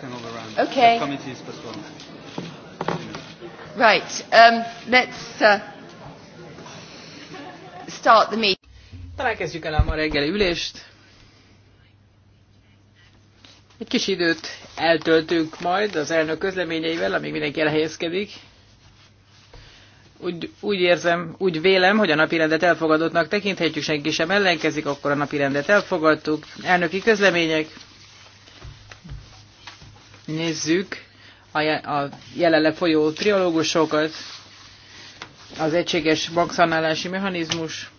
can overrun. Okay. The Right. Um, let's uh, start the meeting. Talán kezdjük el a ma reggeli ülést. Egy kis időt eltöltünk majd az elnök közleményeivel, amíg mindenki elhelyezkedik. Úgy, úgy érzem, úgy vélem, hogy a napirendet elfogadottnak tekinthetjük, senki sem ellenkezik, akkor a napirendet elfogadtuk. Elnöki közlemények nézzük a jelenleg folyó triológusokat, az egységes bankszanálási mechanizmus,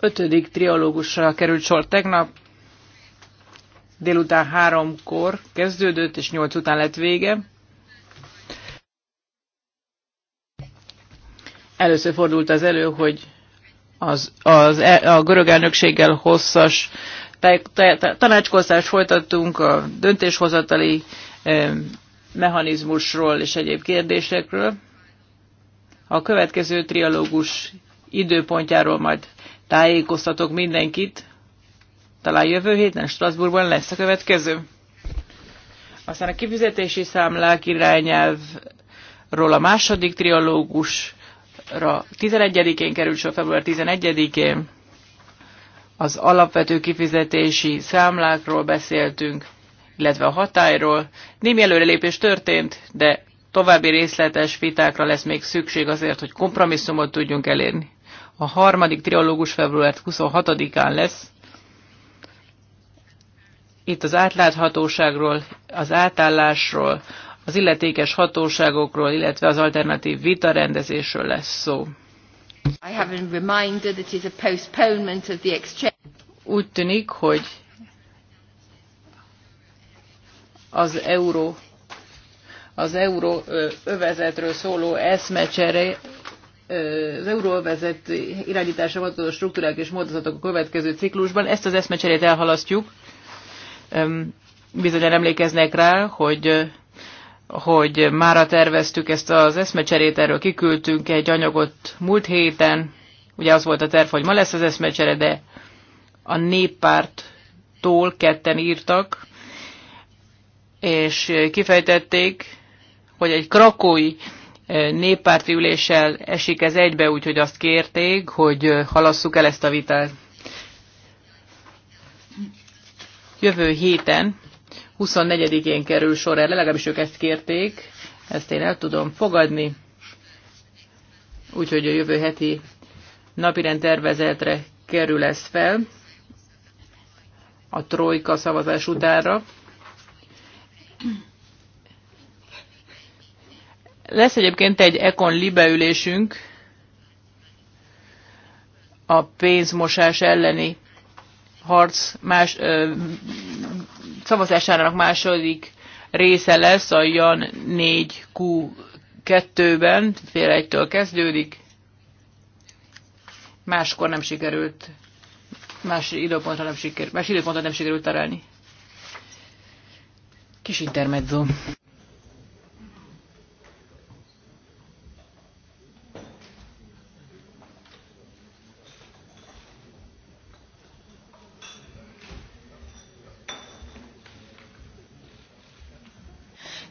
ötödik triológusra került sor tegnap, délután háromkor kezdődött, és nyolc után lett vége. Először fordult az elő, hogy az, az, e- a görög elnökséggel hosszas tanácskozást folytattunk a döntéshozatali mechanizmusról és egyéb kérdésekről. A következő trialógus időpontjáról majd tájékoztatok mindenkit. Talán jövő héten Strasbourgban lesz a következő. Aztán a kifizetési számlák irányelvről a második trialógusra 11-én került sor február 11-én az alapvető kifizetési számlákról beszéltünk, illetve a hatályról. Némi előrelépés történt, de további részletes vitákra lesz még szükség azért, hogy kompromisszumot tudjunk elérni. A harmadik triológus február 26-án lesz. Itt az átláthatóságról, az átállásról, az illetékes hatóságokról, illetve az alternatív vitarendezésről lesz szó. Úgy tűnik, hogy az euró az euró övezetről szóló eszmecsere az euróvezet irányítása vonatkozó struktúrák és módozatok a következő ciklusban. Ezt az eszmecserét elhalasztjuk. Bizonyan emlékeznek rá, hogy hogy mára terveztük ezt az eszmecserét, erről kiküldtünk egy anyagot múlt héten. Ugye az volt a terv, hogy ma lesz az eszmecsere, de a néppárttól ketten írtak, és kifejtették, hogy egy krakói eh, néppárti üléssel esik ez egybe, úgyhogy azt kérték, hogy eh, halasszuk el ezt a vitát. Jövő héten 24-én kerül sor erre, legalábbis ők ezt kérték, ezt én el tudom fogadni. Úgyhogy a jövő heti napirend tervezetre kerül ez fel a trojka szavazás utára. Lesz egyébként egy Econ Libe ülésünk a pénzmosás elleni harc más, ö, szavazásának második része lesz a Jan 4Q2-ben, fél egytől kezdődik. Máskor nem sikerült, más időpontra nem sikerült, más időpontra nem sikerült találni. Kis intermezzo.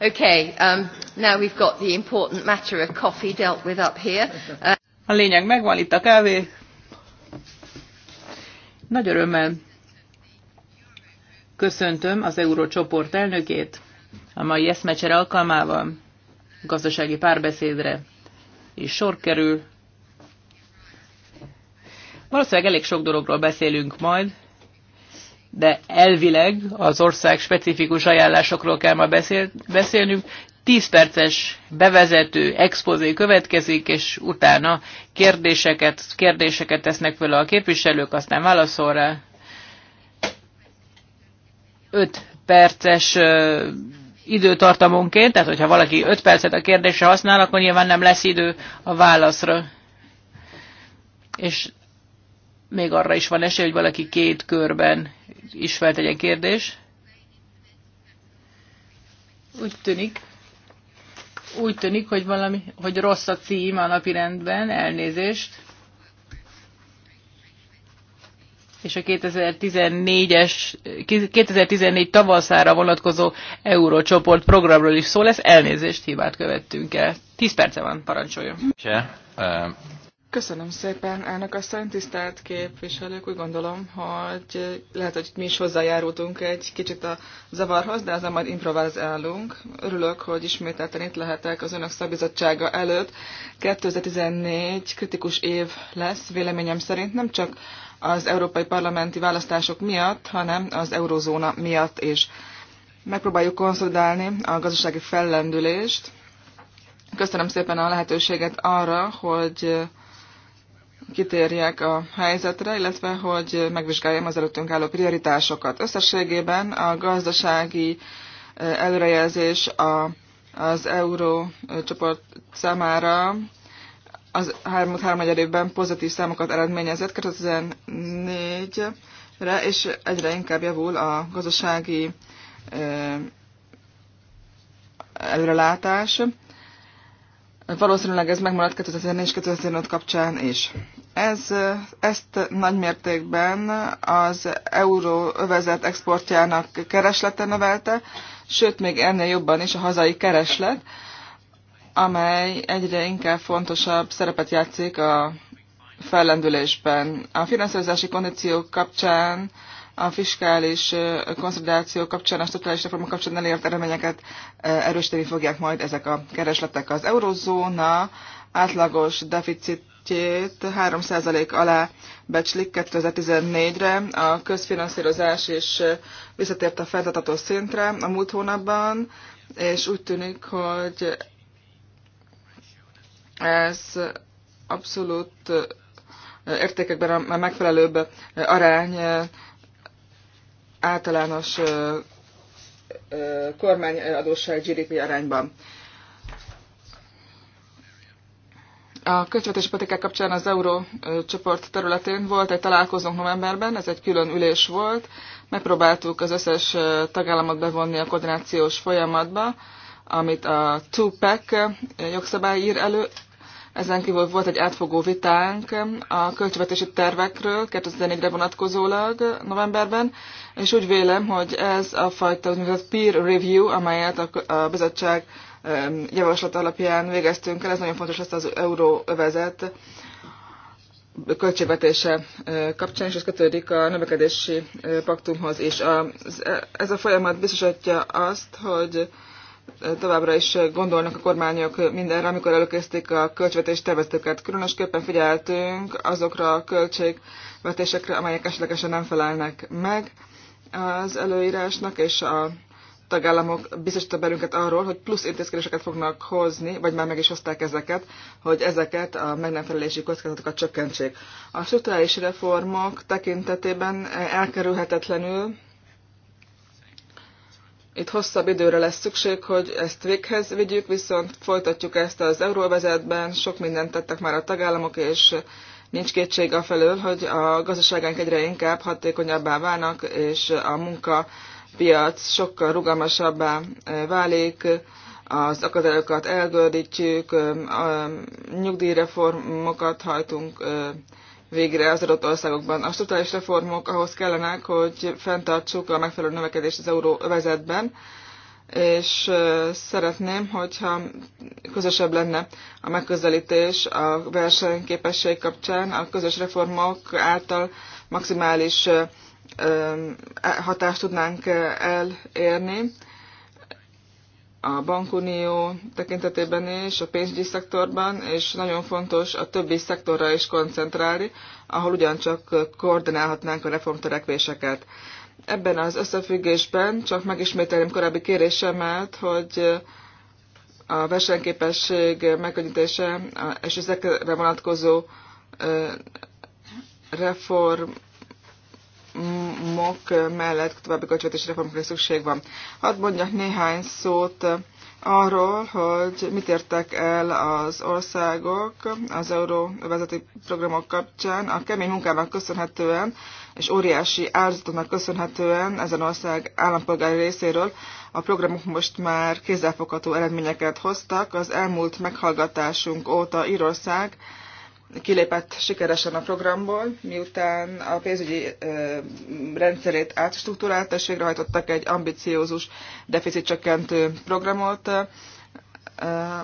Okay, um, now we've got the important matter of coffee dealt with up here. Uh, a lényeg megvan itt a kávé. Nagy örömmel köszöntöm az Eurócsoport elnökét a mai eszmecsere alkalmával gazdasági párbeszédre is sor kerül. Valószínűleg elég sok dologról beszélünk majd, de elvileg az ország specifikus ajánlásokról kell ma beszél, beszélnünk. 10 perces bevezető expozé következik, és utána kérdéseket, kérdéseket tesznek föl a képviselők, aztán válaszol rá. 5 perces időtartamonként, tehát hogyha valaki 5 percet a kérdésre használ, akkor nyilván nem lesz idő a válaszra. És még arra is van esély, hogy valaki két körben is feltegyen kérdés. Úgy tűnik, úgy tűnik, hogy valami, hogy rossz a cím a napirendben, elnézést. és a 2014-es, 2014 tavaszára vonatkozó eurócsoport programról is szól, lesz elnézést, hibát követtünk el. Tíz perce van, parancsoljon. Um, Köszönöm szépen, elnök asszony, tisztelt képviselők. Úgy gondolom, hogy lehet, hogy mi is hozzájárultunk egy kicsit a zavarhoz, de ezzel majd improvizálunk. Örülök, hogy ismételten itt lehetek az önök szabizottsága előtt. 2014 kritikus év lesz, véleményem szerint nem csak az európai parlamenti választások miatt, hanem az eurozóna miatt is. Megpróbáljuk konszolidálni a gazdasági fellendülést. Köszönöm szépen a lehetőséget arra, hogy kitérjek a helyzetre, illetve hogy megvizsgáljam az előttünk álló prioritásokat. Összességében a gazdasági eh, előrejelzés a, az euró eh, csoport számára az elmúlt három évben pozitív számokat eredményezett 2014-re, és egyre inkább javul a gazdasági eh, előrelátás. Valószínűleg ez megmaradt 2004 és 2005 kapcsán is. Ez, ezt nagymértékben az euróövezet exportjának kereslete növelte, sőt még ennél jobban is a hazai kereslet, amely egyre inkább fontosabb szerepet játszik a fellendülésben. A finanszírozási kondíciók kapcsán a fiskális konszolidáció kapcsán, a struktúrális reforma kapcsán elért eredményeket erősíteni fogják majd ezek a keresletek. Az eurozóna átlagos deficitjét 3% alá becslik 2014-re, a közfinanszírozás is visszatért a feltartató szintre a múlt hónapban, és úgy tűnik, hogy ez abszolút értékekben a megfelelőbb arány általános kormányadóság GDP arányban. A közvetési politikák kapcsán az Eurócsoport területén volt egy találkozónk novemberben, ez egy külön ülés volt. Megpróbáltuk az összes tagállamot bevonni a koordinációs folyamatba, amit a TUPEC jogszabály ír elő, ezen kívül volt egy átfogó vitánk a költségvetési tervekről 2004-re vonatkozólag novemberben, és úgy vélem, hogy ez a fajta úgynevezett peer review, amelyet a bizottság javaslat alapján végeztünk el, ez nagyon fontos lesz az euróövezet költségvetése kapcsán, és ez kötődik a növekedési paktumhoz is. Ez a folyamat biztosítja azt, hogy továbbra is gondolnak a kormányok mindenre, amikor előkészítik a költségvetés tervezetüket. Különösképpen figyeltünk azokra a költségvetésekre, amelyek esetlegesen nem felelnek meg az előírásnak, és a tagállamok biztosítva belünket arról, hogy plusz intézkedéseket fognak hozni, vagy már meg is hozták ezeket, hogy ezeket a meg nem felelési kockázatokat csökkentsék. A struktúrális reformok tekintetében elkerülhetetlenül itt hosszabb időre lesz szükség, hogy ezt véghez vigyük, viszont folytatjuk ezt az euróvezetben, sok mindent tettek már a tagállamok, és nincs kétség a felől, hogy a gazdaságánk egyre inkább hatékonyabbá válnak, és a munkapiac sokkal rugalmasabbá eh, válik, az akadályokat elgördítjük, eh, nyugdíjreformokat hajtunk eh, végre az adott országokban. A struktúrális reformok ahhoz kellenek, hogy fenntartsuk a megfelelő növekedést az euróvezetben, és szeretném, hogyha közösebb lenne a megközelítés a versenyképesség kapcsán, a közös reformok által maximális hatást tudnánk elérni a bankunió tekintetében is, a pénzügyi szektorban, és nagyon fontos a többi szektorra is koncentrálni, ahol ugyancsak koordinálhatnánk a reformtörekvéseket. Ebben az összefüggésben csak megismételném korábbi kérésemet, hogy a versenyképesség megkönnyítése és ezekre vonatkozó reform reformok mellett további költségvetési reformokra szükség van. Hadd mondjak néhány szót arról, hogy mit értek el az országok az euróvezeti programok kapcsán. A kemény munkának köszönhetően és óriási áldozatoknak köszönhetően ezen ország állampolgári részéről a programok most már kézzelfogható eredményeket hoztak. Az elmúlt meghallgatásunk óta Írország kilépett sikeresen a programból, miután a pénzügyi rendszerét átstruktúrált, és végrehajtottak egy ambiciózus deficitcsökkentő programot.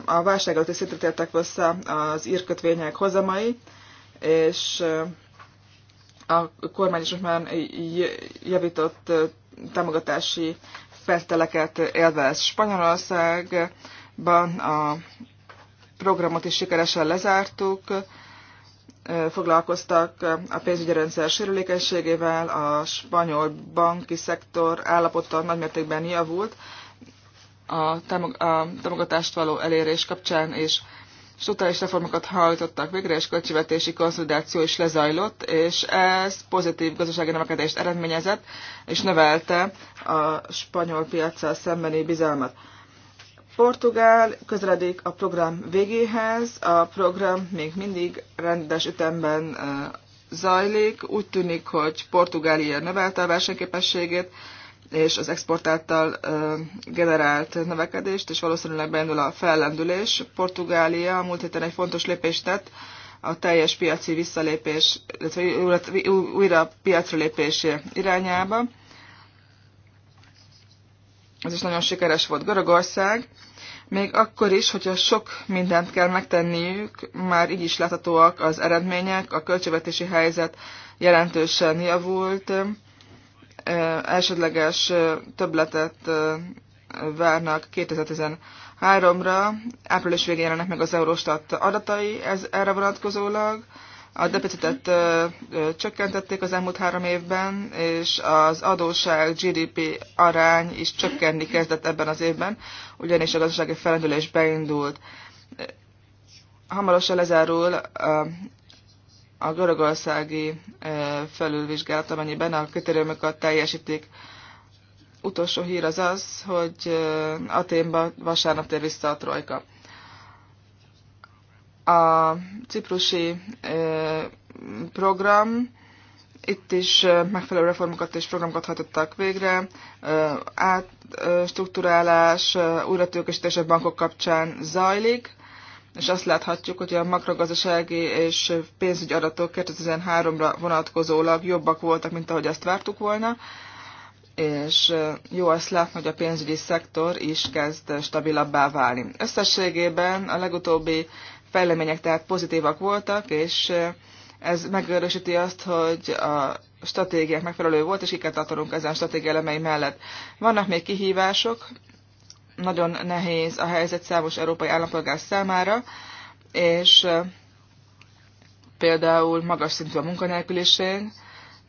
A válság előtti szintre tértek vissza az írkötvények hozamai, és a kormány is most már javított támogatási felteleket élvez. Spanyolországban a programot is sikeresen lezártuk, foglalkoztak a pénzügyi rendszer sérülékenységével, a spanyol banki szektor állapota nagymértékben javult a támogatást való elérés kapcsán, és struktúrális reformokat hajtottak végre, és költségvetési konszolidáció is lezajlott, és ez pozitív gazdasági növekedést eredményezett, és növelte a spanyol piaccal szembeni bizalmat. Portugál közeledik a program végéhez, a program még mindig rendes ütemben zajlik. Úgy tűnik, hogy Portugália növelte a versenyképességét, és az exportáltal generált növekedést, és valószínűleg beindul a fellendülés. Portugália a múlt héten egy fontos lépést tett a teljes piaci visszalépés, illetve újra piacra lépés irányába ez is nagyon sikeres volt Görögország, még akkor is, hogyha sok mindent kell megtenniük, már így is láthatóak az eredmények, a költségvetési helyzet jelentősen javult, elsődleges többletet várnak 2013-ra, április végén jelennek meg az Eurostat adatai ez erre vonatkozólag, a deficitet csökkentették az elmúlt három évben, és az adóság GDP arány is csökkenni kezdett ebben az évben, ugyanis a gazdasági felendülés beindult. Hamarosan lezárul a görögországi felülvizsgálat, amennyiben a kritériumokat teljesítik. Utolsó hír az az, hogy Aténba vasárnap tér vissza a trojka a ciprusi program, itt is megfelelő reformokat és programokat hajtottak végre, átstruktúrálás, újratőkösítés a bankok kapcsán zajlik, és azt láthatjuk, hogy a makrogazdasági és pénzügyi adatok 2013-ra vonatkozólag jobbak voltak, mint ahogy azt vártuk volna, és jó azt látni, hogy a pénzügyi szektor is kezd stabilabbá válni. Összességében a legutóbbi fejlemények tehát pozitívak voltak, és ez megerősíti azt, hogy a stratégiák megfelelő volt, és kiket tartunk ezen stratégia elemei mellett. Vannak még kihívások, nagyon nehéz a helyzet számos európai állampolgár számára, és például magas szintű a munkanélküliség,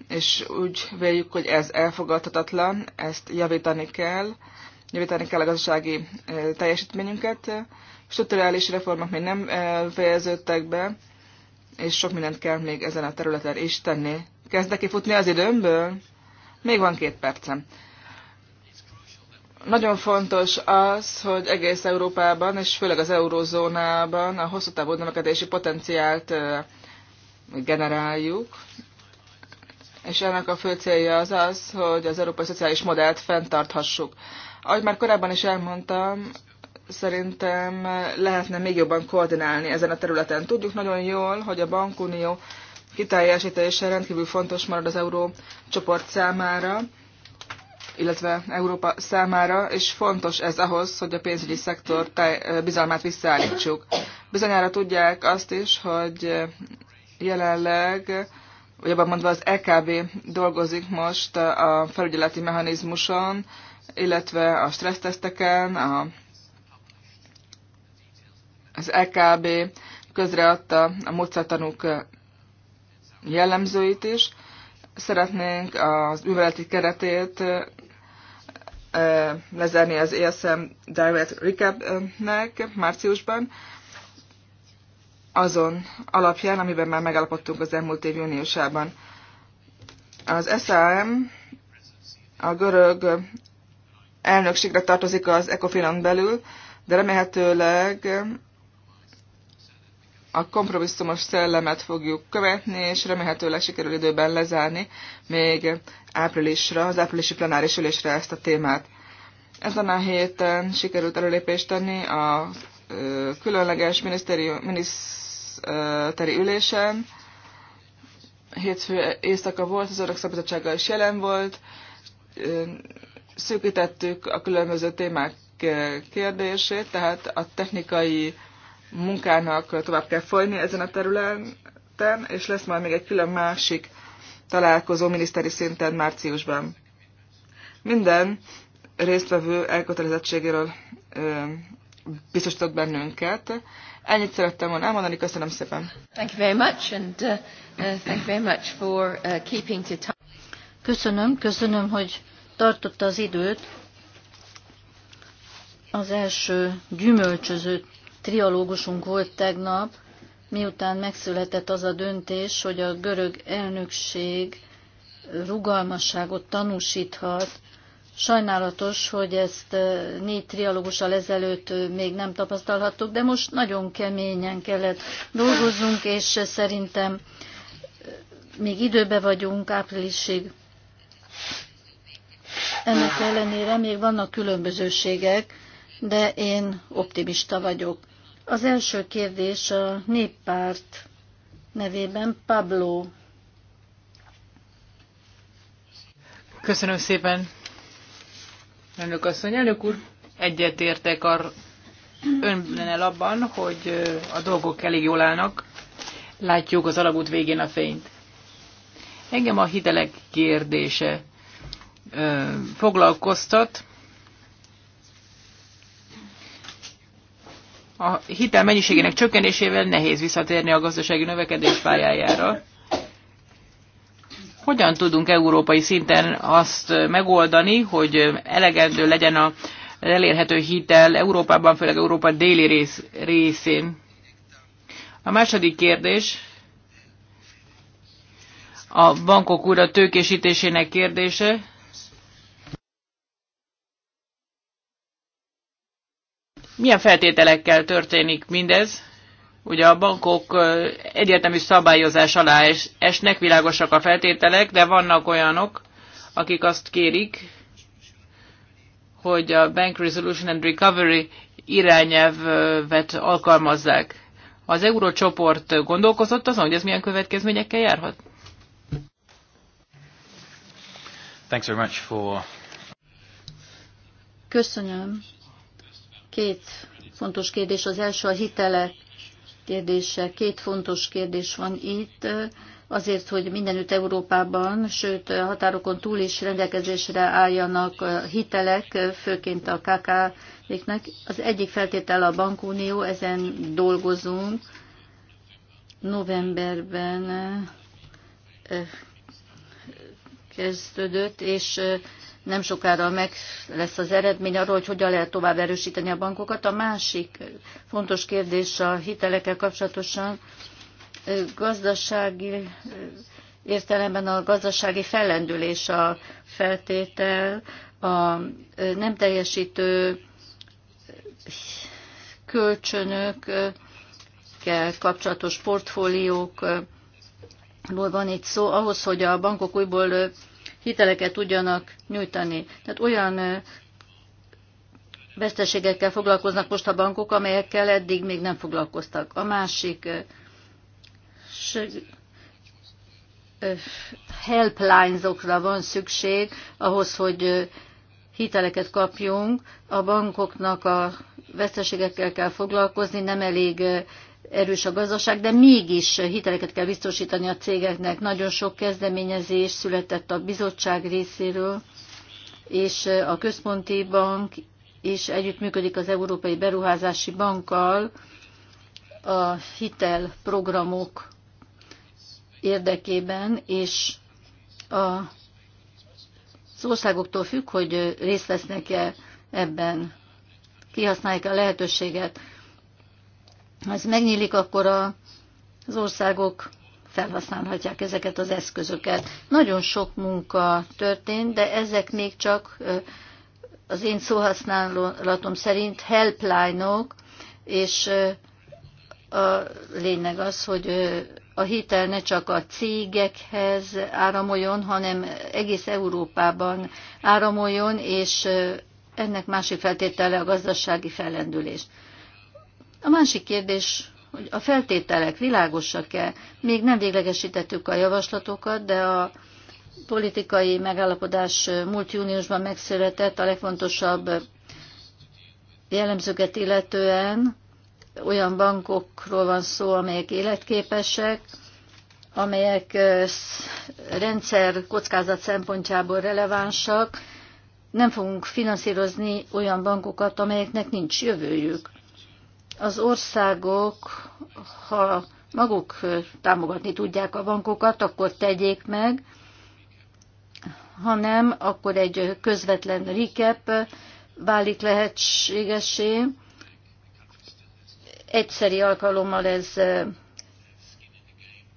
és úgy véljük, hogy ez elfogadhatatlan, ezt javítani kell, javítani kell a gazdasági teljesítményünket, Strukturális reformok még nem eh, fejeződtek be, és sok mindent kell még ezen a területen is tenni. Kezdek kifutni az időmből? Még van két percem. Nagyon fontos az, hogy egész Európában, és főleg az eurózónában a hosszú távú növekedési potenciált eh, generáljuk, és ennek a fő célja az az, hogy az európai szociális modellt fenntarthassuk. Ahogy már korábban is elmondtam, szerintem lehetne még jobban koordinálni ezen a területen. Tudjuk nagyon jól, hogy a bankunió kiteljesítése rendkívül fontos marad az euró csoport számára, illetve Európa számára, és fontos ez ahhoz, hogy a pénzügyi szektor bizalmát visszaállítsuk. Bizonyára tudják azt is, hogy jelenleg, vagy abban mondva az EKB dolgozik most a felügyeleti mechanizmuson, illetve a stresszteszteken, a az EKB közreadta a módszertanúk jellemzőit is. Szeretnénk az műveleti keretét lezárni az ESM Direct Recap-nek márciusban, azon alapján, amiben már megállapodtunk az elmúlt év júniusában. Az SAM a görög elnökségre tartozik az Ecofinon belül, de remélhetőleg a kompromisszumos szellemet fogjuk követni, és remélhetőleg sikerül időben lezárni még áprilisra, az áprilisi plenáris ülésre ezt a témát. Ezen a héten sikerült előlépést tenni a különleges miniszteri ülésen. Hétfő éjszaka volt, az Örök Szabadsága is jelen volt. Szűkítettük a különböző témák kérdését, tehát a technikai munkának tovább kell folyni ezen a területen, és lesz majd még egy külön másik találkozó miniszteri szinten márciusban. Minden résztvevő elkötelezettségéről ö, biztosított bennünket. Ennyit szerettem volna elmondani, köszönöm szépen. Thank you very much, and uh, uh, thank you very much for uh, keeping to time. Köszönöm, köszönöm, hogy tartotta az időt. Az első gyümölcsöző trialógusunk volt tegnap, miután megszületett az a döntés, hogy a görög elnökség rugalmasságot tanúsíthat. Sajnálatos, hogy ezt eh, négy trialógussal ezelőtt eh, még nem tapasztalhattuk, de most nagyon keményen kellett dolgozzunk, és szerintem eh, még időbe vagyunk áprilisig. Ennek ellenére még vannak különbözőségek, de én optimista vagyok. Az első kérdés a néppárt nevében Pablo. Köszönöm szépen, elnök asszony. Elnök úr, egyetértek ar önnel abban, hogy a dolgok elég jól állnak. Látjuk az alagút végén a fényt. Engem a hitelek kérdése foglalkoztat. a hitel mennyiségének csökkenésével nehéz visszatérni a gazdasági növekedés pályájára. Hogyan tudunk európai szinten azt megoldani, hogy elegendő legyen a elérhető hitel Európában, főleg Európa déli rész, részén? A második kérdés a bankok újra tőkésítésének kérdése Milyen feltételekkel történik mindez? Ugye a bankok egyértelmű szabályozás alá esnek, világosak a feltételek, de vannak olyanok, akik azt kérik, hogy a Bank Resolution and Recovery irányelvet alkalmazzák. Az eurócsoport gondolkozott azon, hogy ez milyen következményekkel járhat? Thanks very much for... Köszönöm Két fontos kérdés. Az első a hitelek kérdése. Két fontos kérdés van itt azért, hogy mindenütt Európában, sőt határokon túl is rendelkezésre álljanak hitelek, főként a KKV-knek. Az egyik feltétel a bankunió, ezen dolgozunk. Novemberben eh, kezdődött, és eh, nem sokára meg lesz az eredmény arról, hogy hogyan lehet tovább erősíteni a bankokat. A másik fontos kérdés a hitelekkel kapcsolatosan gazdasági értelemben a gazdasági fellendülés a feltétel, a nem teljesítő kölcsönökkel kapcsolatos portfóliókról van itt szó, ahhoz, hogy a bankok újból hiteleket tudjanak nyújtani. Tehát olyan veszteségekkel foglalkoznak most a bankok, amelyekkel eddig még nem foglalkoztak. A másik helplines-okra van szükség ahhoz, hogy hiteleket kapjunk. A bankoknak a veszteségekkel kell foglalkozni, nem elég erős a gazdaság, de mégis hiteleket kell biztosítani a cégeknek. Nagyon sok kezdeményezés született a bizottság részéről, és a központi bank is együttműködik az Európai Beruházási Bankkal a hitelprogramok érdekében, és a, az országoktól függ, hogy részt vesznek-e ebben, kihasználják a lehetőséget ez megnyílik, akkor a, az országok felhasználhatják ezeket az eszközöket. Nagyon sok munka történt, de ezek még csak az én szóhasználatom szerint helpline-ok, -ok, és a lényeg az, hogy a hitel ne csak a cégekhez áramoljon, hanem egész Európában áramoljon, és ennek másik feltétele a gazdasági fellendülés. A másik kérdés, hogy a feltételek világosak-e? Még nem véglegesítettük a javaslatokat, de a politikai megállapodás múlt júniusban megszületett a legfontosabb jellemzőket illetően. Olyan bankokról van szó, amelyek életképesek, amelyek rendszer kockázat szempontjából relevánsak. Nem fogunk finanszírozni olyan bankokat, amelyeknek nincs jövőjük az országok, ha maguk támogatni tudják a bankokat, akkor tegyék meg, Ha nem, akkor egy közvetlen recap válik lehetségesé. Egyszeri alkalommal ez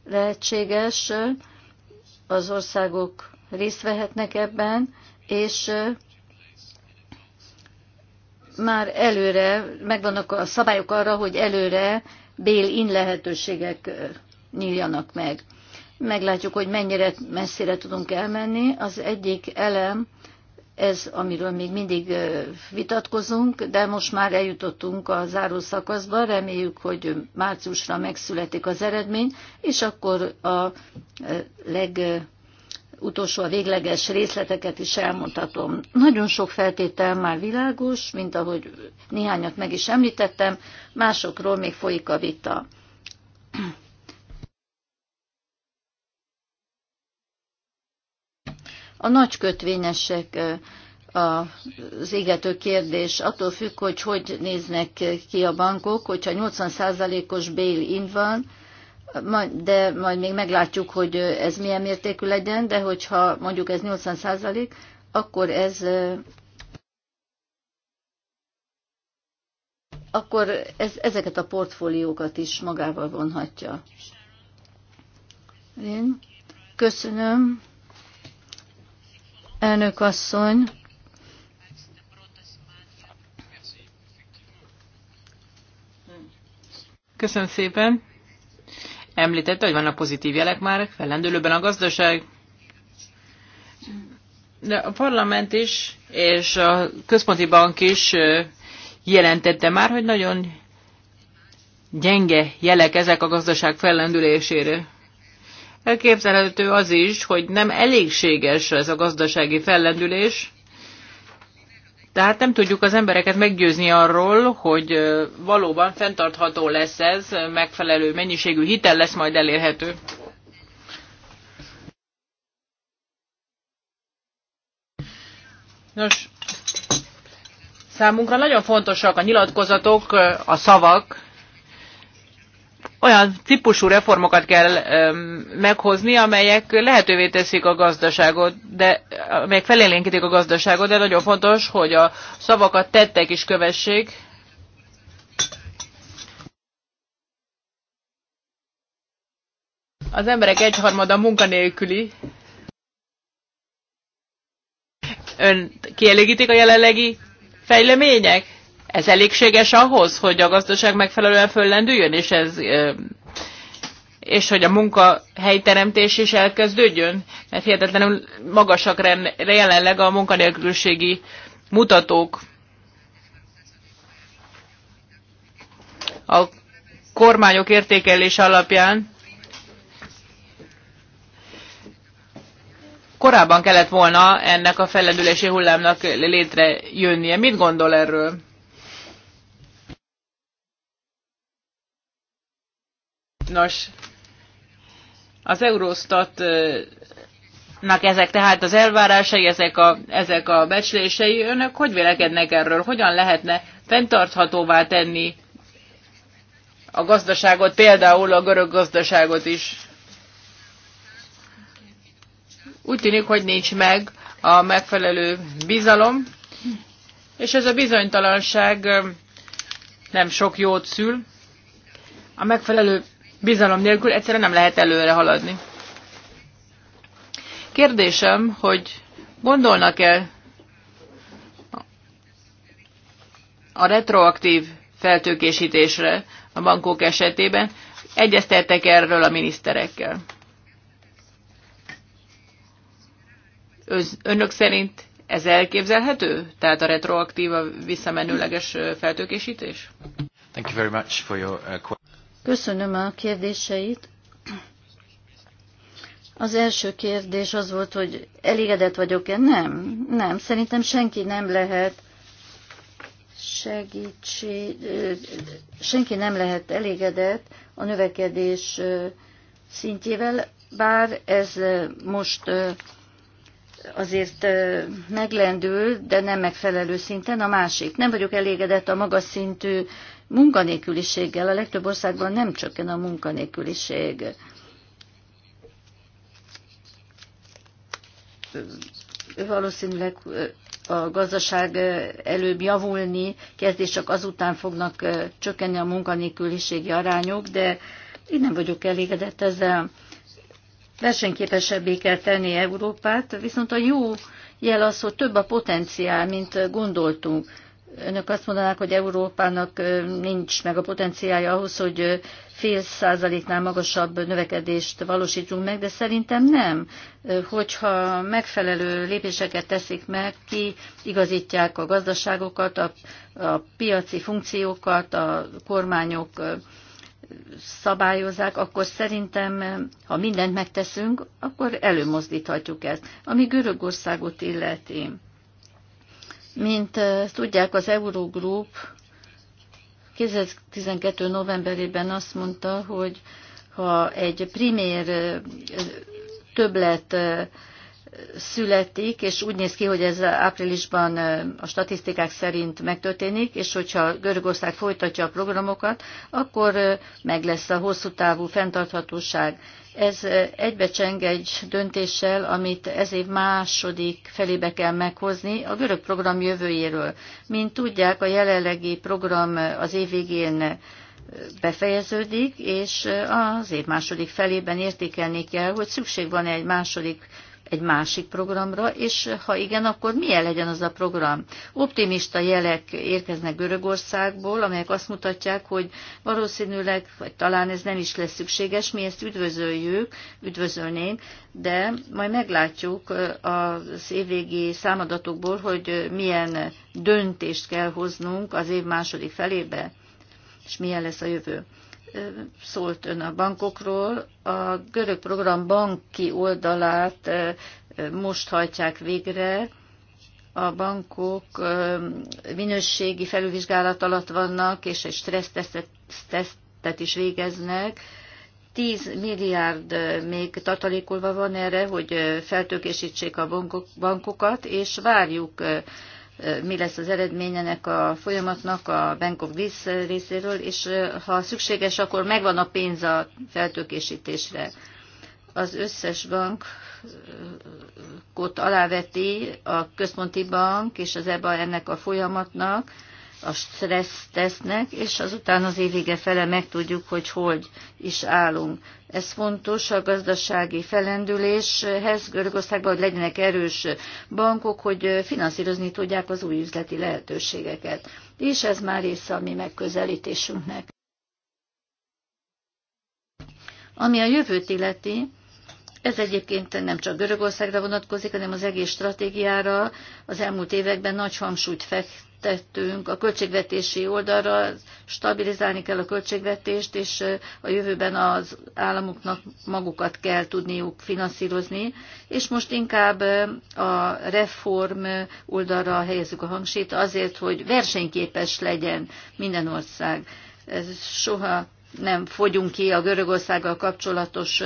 lehetséges, az országok részt vehetnek ebben, és már előre, megvannak a szabályok arra, hogy előre bail-in lehetőségek nyíljanak meg. Meglátjuk, hogy mennyire messzire tudunk elmenni. Az egyik elem, ez, amiről még mindig vitatkozunk, de most már eljutottunk a záró szakaszba, reméljük, hogy márciusra megszületik az eredmény, és akkor a leg utolsó a végleges részleteket is elmondhatom. Nagyon sok feltétel már világos, mint ahogy néhányat meg is említettem, másokról még folyik a vita. A nagy kötvényesek az égető kérdés attól függ, hogy hogy néznek ki a bankok, hogyha 80%-os bail-in van, de majd még meglátjuk, hogy ez milyen mértékű legyen, de hogyha mondjuk ez 80 százalék, akkor ez akkor ez, ezeket a portfóliókat is magával vonhatja. Én köszönöm, elnök asszony. Köszönöm szépen. Említette, hogy vannak pozitív jelek már, fellendülőben a gazdaság. De a parlament is, és a központi bank is jelentette már, hogy nagyon gyenge jelek ezek a gazdaság fellendülésére. Elképzelhető az is, hogy nem elégséges ez a gazdasági fellendülés, tehát nem tudjuk az embereket meggyőzni arról, hogy valóban fenntartható lesz ez, megfelelő mennyiségű hitel lesz majd elérhető. Nos, számunkra nagyon fontosak a nyilatkozatok, a szavak, olyan típusú reformokat kell meghozni, amelyek lehetővé teszik a gazdaságot, de amelyek felélénkítik a gazdaságot, de nagyon fontos, hogy a szavakat tettek is kövessék. Az emberek egyharmada munkanélküli. Ön kielégítik a jelenlegi fejlemények? Ez elégséges ahhoz, hogy a gazdaság megfelelően föllendüljön, és, ez, és hogy a munkahelyteremtés is elkezdődjön? Mert hihetetlenül magasak jelenleg a munkanélküliségi mutatók. A kormányok értékelés alapján korábban kellett volna ennek a fellendülési hullámnak létrejönnie. Mit gondol erről? Nos, az Eurostatnak ezek tehát az elvárásai, ezek a, ezek a becslései, önök hogy vélekednek erről? Hogyan lehetne fenntarthatóvá tenni a gazdaságot, például a görög gazdaságot is? Úgy tűnik, hogy nincs meg a megfelelő bizalom, és ez a bizonytalanság nem sok jót szül. A megfelelő Bizalom nélkül egyszerűen nem lehet előre haladni. Kérdésem, hogy gondolnak-e a retroaktív feltőkésítésre a bankok esetében? Egyeztettek erről a miniszterekkel? Önök szerint ez elképzelhető? Tehát a retroaktív, a visszamenőleges feltőkésítés? Thank you very much for your, uh, Köszönöm a kérdéseit. Az első kérdés az volt, hogy elégedett vagyok-e? Nem, nem. Szerintem senki nem lehet segítség, senki nem lehet elégedett a növekedés szintjével, bár ez most azért meglendül, de nem megfelelő szinten. A másik, nem vagyok elégedett a magas szintű munkanélküliséggel. A legtöbb országban nem csökken a munkanélküliség. Valószínűleg a gazdaság előbb javulni kezd, és csak azután fognak csökkenni a munkanélküliségi arányok, de én nem vagyok elégedett ezzel. Versenyképesebbé kell tenni Európát, viszont a jó jel az, hogy több a potenciál, mint gondoltunk önök azt mondanák, hogy Európának nincs meg a potenciája ahhoz, hogy fél százaléknál magasabb növekedést valósítsunk meg, de szerintem nem. Hogyha megfelelő lépéseket teszik meg, ki igazítják a gazdaságokat, a, a piaci funkciókat, a kormányok szabályozák, akkor szerintem, ha mindent megteszünk, akkor előmozdíthatjuk ezt. Ami Görögországot illeti mint tudják, az Eurogroup 2012. novemberében azt mondta, hogy ha egy primér többlet születik, és úgy néz ki, hogy ez áprilisban a statisztikák szerint megtörténik, és hogyha Görögország folytatja a programokat, akkor meg lesz a hosszú távú fenntarthatóság. Ez egybecseng egy döntéssel, amit ez év második felébe kell meghozni a görög program jövőjéről. Mint tudják, a jelenlegi program az év végén befejeződik, és az év második felében értékelni kell, hogy szükség van -e egy második egy másik programra, és ha igen, akkor milyen legyen az a program? Optimista jelek érkeznek Görögországból, amelyek azt mutatják, hogy valószínűleg, vagy talán ez nem is lesz szükséges, mi ezt üdvözöljük, üdvözölnénk, de majd meglátjuk az évvégi számadatokból, hogy milyen döntést kell hoznunk az év második felébe, és milyen lesz a jövő szólt ön a bankokról. A görög program banki oldalát most hajtják végre. A bankok minőségi felülvizsgálat alatt vannak, és egy stressztesztet is végeznek. 10 milliárd még tartalékolva van erre, hogy feltőkésítsék a bankokat, és várjuk mi lesz az eredményenek ennek a folyamatnak a Bank of Greece részéről, és ha szükséges, akkor megvan a pénz a feltökésítésre. Az összes bank bankot aláveti a központi bank és az EBA ennek a folyamatnak, a stressz tesznek, és azután az évvége fele megtudjuk, hogy hogy is állunk. Ez fontos a gazdasági felendüléshez Görögországban, hogy legyenek erős bankok, hogy finanszírozni tudják az új üzleti lehetőségeket. És ez már része a mi megközelítésünknek. Ami a jövőt illeti, ez egyébként nem csak Görögországra vonatkozik, hanem az egész stratégiára. Az elmúlt években nagy hangsúlyt fektettünk a költségvetési oldalra, stabilizálni kell a költségvetést, és a jövőben az államoknak magukat kell tudniuk finanszírozni. És most inkább a reform oldalra helyezzük a hangsúlyt azért, hogy versenyképes legyen minden ország. Ez soha nem fogyunk ki a Görögországgal kapcsolatos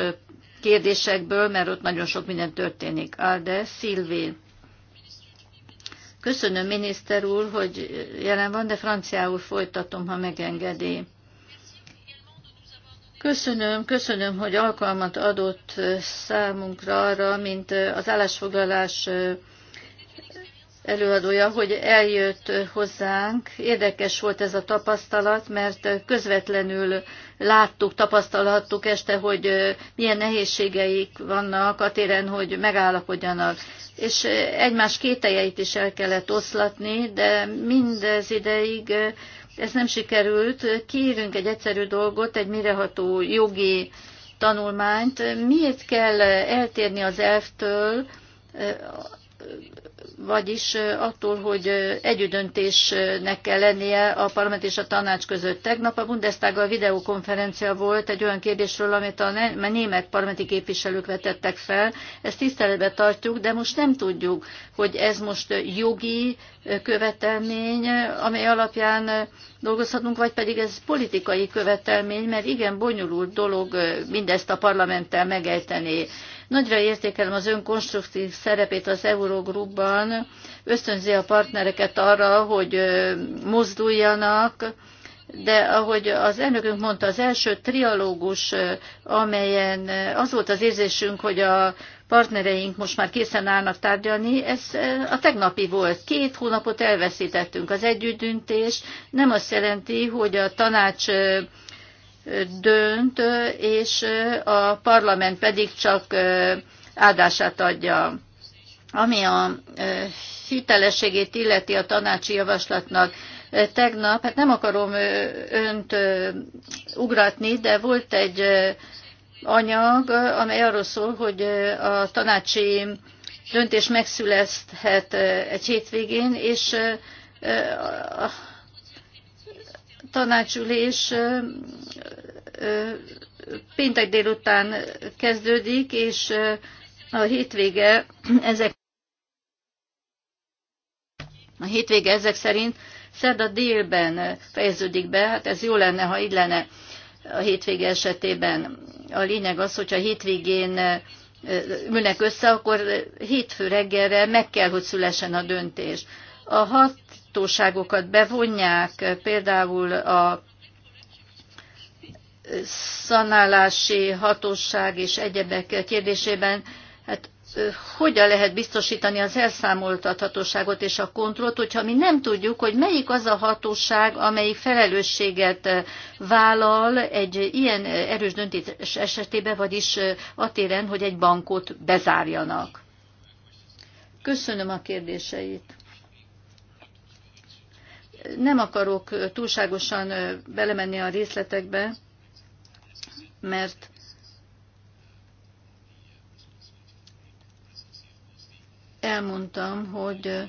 kérdésekből, mert ott nagyon sok minden történik. Alde, Szilvi. Köszönöm, miniszter úr, hogy jelen van, de franciául folytatom, ha megengedi. Köszönöm, köszönöm, hogy alkalmat adott számunkra arra, mint az állásfoglalás előadója, hogy eljött hozzánk. Érdekes volt ez a tapasztalat, mert közvetlenül láttuk, tapasztalhattuk este, hogy milyen nehézségeik vannak a téren, hogy megállapodjanak. És egymás kételjeit is el kellett oszlatni, de mindez ideig ez nem sikerült. Kérünk egy egyszerű dolgot, egy mireható jogi tanulmányt. Miért kell eltérni az elftől, vagyis attól, hogy együttdöntésnek kell lennie a parlament és a tanács között. Tegnap a Bundestag a videokonferencia volt egy olyan kérdésről, amit a német parlamenti képviselők vetettek fel. Ezt tiszteletbe tartjuk, de most nem tudjuk, hogy ez most jogi követelmény, amely alapján dolgozhatunk, vagy pedig ez politikai követelmény, mert igen bonyolult dolog mindezt a parlamenttel megejteni Nagyra értékelem az ön konstruktív szerepét az Eurogrupban, ösztönzi a partnereket arra, hogy mozduljanak, de ahogy az elnökünk mondta, az első trialógus, amelyen az volt az érzésünk, hogy a partnereink most már készen állnak tárgyalni, ez a tegnapi volt. Két hónapot elveszítettünk. Az együttdöntés nem azt jelenti, hogy a tanács dönt, és a parlament pedig csak áldását adja. Ami a hitelességét illeti a tanácsi javaslatnak, tegnap, hát nem akarom önt ugratni, de volt egy anyag, amely arról szól, hogy a tanácsi döntés megszülezhet egy hétvégén, és tanácsülés péntek délután kezdődik, és a hétvége ezek a hétvége ezek szerint szerda délben fejeződik be, hát ez jó lenne, ha így lenne a hétvége esetében. A lényeg az, hogyha hétvégén ülnek össze, akkor hétfő reggelre meg kell, hogy szülessen a döntés. A hat hatóságokat bevonják, például a szanálási hatóság és egyebek kérdésében, hát hogyan lehet biztosítani az elszámoltathatóságot és a kontrollt, hogyha mi nem tudjuk, hogy melyik az a hatóság, amelyik felelősséget vállal egy ilyen erős döntés esetében, vagyis a téren, hogy egy bankot bezárjanak. Köszönöm a kérdéseit. Nem akarok túlságosan belemenni a részletekbe, mert elmondtam, hogy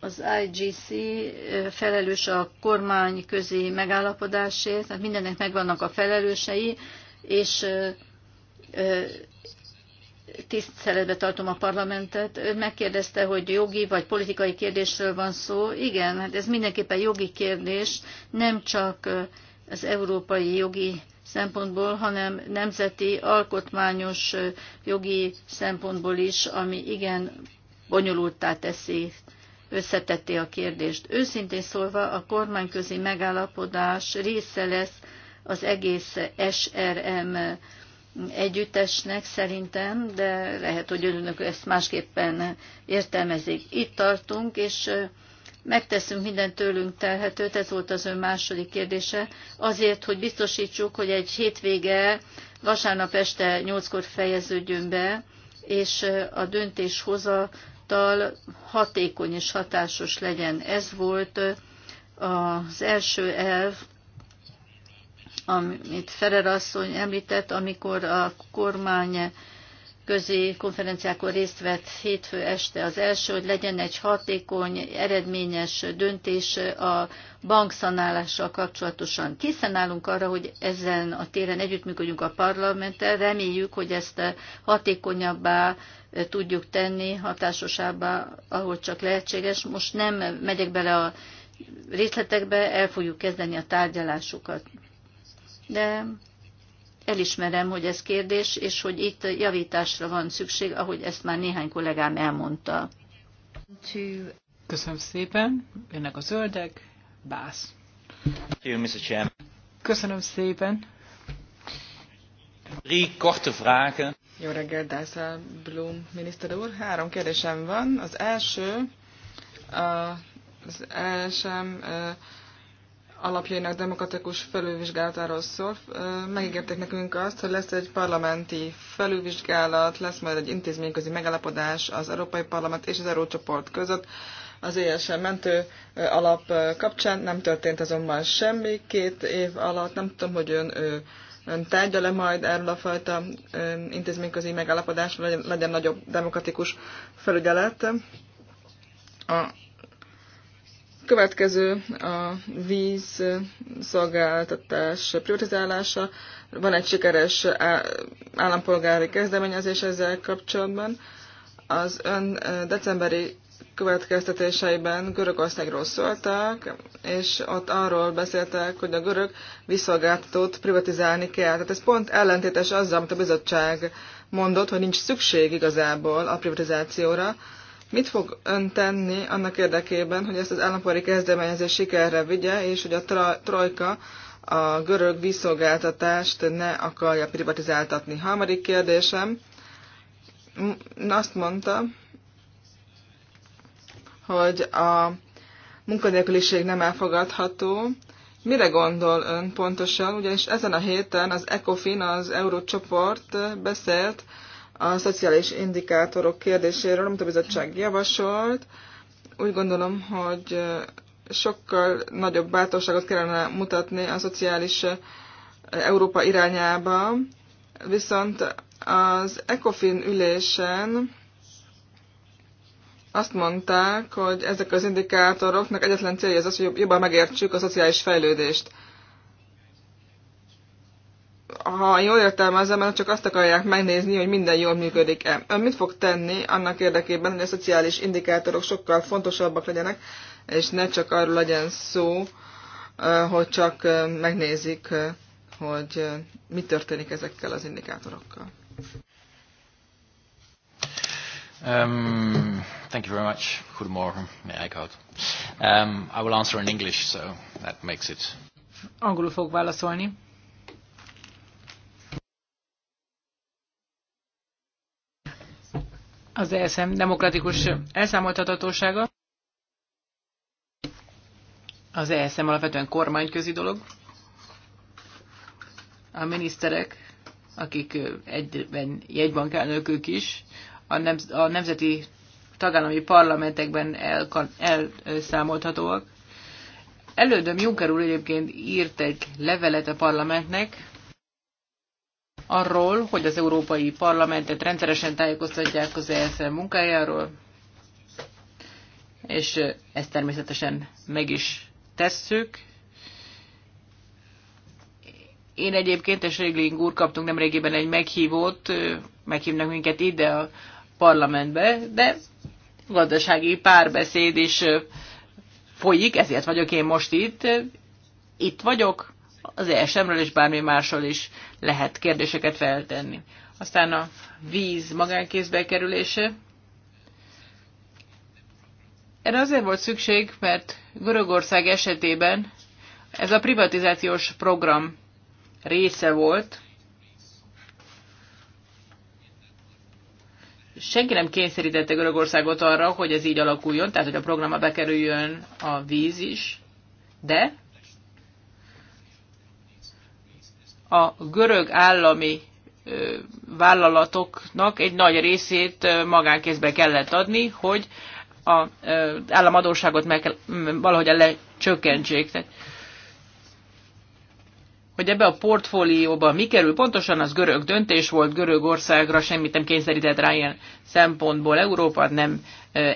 az IGC felelős a kormányközi megállapodásért, tehát mindennek megvannak a felelősei, és tiszteletbe tartom a parlamentet. Ön megkérdezte, hogy jogi vagy politikai kérdésről van szó. Igen, hát ez mindenképpen jogi kérdés, nem csak az európai jogi szempontból, hanem nemzeti, alkotmányos jogi szempontból is, ami igen bonyolultá teszi, összetetté a kérdést. Őszintén szólva a kormányközi megállapodás része lesz az egész SRM együttesnek szerintem, de lehet, hogy önök ezt másképpen értelmezik. Itt tartunk, és megteszünk minden tőlünk telhetőt, ez volt az ön második kérdése, azért, hogy biztosítsuk, hogy egy hétvége vasárnap este nyolckor fejeződjön be, és a döntéshozatal hatékony és hatásos legyen. Ez volt az első elv, amit Ferrer asszony említett, amikor a kormány közé konferenciákon részt vett hétfő este. Az első, hogy legyen egy hatékony, eredményes döntés a bankszanálással kapcsolatosan. Készen állunk arra, hogy ezen a téren együttműködjünk a parlamenttel. Reméljük, hogy ezt hatékonyabbá tudjuk tenni, hatásosabbá, ahol csak lehetséges. Most nem megyek bele a részletekbe, el fogjuk kezdeni a tárgyalásokat de elismerem, hogy ez kérdés, és hogy itt javításra van szükség, ahogy ezt már néhány kollégám elmondta. Köszönöm szépen, jönnek a zöldek, bász. Köszönöm szépen. Drie korte vragen. Jó reggel, Blum miniszter úr. Három kérdésem van. Az első, az ESM alapjainak demokratikus felülvizsgálatáról szól. Megígérték nekünk azt, hogy lesz egy parlamenti felülvizsgálat, lesz majd egy intézményközi megállapodás az Európai Parlament és az Eurócsoport között. Az ESM mentő alap kapcsán nem történt azonban semmi két év alatt. Nem tudom, hogy ön, ön tárgyal-e majd erről a fajta intézményközi megállapodásról, legyen, legyen nagyobb demokratikus felügyelet. A Következő a víz szolgáltatás privatizálása. Van egy sikeres állampolgári kezdeményezés ezzel kapcsolatban. Az ön decemberi következtetéseiben Görögországról szóltak, és ott arról beszéltek, hogy a görög vízszolgáltatót privatizálni kell. Tehát ez pont ellentétes azzal, amit a bizottság mondott, hogy nincs szükség igazából a privatizációra, Mit fog ön tenni annak érdekében, hogy ezt az állampolgári kezdeményezést sikerre vigye, és hogy a trojka a görög vízszolgáltatást ne akarja privatizáltatni? Harmadik kérdésem. Azt mondta, hogy a munkanélküliség nem elfogadható. Mire gondol ön pontosan? Ugyanis ezen a héten az ECOFIN, az Eurócsoport beszélt a szociális indikátorok kérdéséről, amit a bizottság javasolt. Úgy gondolom, hogy sokkal nagyobb bátorságot kellene mutatni a szociális Európa irányába, viszont az ECOFIN ülésen azt mondták, hogy ezek az indikátoroknak egyetlen célja az hogy jobban megértsük a szociális fejlődést ha jól értelmezem, mert csak azt akarják megnézni, hogy minden jól működik-e. Ön mit fog tenni annak érdekében, hogy a szociális indikátorok sokkal fontosabbak legyenek, és ne csak arról legyen szó, hogy csak megnézik, hogy mi történik ezekkel az indikátorokkal. Um, thank you very much. Good morning, ik houd. Um, I will answer in English, so that makes it. Angolul fog válaszolni. az ESM demokratikus elszámoltatatósága. Az ESM alapvetően kormányközi dolog. A miniszterek, akik egyben jegybankelnökök is, a, nem, a nemzeti tagállami parlamentekben el, elszámolhatóak. Elődöm Juncker úr egyébként írt egy levelet a parlamentnek, arról, hogy az Európai Parlamentet rendszeresen tájékoztatják az ESZ munkájáról, és ezt természetesen meg is tesszük. Én egyébként és Régling úr kaptunk nemrégiben egy meghívót, meghívnak minket ide a parlamentbe, de gazdasági párbeszéd is folyik, ezért vagyok én most itt. Itt vagyok, az ESM-ről és bármi másról is lehet kérdéseket feltenni. Aztán a víz magánkézbe kerülése. Erre azért volt szükség, mert Görögország esetében ez a privatizációs program része volt. Senki nem kényszerítette Görögországot arra, hogy ez így alakuljon, tehát hogy a programba bekerüljön a víz is, de a görög állami vállalatoknak egy nagy részét magánkézbe kellett adni, hogy az államadóságot meg kell, valahogy lecsökkentsék. hogy ebbe a portfólióba mi kerül pontosan, az görög döntés volt, Görögországra semmit nem kényszerített rá ilyen szempontból Európa, nem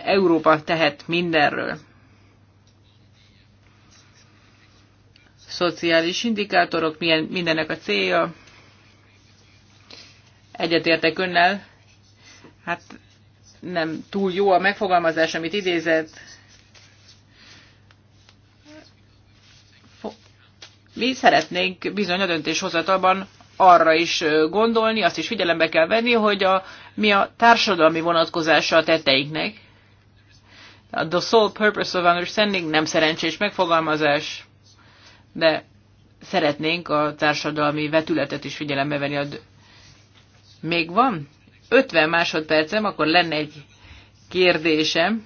Európa tehet mindenről. szociális indikátorok, milyen, mindennek a célja. Egyetértek önnel, hát nem túl jó a megfogalmazás, amit idézett. Mi szeretnénk bizony a döntéshozatalban arra is gondolni, azt is figyelembe kell venni, hogy a, mi a társadalmi vonatkozása a tetteinknek. A the sole purpose of understanding nem szerencsés megfogalmazás de szeretnénk a társadalmi vetületet is figyelembe venni. A Még van 50 másodpercem, akkor lenne egy kérdésem.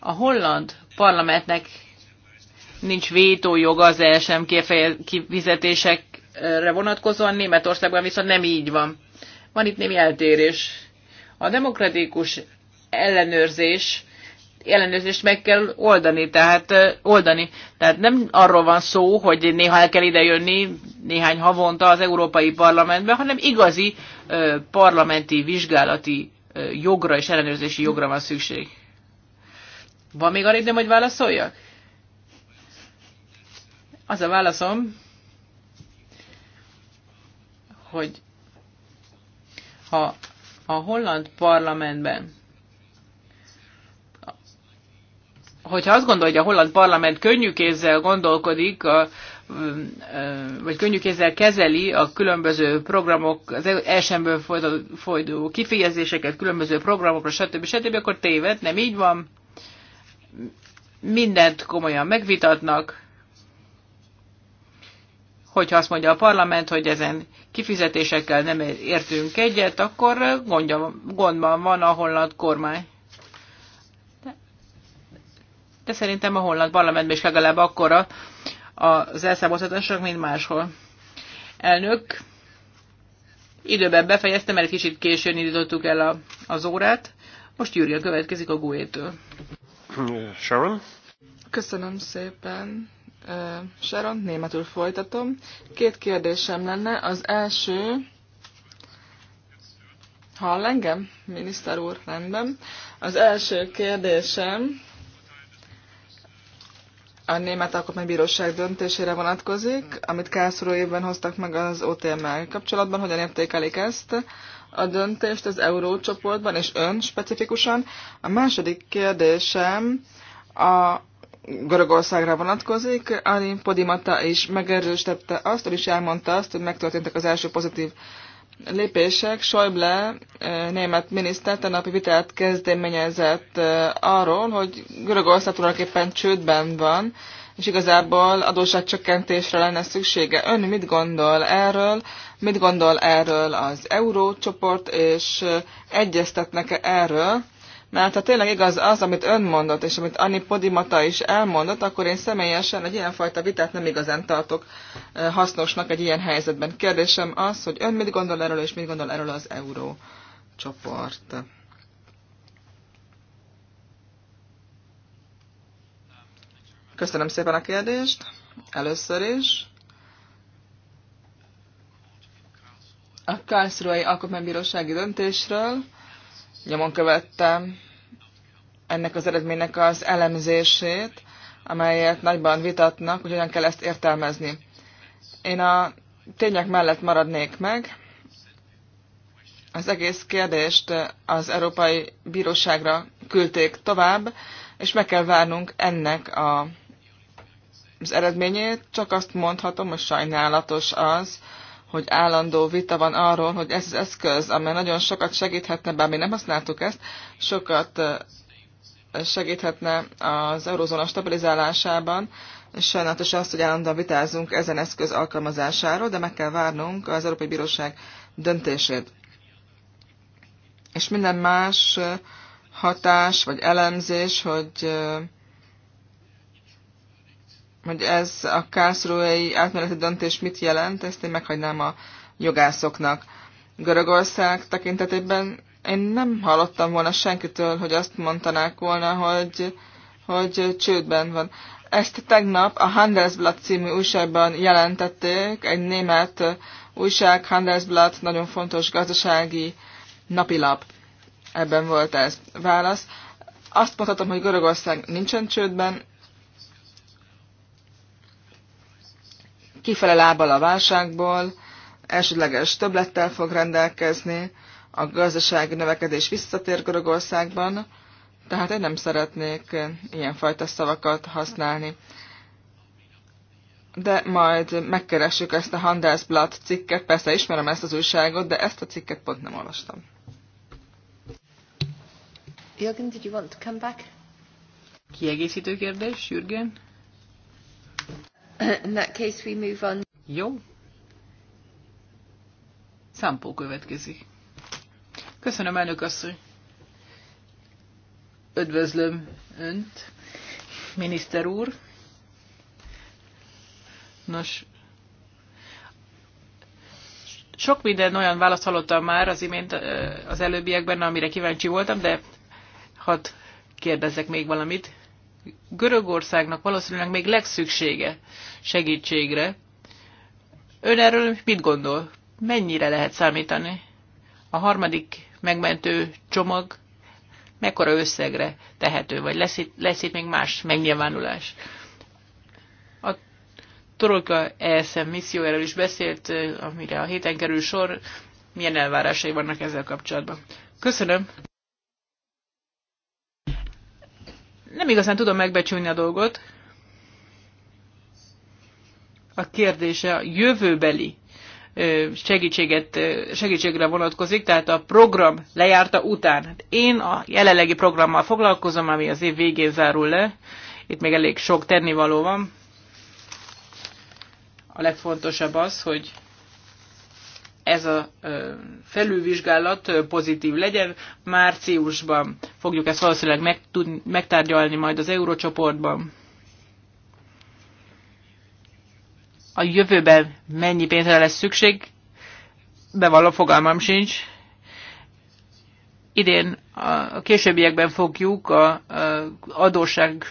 A holland parlamentnek nincs vétójoga az ESM kifizetésekre vonatkozóan, Németországban viszont nem így van. Van itt némi eltérés. A demokratikus ellenőrzés ellenőrzést meg kell oldani, tehát oldani. Tehát nem arról van szó, hogy néha el kell idejönni néhány havonta az Európai Parlamentbe, hanem igazi parlamenti vizsgálati jogra és ellenőrzési jogra van szükség. Van még arra időm, hogy válaszoljak? Az a válaszom, hogy ha a holland parlamentben hogyha azt gondolja, hogy a holland parlament könnyű kézzel gondolkodik, a, vagy könnyű kézzel kezeli a különböző programok, az elsőből folyó kifejezéseket, különböző programokra, stb. stb., akkor téved, nem így van. Mindent komolyan megvitatnak, hogyha azt mondja a parlament, hogy ezen kifizetésekkel nem értünk egyet, akkor gondja, gondban van a holland kormány de szerintem a holland parlamentben is legalább akkora az elszámoltatások, mint máshol. Elnök, időben befejeztem, mert kicsit későn indítottuk el a, az órát. Most Júria következik a GUE-től. Sharon? Köszönöm szépen. Sharon, németül folytatom. Két kérdésem lenne. Az első... Hall engem, miniszter úr, rendben. Az első kérdésem a Német Alkotmánybíróság döntésére vonatkozik, amit Kászoró évben hoztak meg az OTM-mel kapcsolatban. Hogyan értékelik ezt a döntést az eurócsoportban, és ön specifikusan? A második kérdésem a Görögországra vonatkozik. Arin Podimata is megerősítette azt, hogy is elmondta azt, hogy megtörténtek az első pozitív lépések. Schäuble, eh, német miniszter, tenapi vitát kezdeményezett eh, arról, hogy Görögország tulajdonképpen csődben van, és igazából adósságcsökkentésre lenne szüksége. Ön mit gondol erről? Mit gondol erről az eurócsoport, és eh, egyeztetnek-e erről? Mert ha tényleg igaz az, amit ön mondott, és amit Anni Podimata is elmondott, akkor én személyesen egy ilyenfajta vitát nem igazán tartok eh, hasznosnak egy ilyen helyzetben. Kérdésem az, hogy ön mit gondol erről, és mit gondol erről az euró csoport. Köszönöm szépen a kérdést. Először is. A Karlsruhei Alkotmánybírósági döntésről nyomon követtem ennek az eredménynek az elemzését, amelyet nagyban vitatnak, hogy hogyan kell ezt értelmezni. Én a tények mellett maradnék meg. Az egész kérdést az Európai Bíróságra küldték tovább, és meg kell várnunk ennek a, az eredményét. Csak azt mondhatom, hogy sajnálatos az, hogy állandó vita van arról, hogy ez az eszköz, amely nagyon sokat segíthetne, bár mi nem használtuk ezt, sokat segíthetne az eurózóna stabilizálásában, és sajnálatos azt, hogy állandóan vitázunk ezen eszköz alkalmazásáról, de meg kell várnunk az Európai Bíróság döntését. És minden más hatás vagy elemzés, hogy hogy ez a kászrói átmeneti döntés mit jelent, ezt én meghagynám a jogászoknak. Görögország tekintetében én nem hallottam volna senkitől, hogy azt mondanák volna, hogy, hogy csődben van. Ezt tegnap a Handelsblatt című újságban jelentették, egy német újság, Handelsblatt, nagyon fontos gazdasági napilap. Ebben volt ez válasz. Azt mondhatom, hogy Görögország nincsen csődben, kifele lábbal a válságból, elsődleges többlettel fog rendelkezni, a gazdasági növekedés visszatér Görögországban, tehát én nem szeretnék ilyenfajta szavakat használni. De majd megkeressük ezt a Handelsblatt cikket, persze ismerem ezt az újságot, de ezt a cikket pont nem olvastam. Jürgen, did you want to come back? Kiegészítő kérdés, Jürgen? In that case we move on. Jó. Szampó következik. Köszönöm, elnök asszony. Ödvözlöm Önt, miniszter úr. Nos, sok minden olyan választ hallottam már az imént az előbbiekben, amire kíváncsi voltam, de hadd kérdezzek még valamit. Görögországnak valószínűleg még legszüksége segítségre. Ön erről mit gondol? Mennyire lehet számítani? A harmadik megmentő csomag mekkora összegre tehető, vagy lesz itt, lesz itt még más megnyilvánulás? A Torolka ESM erről is beszélt, amire a héten kerül sor. Milyen elvárásai vannak ezzel kapcsolatban? Köszönöm! nem igazán tudom megbecsülni a dolgot. A kérdése a jövőbeli segítséget, segítségre vonatkozik, tehát a program lejárta után. Hát én a jelenlegi programmal foglalkozom, ami az év végén zárul le. Itt még elég sok tennivaló van. A legfontosabb az, hogy ez a felülvizsgálat pozitív legyen. Márciusban fogjuk ezt valószínűleg megtárgyalni majd az eurócsoportban. A jövőben mennyi pénzre lesz szükség? való fogalmam sincs. Idén a későbbiekben fogjuk a, a adósság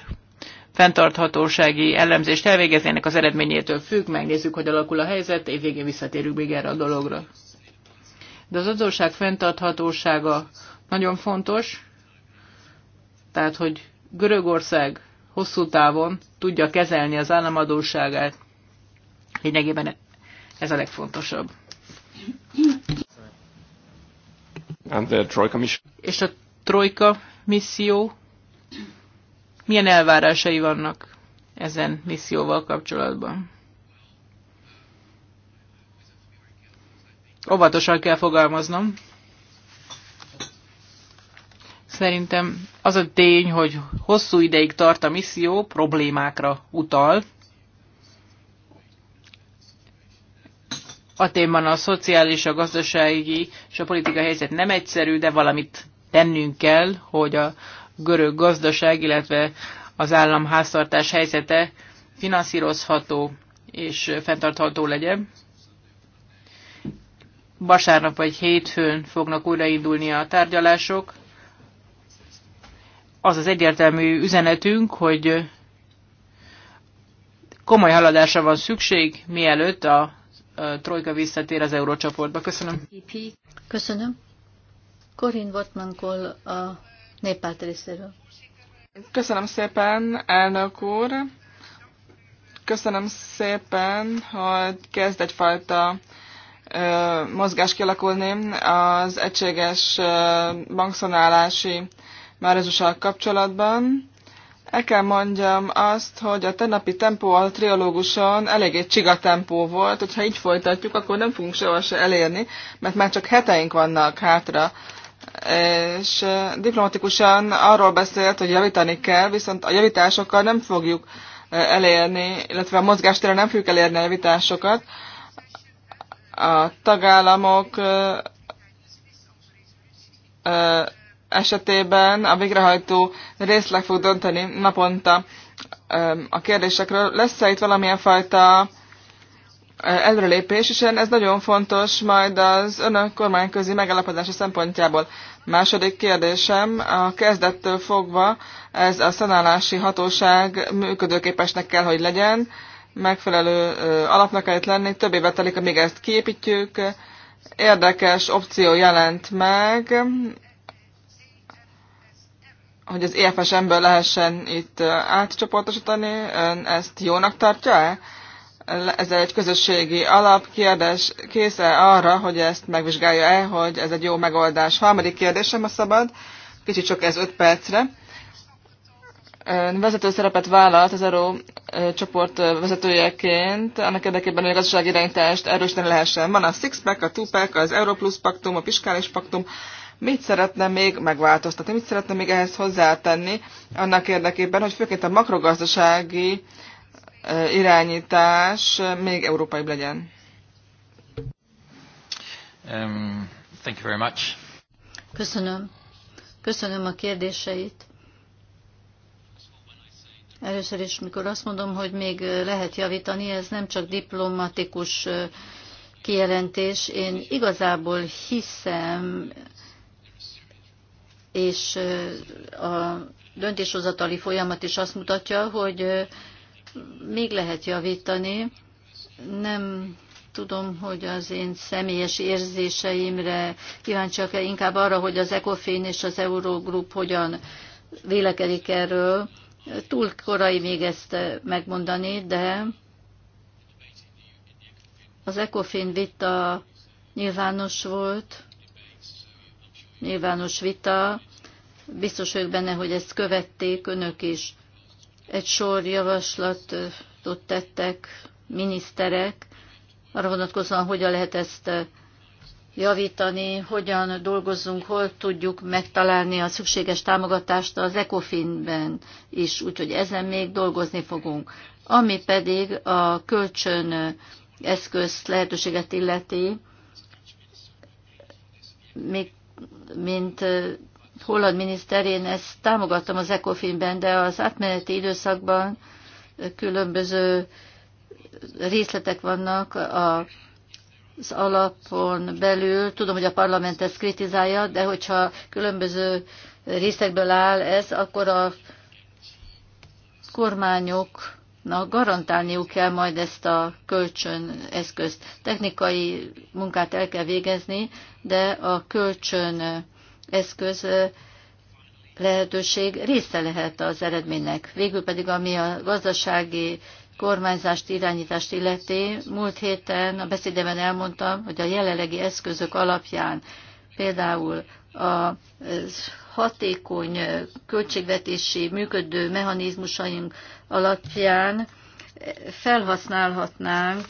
fenntarthatósági elemzést ennek az eredményétől függ, megnézzük, hogy alakul a helyzet, végén visszatérünk még erre a dologra. De az adósság fenntarthatósága nagyon fontos, tehát hogy Görögország hosszú távon tudja kezelni az államadóságát. Lényegében ez a legfontosabb. És a Trojka misszió milyen elvárásai vannak ezen misszióval kapcsolatban? Óvatosan kell fogalmaznom. Szerintem az a tény, hogy hosszú ideig tart a misszió, problémákra utal. A témban a szociális, a gazdasági és a politikai helyzet nem egyszerű, de valamit tennünk kell, hogy a görög gazdaság, illetve az állam háztartás helyzete finanszírozható és fenntartható legyen. Vasárnap vagy hétfőn fognak újraindulni a tárgyalások. Az az egyértelmű üzenetünk, hogy komoly haladásra van szükség, mielőtt a Trojka visszatér az eurócsoportba. Köszönöm. Köszönöm. Corinne Wattmann-kól a néppárt részéről. Köszönöm szépen, elnök úr. Köszönöm szépen, hogy kezd egyfajta ö, mozgás kialakulni az egységes bankszonálási márezussal kapcsolatban. El kell mondjam azt, hogy a tegnapi tempó a triológuson eléggé csiga tempó volt, hogyha így folytatjuk, akkor nem fogunk sehova se elérni, mert már csak heteink vannak hátra és diplomatikusan arról beszélt, hogy javítani kell, viszont a javításokkal nem fogjuk elérni, illetve a mozgástéren nem fogjuk elérni a javításokat. A tagállamok esetében a végrehajtó részleg fog dönteni naponta a kérdésekről. Lesz-e itt valamilyen fajta előrelépés, és ez nagyon fontos majd az önök kormányközi megállapodása szempontjából. Második kérdésem, a kezdettől fogva ez a szanálási hatóság működőképesnek kell, hogy legyen, megfelelő alapnak kell lenni, több évet telik, amíg ezt kiépítjük, érdekes opció jelent meg, hogy az EFS-emből lehessen itt átcsoportosítani, ön ezt jónak tartja-e? ez egy közösségi alap. Kérdés kész arra, hogy ezt megvizsgálja-e, hogy ez egy jó megoldás? Harmadik kérdésem a szabad, kicsit csak ez öt percre. Vezető szerepet vállalt az Euró csoport vezetőjeként, annak érdekében, hogy a gazdasági irányítást erősíteni lehessen. Van a Sixpack, a Tupac, az Europlus paktum, a Piskális paktum. Mit szeretne még megváltoztatni, mit szeretne még ehhez hozzátenni, annak érdekében, hogy főként a makrogazdasági Eh, irányítás még európai legyen. Um, thank you very much. Köszönöm. Köszönöm a kérdéseit. Először is, mikor azt mondom, hogy még lehet javítani, ez nem csak diplomatikus eh, kijelentés. Én igazából hiszem, és eh, a döntéshozatali folyamat is azt mutatja, hogy még lehet javítani. Nem tudom, hogy az én személyes érzéseimre kíváncsiak-e, inkább arra, hogy az ECOFIN és az Eurogroup hogyan vélekedik erről. Túl korai még ezt megmondani, de az ECOFIN vita nyilvános volt, nyilvános vita, biztos vagyok benne, hogy ezt követték önök is egy sor javaslatot tettek miniszterek arra vonatkozóan, hogyan lehet ezt eh, javítani, hogyan dolgozzunk, hol tudjuk megtalálni a szükséges támogatást az ECOFIN-ben is, úgyhogy ezen még dolgozni fogunk. Ami pedig a kölcsön eh, eszköz lehetőséget illeti, még mint eh, holland miniszter, én ezt támogattam az ECOFIN-ben, de az átmeneti időszakban különböző részletek vannak a az alapon belül, tudom, hogy a parlament ezt kritizálja, de hogyha különböző részekből áll ez, akkor a kormányoknak garantálniuk kell majd ezt a eszközt. Technikai munkát el kell végezni, de a kölcsön eszköz lehetőség része lehet az eredménynek. Végül pedig, ami a gazdasági kormányzást, irányítást illeti, múlt héten a beszédemben elmondtam, hogy a jelenlegi eszközök alapján például a hatékony költségvetési működő mechanizmusaink alapján felhasználhatnánk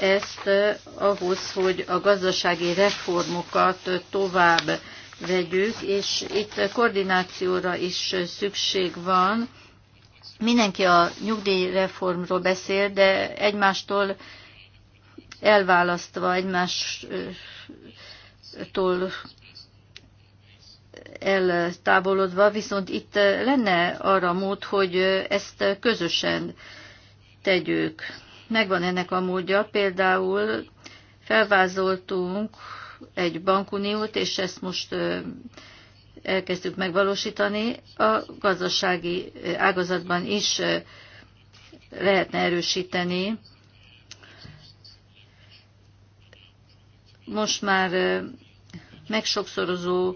ezt ahhoz, hogy a gazdasági reformokat tovább vegyük, és itt koordinációra is szükség van. Mindenki a nyugdíjreformról beszél, de egymástól elválasztva, egymástól eltávolodva, viszont itt lenne arra mód, hogy ezt közösen tegyük. Megvan ennek a módja, például felvázoltunk egy bankuniót, és ezt most elkezdtük megvalósítani. A gazdasági ágazatban is lehetne erősíteni. Most már megsokszorozó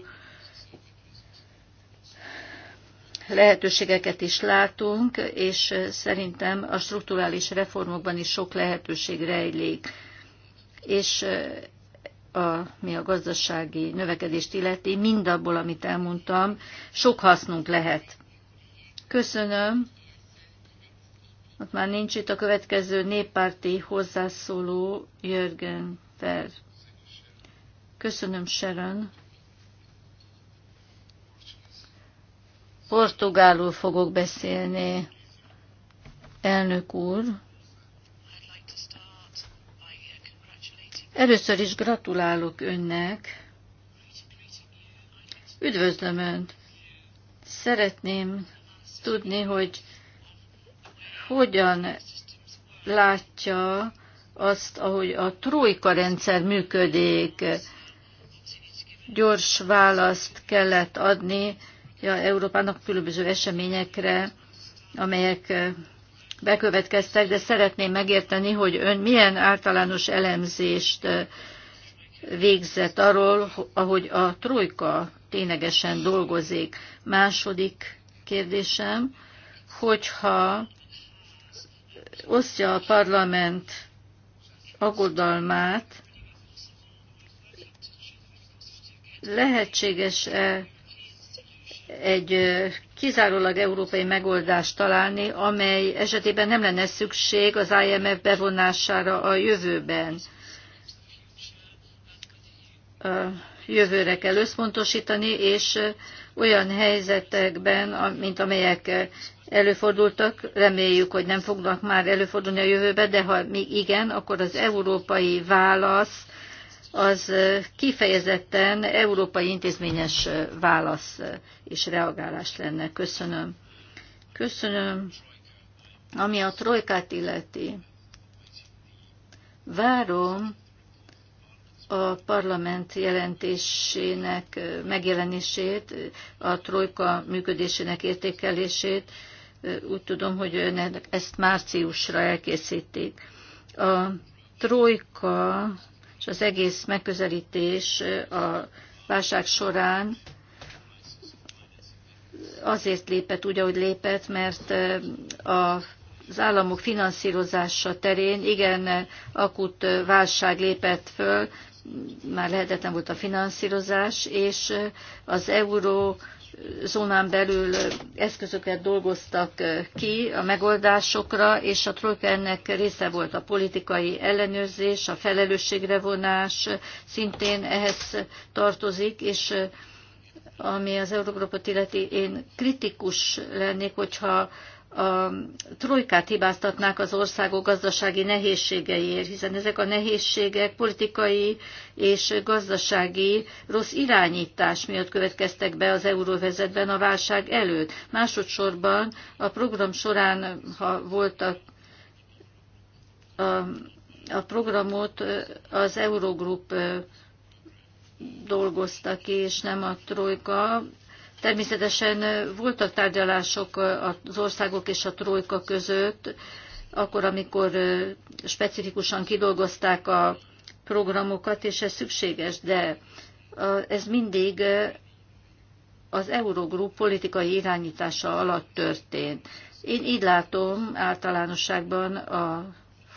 lehetőségeket is látunk, és szerintem a strukturális reformokban is sok lehetőség rejlik. És ami a gazdasági növekedést illeti, abból, amit elmondtam, sok hasznunk lehet. Köszönöm. Ott már nincs itt a következő néppárti hozzászóló Jörgen Fer. Köszönöm, Sharon. Portugálul fogok beszélni, elnök úr. Először is gratulálok önnek. Üdvözlöm önt. Szeretném tudni, hogy hogyan látja azt, ahogy a trójka rendszer működik. Gyors választ kellett adni ja, Európának különböző eseményekre, amelyek bekövetkeztek, de szeretném megérteni, hogy ön milyen általános elemzést végzett arról, ahogy a trojka ténylegesen dolgozik. Második kérdésem, hogyha osztja a parlament aggodalmát, lehetséges-e egy kizárólag európai megoldást találni, amely esetében nem lenne szükség az IMF bevonására a jövőben. A jövőre kell összpontosítani, és olyan helyzetekben, mint amelyek előfordultak, reméljük, hogy nem fognak már előfordulni a jövőbe, de ha még igen, akkor az európai válasz az kifejezetten európai intézményes válasz és reagálás lenne. Köszönöm. Köszönöm. Ami a trojkát illeti, várom a parlament jelentésének megjelenését, a trojka működésének értékelését. Úgy tudom, hogy ezt márciusra elkészítik. A trojka és az egész megközelítés a válság során azért lépett úgy, ahogy lépett, mert a az államok finanszírozása terén igen akut válság lépett föl, már lehetetlen volt a finanszírozás, és az euró zónán belül eszközöket dolgoztak ki a megoldásokra, és a trojka ennek része volt a politikai ellenőrzés, a felelősségre vonás, szintén ehhez tartozik, és ami az Eurogrupot illeti, én kritikus lennék, hogyha a trojkát hibáztatnák az országok gazdasági nehézségeiért, hiszen ezek a nehézségek politikai és gazdasági rossz irányítás miatt következtek be az euróvezetben a válság előtt. Másodszorban a program során, ha voltak a, a programot az Eurogroup dolgozta ki, és nem a trojka, Természetesen voltak tárgyalások az országok és a trojka között, akkor, amikor specifikusan kidolgozták a programokat, és ez szükséges, de ez mindig az Eurogroup politikai irányítása alatt történt. Én így látom általánosságban a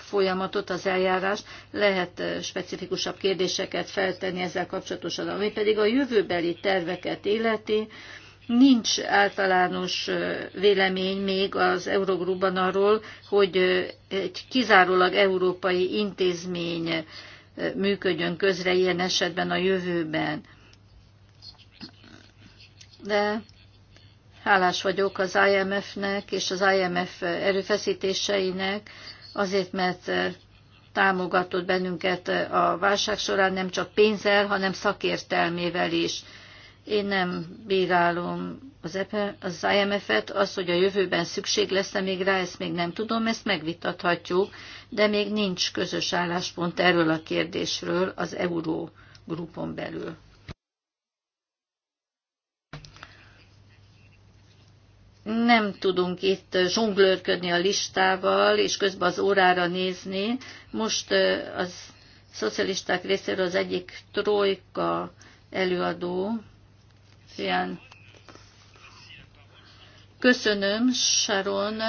folyamatot, az eljárást, lehet specifikusabb kérdéseket feltenni ezzel kapcsolatosan, ami pedig a jövőbeli terveket illeti, Nincs általános vélemény még az Eurogrupban arról, hogy egy kizárólag európai intézmény működjön közre ilyen esetben a jövőben. De hálás vagyok az IMF-nek és az IMF erőfeszítéseinek, azért, mert eh, támogatott bennünket eh, a válság során nem csak pénzzel, hanem szakértelmével is. Én nem bírálom az, e IMF-et, az, hogy a jövőben szükség lesz-e még rá, ezt még nem tudom, ezt megvitathatjuk, de még nincs közös álláspont erről a kérdésről az Euró grupon belül. nem tudunk itt zsonglőrködni a listával, és közben az órára nézni. Most az szocialisták részéről az egyik trojka előadó, ilyen Köszönöm, Sharon,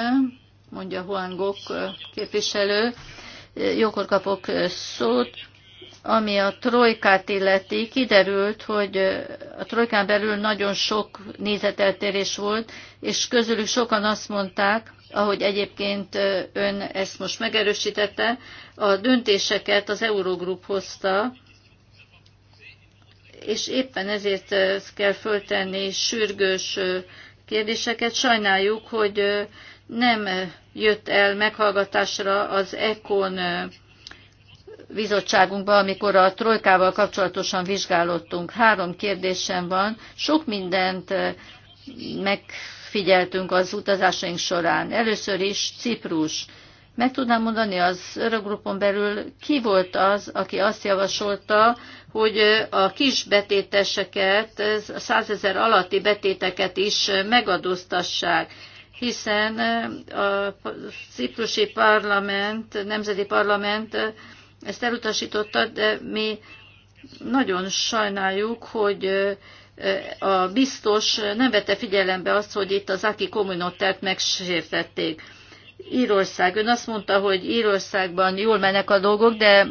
mondja Huangok képviselő. Jókor kapok szót. Ami a trojkát illeti, kiderült, hogy a trojkán belül nagyon sok nézeteltérés volt, és közülük sokan azt mondták, ahogy egyébként ön ezt most megerősítette, a döntéseket az Eurogroup hozta, és éppen ezért kell föltenni sürgős kérdéseket. Sajnáljuk, hogy nem jött el meghallgatásra az ECON bizottságunkban, amikor a trojkával kapcsolatosan vizsgálódtunk. Három kérdésem van. Sok mindent megfigyeltünk az utazásaink során. Először is Ciprus. Meg tudnám mondani, az Eurogroupon belül ki volt az, aki azt javasolta, hogy a kis betéteseket, a 100 alatti betéteket is megadóztassák, hiszen a ciprusi parlament, nemzeti parlament ezt elutasította, de mi nagyon sajnáljuk, hogy a biztos nem vette figyelembe azt, hogy itt az Aki kommunottert megsértették. Írország. Ön azt mondta, hogy Írországban jól mennek a dolgok, de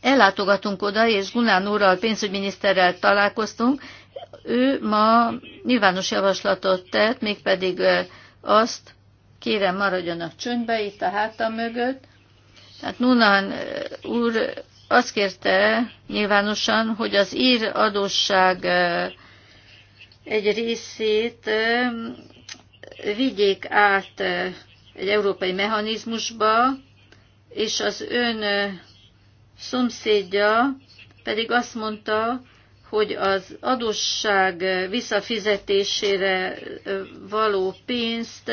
ellátogatunk oda, és Gunán úrral, pénzügyminiszterrel találkoztunk. Ő ma nyilvános javaslatot tett, mégpedig azt, kérem maradjanak csöndbe itt a hátam mögött, Hát Nunan úr azt kérte nyilvánosan, hogy az ír adósság egy részét vigyék át egy európai mechanizmusba, és az ön szomszédja pedig azt mondta, hogy az adósság visszafizetésére való pénzt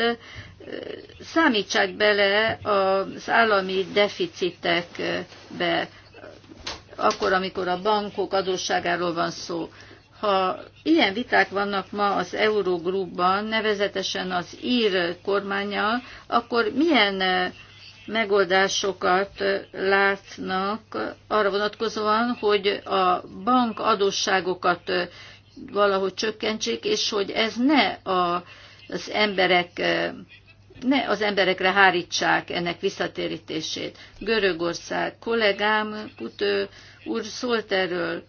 számítsák bele az állami deficitekbe, akkor, amikor a bankok adósságáról van szó. Ha ilyen viták vannak ma az Eurogroupban, nevezetesen az ír kormánya, akkor milyen eh, megoldásokat eh, látnak arra vonatkozóan, hogy a bank adósságokat eh, valahogy csökkentsék, és hogy ez ne az emberek ne az emberekre hárítsák ennek visszatérítését. Görögország kollégám, Kutő úr szólt erről,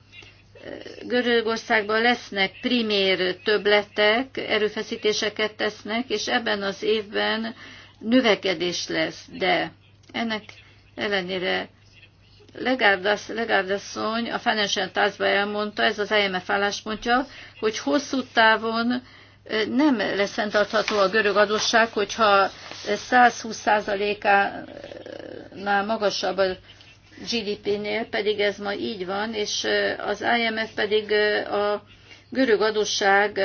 Görögországban lesznek primér töbletek, erőfeszítéseket tesznek, és ebben az évben növekedés lesz, de ennek ellenére Legárd asszony a Financial Times-ban elmondta, ez az IMF álláspontja, hogy hosszú távon nem lesz fenntartható a görög adósság, hogyha 120%-nál magasabb a GDP-nél, pedig ez ma így van, és az IMF pedig a görög adósság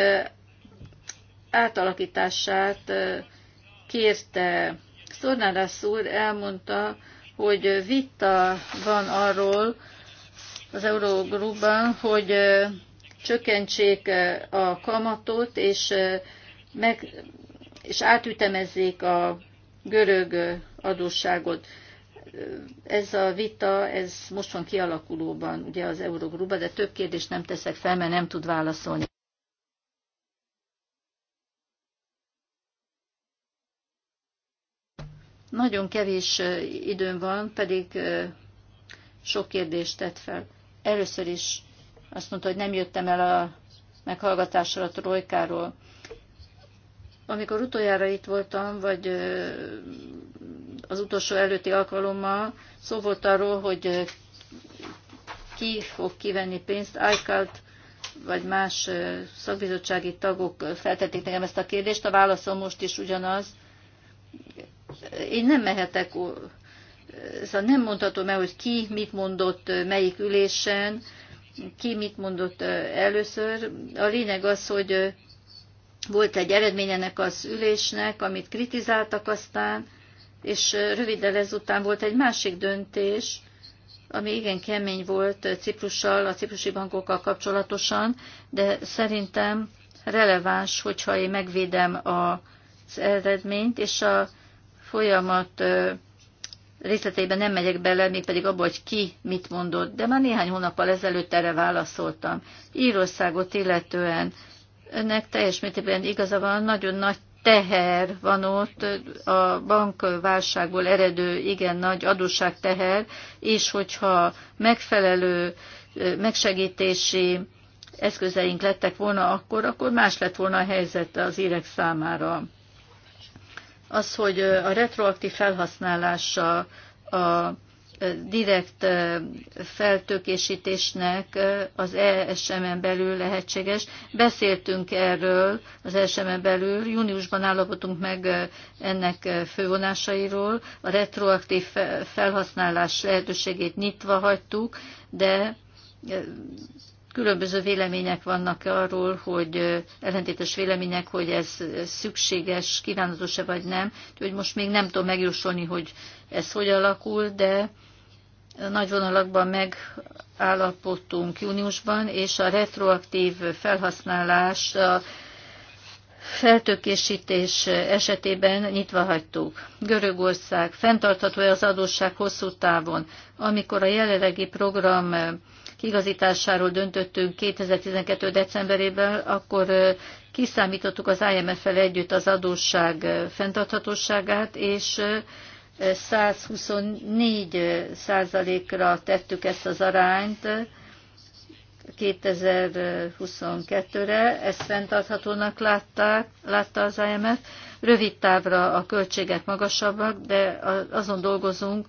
átalakítását kérte. Szornárász úr elmondta, hogy vita van arról az Eurogrupban, hogy csökkentsék a kamatot, és, meg, és átütemezzék a görög adósságot. Ez a vita, ez most van kialakulóban, ugye az Eurogruba, de több kérdést nem teszek fel, mert nem tud válaszolni. Nagyon kevés időm van, pedig sok kérdést tett fel. Először is azt mondta, hogy nem jöttem el a meghallgatásra a trojkáról. Amikor utoljára itt voltam, vagy az utolsó előtti alkalommal, szó volt arról, hogy ki fog kivenni pénzt, ICALT vagy más szakbizottsági tagok feltették nekem ezt a kérdést, a válaszom most is ugyanaz. Én nem mehetek, szóval nem mondhatom el, hogy ki mit mondott melyik ülésen, ki mit mondott először. A lényeg az, hogy volt egy eredmény ennek az ülésnek, amit kritizáltak aztán, és röviddel ezután volt egy másik döntés, ami igen kemény volt Ciprussal, a ciprusi bankokkal kapcsolatosan, de szerintem releváns, hogyha én megvédem az eredményt, és a folyamat részleteiben nem megyek bele, mégpedig abba, hogy ki mit mondott, de már néhány hónappal ezelőtt erre válaszoltam. Írországot illetően önnek teljes mértékben igaza van, nagyon nagy teher van ott, a bankválságból eredő igen nagy adósságteher, és hogyha megfelelő megsegítési eszközeink lettek volna akkor, akkor más lett volna a helyzet az írek számára az, hogy a retroaktív felhasználása a direkt feltökésítésnek az ESM-en belül lehetséges. Beszéltünk erről az ESM-en belül, júniusban állapotunk meg ennek fővonásairól, a retroaktív felhasználás lehetőségét nyitva hagytuk, de Különböző vélemények vannak arról, hogy ellentétes vélemények, hogy ez szükséges, kívánatos-e vagy nem. Úgyhogy most még nem tudom megjósolni, hogy ez hogy alakul, de nagy vonalakban megállapodtunk júniusban, és a retroaktív felhasználás a feltökésítés esetében nyitva hagytuk. Görögország fenntartható-e az adósság hosszú távon? Amikor a jelenlegi program kiigazításáról döntöttünk 2012. decemberében, akkor kiszámítottuk az IMF-el együtt az adósság fenntarthatóságát, és 124 százalékra tettük ezt az arányt 2022-re, ezt fenntarthatónak látták, látta az IMF. Rövid távra a költségek magasabbak, de azon dolgozunk,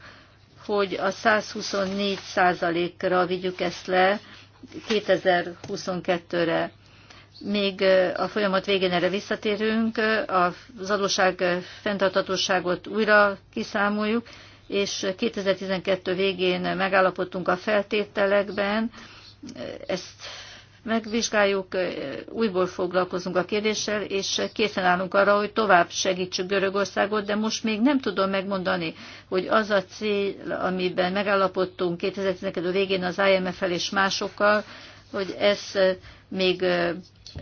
hogy a 124%-ra vigyük ezt le 2022-re. Még a folyamat végén erre visszatérünk, az adóság fenntartatóságot újra kiszámoljuk, és 2012 végén megállapodtunk a feltételekben, ezt megvizsgáljuk, újból foglalkozunk a kérdéssel, és készen állunk arra, hogy tovább segítsük Görögországot, de most még nem tudom megmondani, hogy az a cél, amiben megállapodtunk 2012 végén az IMF-el és másokkal, hogy ez még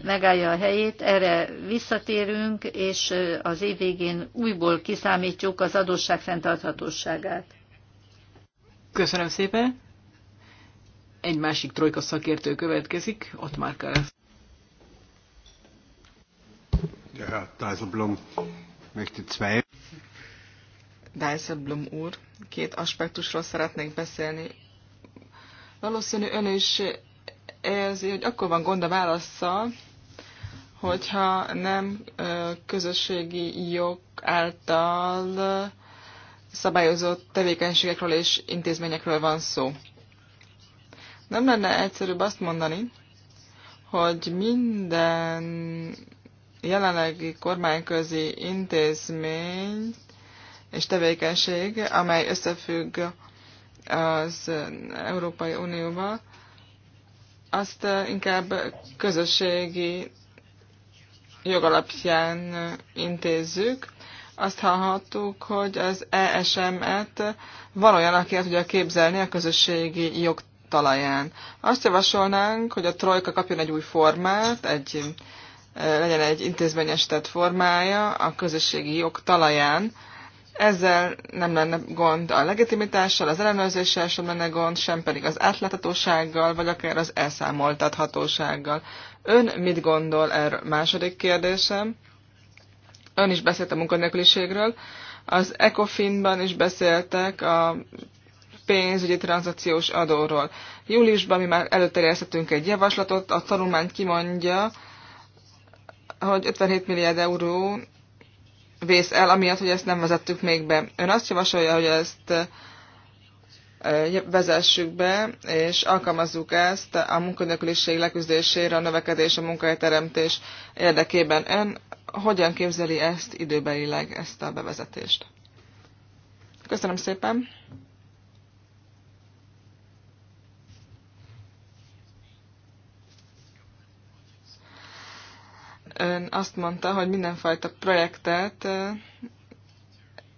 megállja a helyét, erre visszatérünk, és az év végén újból kiszámítjuk az adósság fenntarthatóságát. Köszönöm szépen! Egy másik trojka szakértő következik, ott már kell. Ja, Dijsselblom möchte zwei. Dijsselblom úr, két aspektusról szeretnék beszélni. Valószínű ön is érzi, hogy akkor van gond a válaszsal, hogyha nem közösségi jog által szabályozott tevékenységekről és intézményekről van szó. Nem lenne egyszerűbb azt mondani, hogy minden jelenlegi kormányközi intézmény és tevékenység, amely összefügg az Európai Unióval, azt inkább közösségi jogalapján intézzük. Azt hallhattuk, hogy az ESM-et van olyan, aki el tudja képzelni a közösségi jog talaján. Azt javasolnánk, hogy a trojka kapjon egy új formát, egy, legyen egy intézményestett formája a közösségi jog talaján. Ezzel nem lenne gond a legitimitással, az ellenőrzéssel sem lenne gond, sem pedig az átláthatósággal, vagy akár az elszámoltathatósággal. Ön mit gondol erről? Második kérdésem. Ön is beszélt a munkanélküliségről. Az ECOFIN-ban is beszéltek a pénzügyi tranzakciós adóról. Júliusban mi már előterjesztettünk egy javaslatot, a tanulmány kimondja, hogy 57 milliárd euró vész el, amiatt, hogy ezt nem vezettük még be. Ön azt javasolja, hogy ezt vezessük be, és alkalmazzuk ezt a munkanélküliség leküzdésére, a növekedés, a munkahelyteremtés érdekében. Ön hogyan képzeli ezt időbelileg, ezt a bevezetést? Köszönöm szépen! ön azt mondta, hogy mindenfajta projektet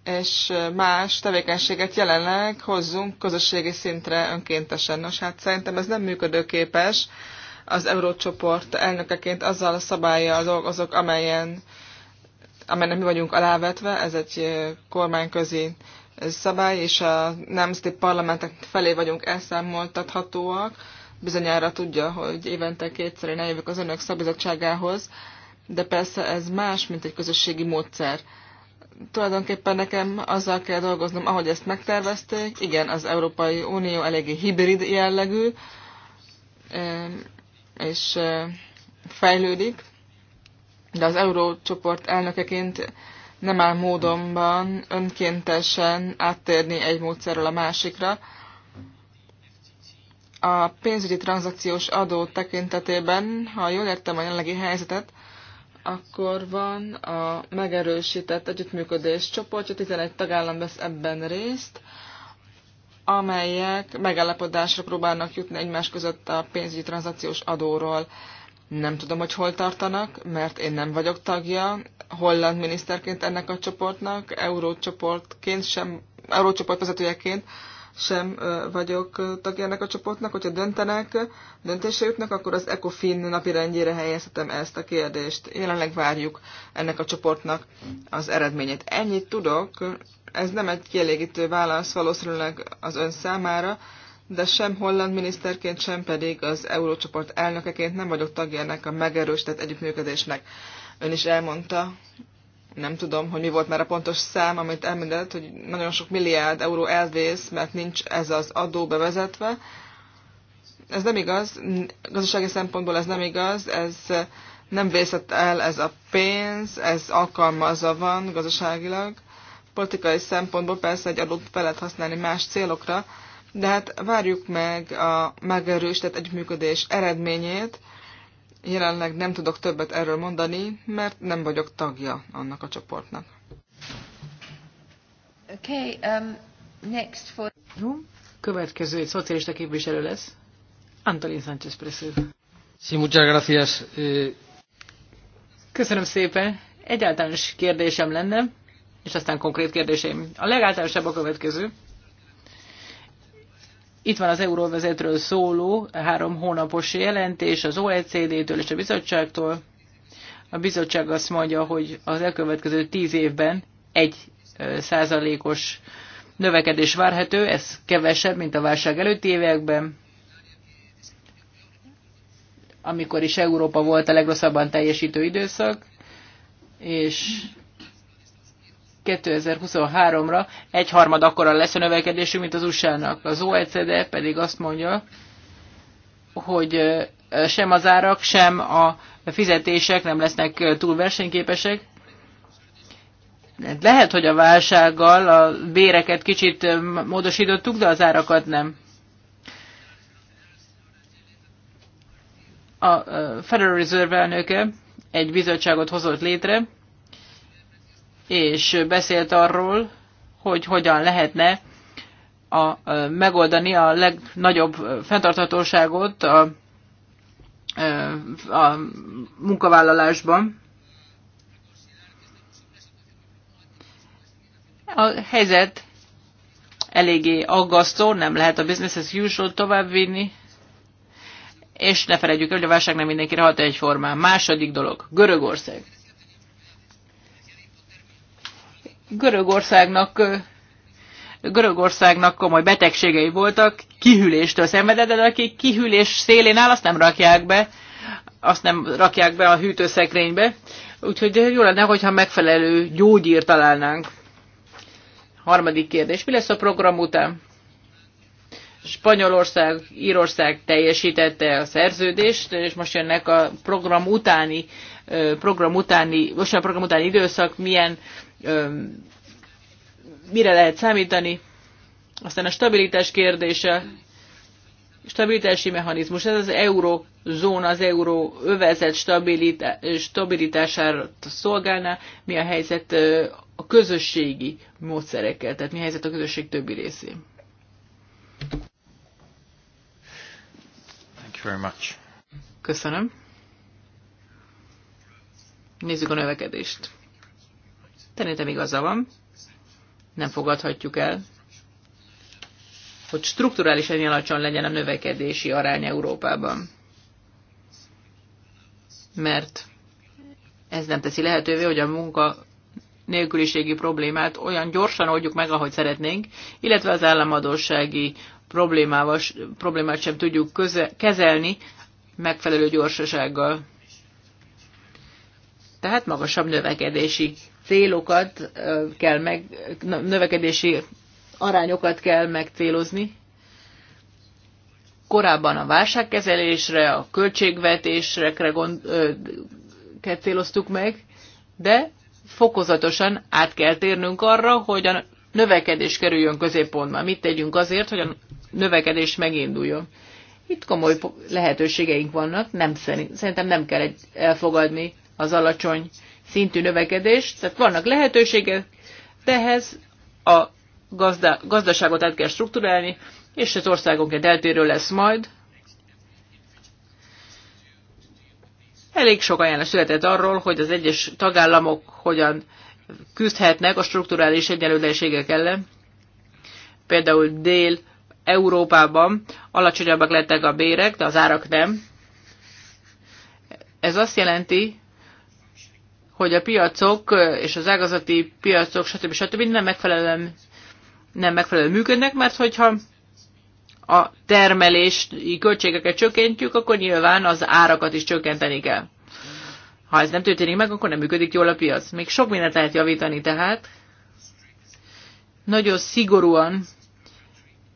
és más tevékenységet jelenleg hozzunk közösségi szintre önkéntesen. Nos, hát szerintem ez nem működőképes. Az Eurócsoport elnökeként azzal a szabálya azok amelyen, amelynek mi vagyunk alávetve, ez egy kormányközi szabály, és a nemzeti parlamentek felé vagyunk elszámoltathatóak. Bizonyára tudja, hogy évente kétszer én eljövök az önök szabizottságához, de persze ez más, mint egy közösségi módszer. Tulajdonképpen nekem azzal kell dolgoznom, ahogy ezt megtervezték. Igen, az Európai Unió eléggé hibrid jellegű, és fejlődik, de az Eurócsoport elnökeként nem áll módonban önkéntesen áttérni egy módszerről a másikra. A pénzügyi tranzakciós adó tekintetében, ha jól értem a jelenlegi helyzetet, akkor van a megerősített együttműködés csoportja, 11 tagállam vesz ebben részt, amelyek megállapodásra próbálnak jutni egymás között a pénzügyi tranzakciós adóról. Nem tudom, hogy hol tartanak, mert én nem vagyok tagja, holland miniszterként ennek a csoportnak, eurócsoportként sem, eurócsoport vezetőjeként sem vagyok tagja ennek a csoportnak. Hogyha döntenek, döntésre jutnak, akkor az ECOFIN napi rendjére helyezhetem ezt a kérdést. Jelenleg várjuk ennek a csoportnak az eredményét. Ennyit tudok, ez nem egy kielégítő válasz valószínűleg az ön számára, de sem holland miniszterként, sem pedig az Eurócsoport elnökeként nem vagyok tagja ennek a megerősített együttműködésnek. Ön is elmondta nem tudom, hogy mi volt már a pontos szám, amit említett, hogy nagyon sok milliárd euró elvész, mert nincs ez az adó bevezetve. Ez nem igaz, gazdasági szempontból ez nem igaz, ez nem vészett el ez a pénz, ez alkalmazza van gazdaságilag. Politikai szempontból persze egy adót fel lehet használni más célokra, de hát várjuk meg a megerősített együttműködés eredményét, Jelenleg nem tudok többet erről mondani, mert nem vagyok tagja annak a csoportnak. Okay, um, next for... Következő egy szocialista képviselő lesz. Antolin Sánchez Presedo. Sí, muchas gracias. Eh. Köszönöm szépen. Egy általános kérdésem lenne, és aztán konkrét kérdéseim. A legáltalánosabb a következő. Itt van az euróvezetről szóló három hónapos jelentés az OECD-től és a bizottságtól. A bizottság azt mondja, hogy az elkövetkező tíz évben egy százalékos növekedés várható. ez kevesebb, mint a válság előtti években, amikor is Európa volt a legrosszabban teljesítő időszak, és 2023-ra egyharmad akkora lesz a növekedésünk, mint az USA-nak. Az OECD pedig azt mondja, hogy sem az árak, sem a fizetések nem lesznek túl versenyképesek. Lehet, hogy a válsággal a béreket kicsit módosítottuk, de az árakat nem. A Federal Reserve elnöke egy bizottságot hozott létre, és beszélt arról, hogy hogyan lehetne a, megoldani a legnagyobb fenntarthatóságot a, a munkavállalásban. A helyzet eléggé aggasztó, nem lehet a business as usual továbbvinni, és ne felejtjük el, hogy a válság nem mindenkire hat egyformán. Második dolog, Görögország. Görögországnak Görögországnak komoly betegségei voltak, kihűléstől szenvedett, de aki kihűlés szélén áll, azt nem rakják be, azt nem rakják be a hűtőszekrénybe. Úgyhogy jó lenne, hogyha megfelelő gyógyír találnánk. Harmadik kérdés. Mi lesz a program után? Spanyolország, Írország teljesítette a szerződést, és most jönnek a program utáni, program utáni, most a program utáni időszak, milyen mire lehet számítani. Aztán a stabilitás kérdése, stabilitási mechanizmus, ez az eurozóna, az euró euróövezet stabilitására szolgálná, mi a helyzet a közösségi módszerekkel, tehát mi a helyzet a közösség többi részén. Thank you very much. Köszönöm. Nézzük a növekedést. Szerintem igaza van, nem fogadhatjuk el, hogy strukturálisan ilyen alacsony legyen a növekedési arány Európában. Mert ez nem teszi lehetővé, hogy a munka nélküliségi problémát olyan gyorsan oldjuk meg, ahogy szeretnénk, illetve az államadósági problémával, problémát sem tudjuk köze, kezelni megfelelő gyorsasággal. Tehát magasabb növekedési célokat kell meg, növekedési arányokat kell megcélozni. Korábban a válságkezelésre, a költségvetésre gond, ö, céloztuk meg, de fokozatosan át kell térnünk arra, hogy a növekedés kerüljön középpontba. Mit tegyünk azért, hogy a növekedés meginduljon? Itt komoly lehetőségeink vannak, nem szerintem nem kell elfogadni az alacsony szintű növekedést, tehát vannak lehetőségek, tehez a gazda, gazdaságot át kell struktúrálni, és az országonként eltérő lesz majd. Elég sok ajánlás született arról, hogy az egyes tagállamok hogyan küzdhetnek a strukturális egyenlőségek ellen. Például Dél-Európában alacsonyabbak lettek a bérek, de az árak nem. Ez azt jelenti, hogy a piacok és az ágazati piacok, stb. stb. nem megfelelően, nem megfelelően működnek, mert hogyha a termelési költségeket csökkentjük, akkor nyilván az árakat is csökkenteni kell. Ha ez nem történik meg, akkor nem működik jól a piac. Még sok mindent lehet javítani tehát. Nagyon szigorúan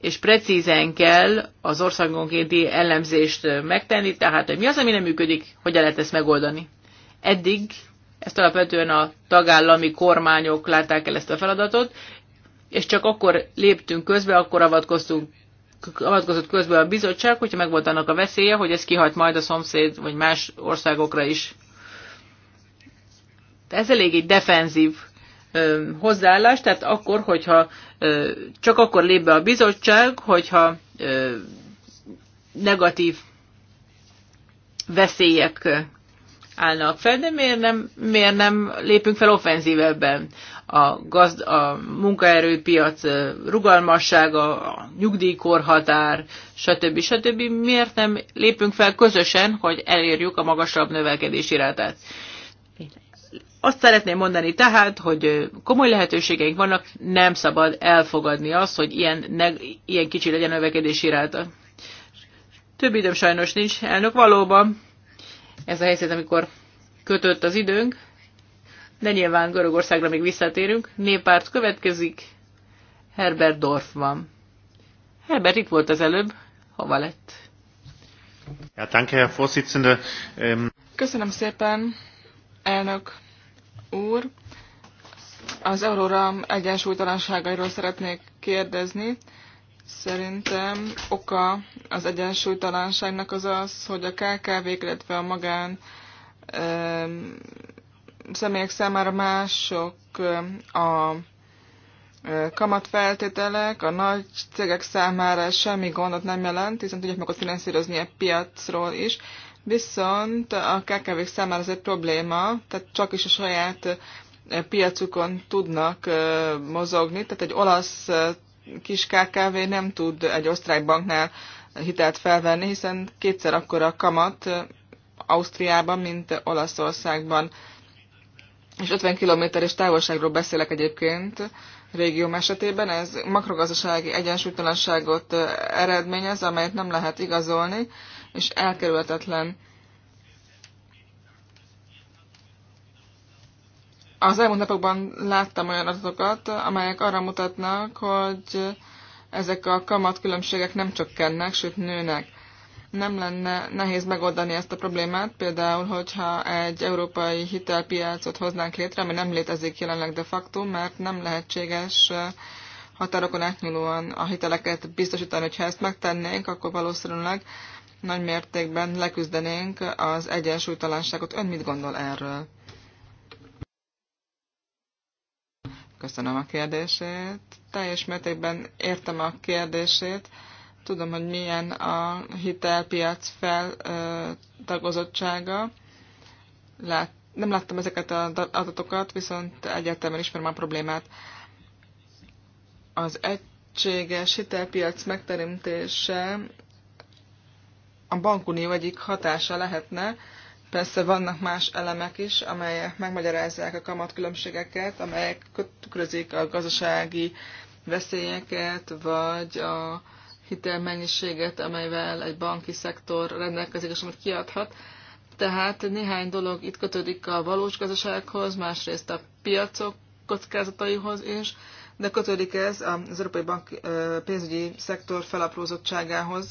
és precízen kell az országonkénti ellenzést megtenni, tehát hogy mi az, ami nem működik, hogyan lehet ezt megoldani. Eddig ezt alapvetően a tagállami kormányok látták el ezt a feladatot, és csak akkor léptünk közbe, akkor avatkoztunk avatkozott közbe a bizottság, hogyha megvolt annak a veszélye, hogy ez kihat majd a szomszéd vagy más országokra is. De ez elég egy defenzív ö, hozzáállás, tehát akkor, hogyha ö, csak akkor lép be a bizottság, hogyha ö, negatív veszélyek állnak fel, de miért nem, miért nem lépünk fel offenzívebben? A, gazd, a munkaerőpiac rugalmassága, a nyugdíjkorhatár, stb. stb. Miért nem lépünk fel közösen, hogy elérjük a magasabb növelkedési rátát? Azt szeretném mondani tehát, hogy komoly lehetőségeink vannak, nem szabad elfogadni azt, hogy ilyen, ne, ilyen kicsi legyen a növekedési ráta. Több időm sajnos nincs, elnök valóban ez a helyzet, amikor kötött az időnk, de nyilván Görögországra még visszatérünk. Népárt következik, Herbert Dorf van. Herbert itt volt az előbb, hova lett? Ja, danke, Herr Vorsitzende. Um... Ähm, Köszönöm szépen, elnök úr. Az Aurora egyensúlytalanságairól szeretnék kérdezni. Szerintem oka az egyensúlytalanságnak az az, hogy a kkv illetve a magán ö, személyek számára mások a kamatfeltételek, a nagy cégek számára semmi gondot nem jelent, hiszen tudják a finanszírozni a piacról is, viszont a kkv számára ez egy probléma, tehát csak is a saját piacukon tudnak mozogni, tehát egy olasz kis KKV nem tud egy osztrák banknál hitelt felvenni, hiszen kétszer akkora a kamat Ausztriában, mint Olaszországban. És 50 kilométeres távolságról beszélek egyébként régió esetében. Ez makrogazdasági egyensúlytalanságot eredményez, amelyet nem lehet igazolni, és elkerülhetetlen Az elmúlt napokban láttam olyan adatokat, amelyek arra mutatnak, hogy ezek a kamatkülönbségek nem csökkennek, sőt nőnek. Nem lenne nehéz megoldani ezt a problémát, például, hogyha egy európai hitelpiacot hoznánk létre, ami nem létezik jelenleg de facto, mert nem lehetséges határokon átnyúlóan a hiteleket biztosítani, hogyha ezt megtennénk, akkor valószínűleg nagy mértékben leküzdenénk az egyensúlytalanságot. Ön mit gondol erről? Köszönöm a kérdését. Teljes mértékben értem a kérdését. Tudom, hogy milyen a hitelpiac feltagozottsága. Lát, nem láttam ezeket az adatokat, viszont egyáltalán ismerem a problémát. Az egységes hitelpiac megteremtése a bankunió egyik hatása lehetne, Persze vannak más elemek is, amelyek megmagyarázzák a kamatkülönbségeket, amelyek tükrözik a gazdasági veszélyeket, vagy a hitelmennyiséget, amelyvel egy banki szektor rendelkezik, és amit kiadhat. Tehát néhány dolog itt kötődik a valós gazdasághoz, másrészt a piacok kockázataihoz is, de kötődik ez az Európai Bank pénzügyi szektor felaprózottságához.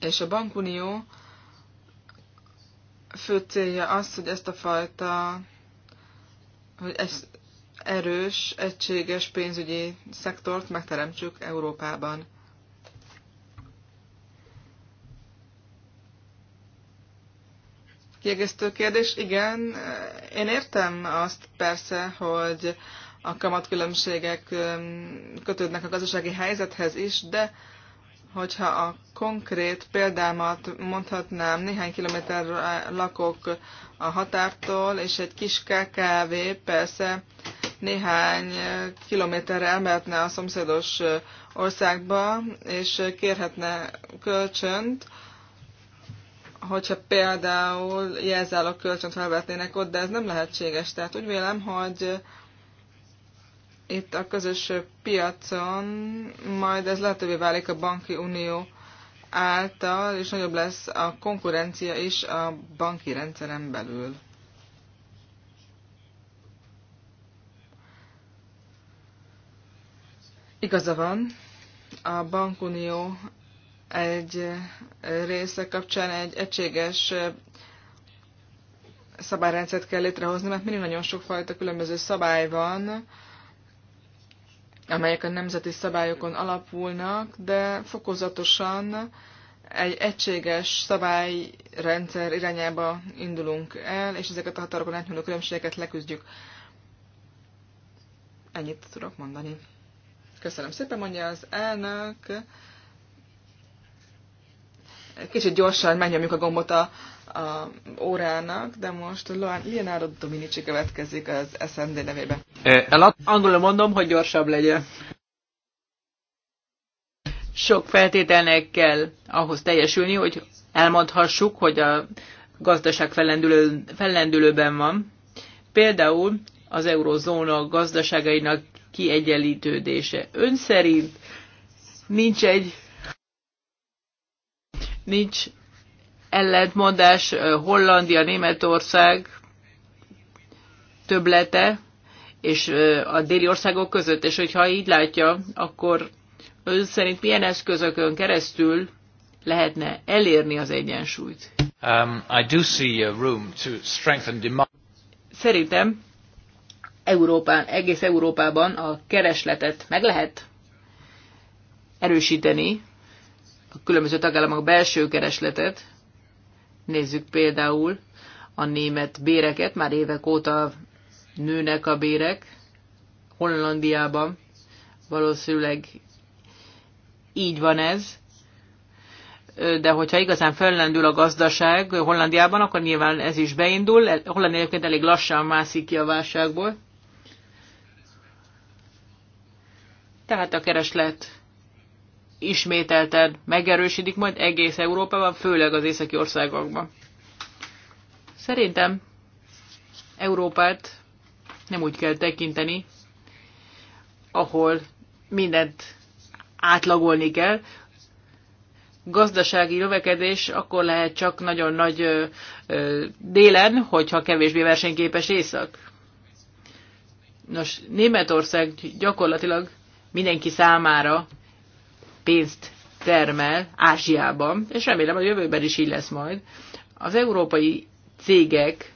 És a bankunió fő célja az, hogy ezt a fajta hogy ez erős, egységes pénzügyi szektort megteremtsük Európában. Kiegészítő kérdés, igen, én értem azt persze, hogy a kamatkülönbségek kötődnek a gazdasági helyzethez is, de hogyha a konkrét példámat mondhatnám, néhány kilométer lakok a határtól, és egy kis KKV persze néhány kilométerre elmehetne a szomszédos országba, és kérhetne kölcsönt, hogyha például jelzálok kölcsönt felvetnének ott, de ez nem lehetséges. Tehát úgy vélem, hogy itt a közös piacon, majd ez lehetővé válik a banki unió által, és nagyobb lesz a konkurencia is a banki rendszeren belül. Igaza van, a bankunió egy része kapcsán egy egységes szabályrendszert kell létrehozni, mert mindig nagyon sokfajta különböző szabály van, amelyek a nemzeti szabályokon alapulnak, de fokozatosan egy egységes szabályrendszer irányába indulunk el, és ezeket a határokon átnyúló különbségeket leküzdjük. Ennyit tudok mondani. Köszönöm szépen, mondja az elnök. Kicsit gyorsan megnyomjuk a gombot a a órának, de most Leonardo Dominici következik az SND nevébe. Eh, Elad. angolul mondom, hogy gyorsabb legyen. Sok feltételnek kell ahhoz teljesülni, hogy elmondhassuk, hogy a gazdaság fellendülő, fellendülőben van. Például az eurozóna gazdaságainak kiegyenlítődése. Ön szerint nincs egy nincs ellentmondás Hollandia, Németország töblete és a déli országok között, és hogyha így látja, akkor ön szerint milyen eszközökön keresztül lehetne elérni az egyensúlyt? Um, I do see a room to strengthen demand. Szerintem Európán, egész Európában a keresletet meg lehet erősíteni, a különböző tagállamok belső keresletet, Nézzük például a német béreket, már évek óta nőnek a bérek. Hollandiában valószínűleg így van ez, de hogyha igazán fellendül a gazdaság Hollandiában, akkor nyilván ez is beindul. Hollandia egyébként elég lassan mászik ki a válságból. Tehát a kereslet ismételten megerősödik majd egész Európában, főleg az északi országokban. Szerintem Európát nem úgy kell tekinteni, ahol mindent átlagolni kell. Gazdasági növekedés akkor lehet csak nagyon nagy ö, ö, délen, hogyha kevésbé versenyképes észak. Nos, Németország gyakorlatilag mindenki számára pénzt termel Ázsiában, és remélem a jövőben is így lesz majd. Az európai cégek,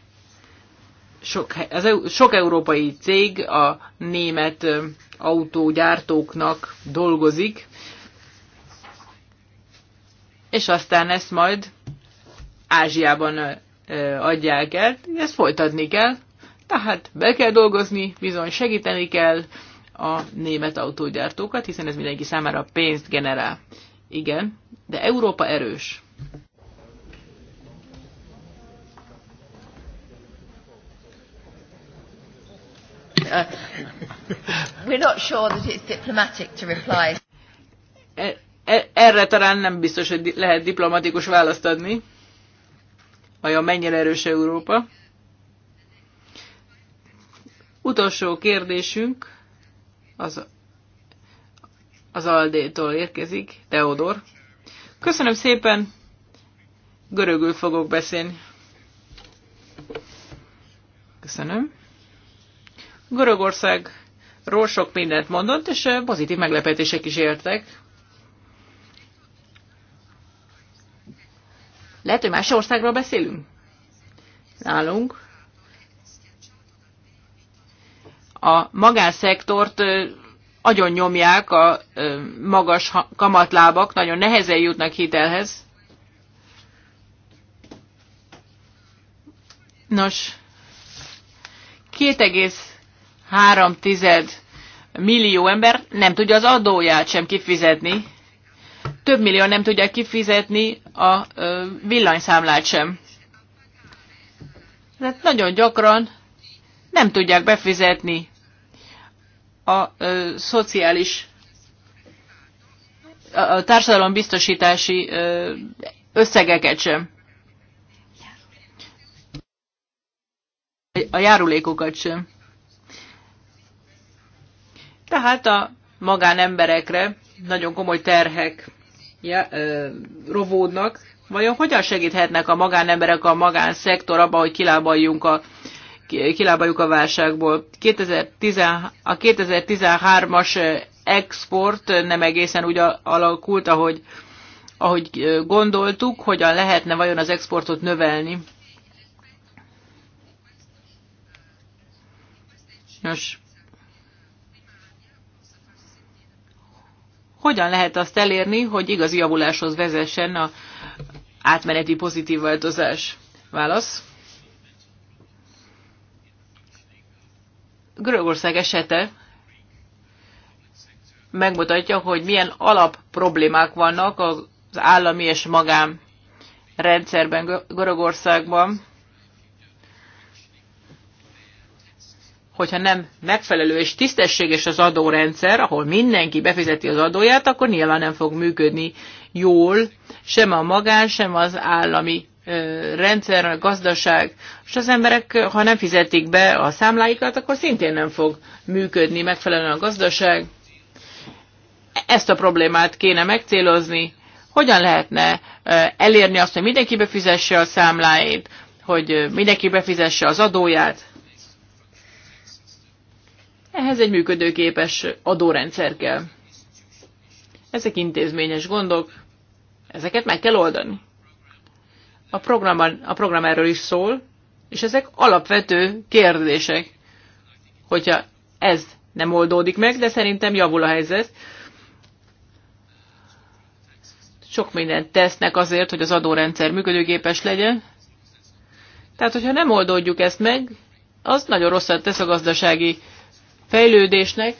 sok, az, sok európai cég a német autógyártóknak dolgozik, és aztán ezt majd Ázsiában adják el, ezt folytatni kell, tehát be kell dolgozni, bizony segíteni kell, a német autógyártókat, hiszen ez mindenki számára pénzt generál. Igen, de Európa erős. We're not sure that it's diplomatic to reply. E, e, erre talán nem biztos, hogy lehet diplomatikus választ adni. Vajon mennyire erős Európa? Utolsó kérdésünk az, az Aldétól érkezik, Teodor. Köszönöm szépen, görögül fogok beszélni. Köszönöm. Ról sok mindent mondott, és eh, pozitív meglepetések is értek. Lehet, hogy más országról beszélünk? Nálunk a magánszektort nagyon nyomják a magas kamatlábak, nagyon nehezen jutnak hitelhez. Nos, 2,3 millió ember nem tudja az adóját sem kifizetni. Több millió nem tudja kifizetni a villanyszámlát sem. Tehát nagyon gyakran nem tudják befizetni a ö, szociális a társadalombiztosítási összegeket sem. A járulékokat sem. Tehát a magánemberekre nagyon komoly terhek ja, ö, rovódnak. Vajon hogyan segíthetnek a magánemberek a magánszektor abban, hogy kilábaljunk a kilábaljuk a válságból. 2010, a 2013-as export nem egészen úgy alakult, ahogy, ahogy gondoltuk, hogyan lehetne vajon az exportot növelni. Nos, hogyan lehet azt elérni, hogy igazi javuláshoz vezessen a átmeneti pozitív változás? Válasz. Görögország esete megmutatja, hogy milyen alap problémák vannak az állami és magán rendszerben Görögországban. Hogyha nem megfelelő és tisztességes az adórendszer, ahol mindenki befizeti az adóját, akkor nyilván nem fog működni jól sem a magán, sem az állami rendszer, a gazdaság, és az emberek, ha nem fizetik be a számláikat, akkor szintén nem fog működni megfelelően a gazdaság. Ezt a problémát kéne megcélozni, hogyan lehetne elérni azt, hogy mindenki befizesse a számláit, hogy mindenki befizesse az adóját. Ehhez egy működőképes adórendszer kell. Ezek intézményes gondok, ezeket meg kell oldani. A, programban, a program erről is szól, és ezek alapvető kérdések, hogyha ez nem oldódik meg, de szerintem javul a helyzet. Sok mindent tesznek azért, hogy az adórendszer működőgépes legyen. Tehát, hogyha nem oldódjuk ezt meg, az nagyon rosszat tesz a gazdasági fejlődésnek.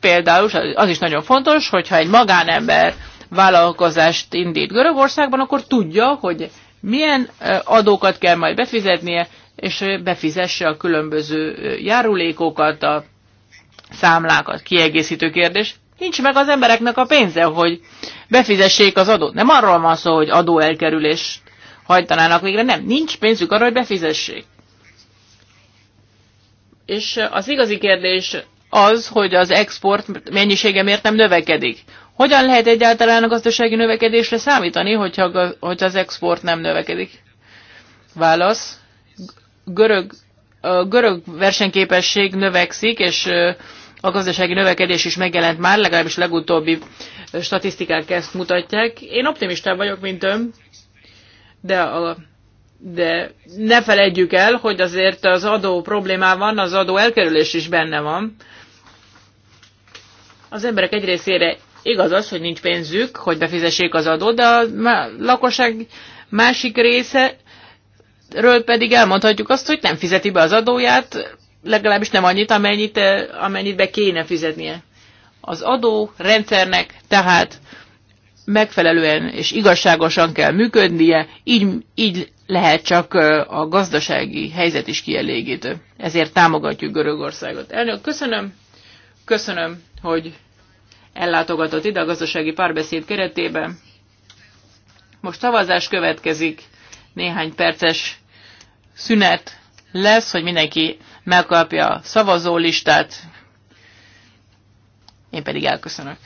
Például az is nagyon fontos, hogyha egy magánember vállalkozást indít Görögországban, akkor tudja, hogy milyen adókat kell majd befizetnie, és befizesse a különböző járulékokat, a számlákat. Kiegészítő kérdés. Nincs meg az embereknek a pénze, hogy befizessék az adót. Nem arról van szó, hogy adóelkerülés hajtanának végre. Nem, nincs pénzük arra, hogy befizessék. És az igazi kérdés az, hogy az export mennyisége miért nem növekedik. Hogyan lehet egyáltalán a gazdasági növekedésre számítani, hogyha, hogyha az export nem növekedik? Válasz. Görög, a görög versenyképesség növekszik, és a gazdasági növekedés is megjelent már, legalábbis legutóbbi statisztikák ezt mutatják. Én optimistább vagyok, mint ön, de, a, de ne felejtjük el, hogy azért az adó problémában az adó elkerülés is benne van. Az emberek egy részére Igaz az, hogy nincs pénzük, hogy befizessék az adót, de a lakosság másik része ről pedig elmondhatjuk azt, hogy nem fizeti be az adóját, legalábbis nem annyit, amennyit, eh, amennyit be kéne fizetnie. Az adó rendszernek tehát megfelelően és igazságosan kell működnie, így, így lehet csak eh, a gazdasági helyzet is kielégítő. Ezért támogatjuk Görögországot. Elnök, köszönöm, köszönöm, hogy ellátogatott ide a gazdasági párbeszéd keretében. Most szavazás következik, néhány perces szünet lesz, hogy mindenki megkapja a szavazólistát. Én pedig elköszönök.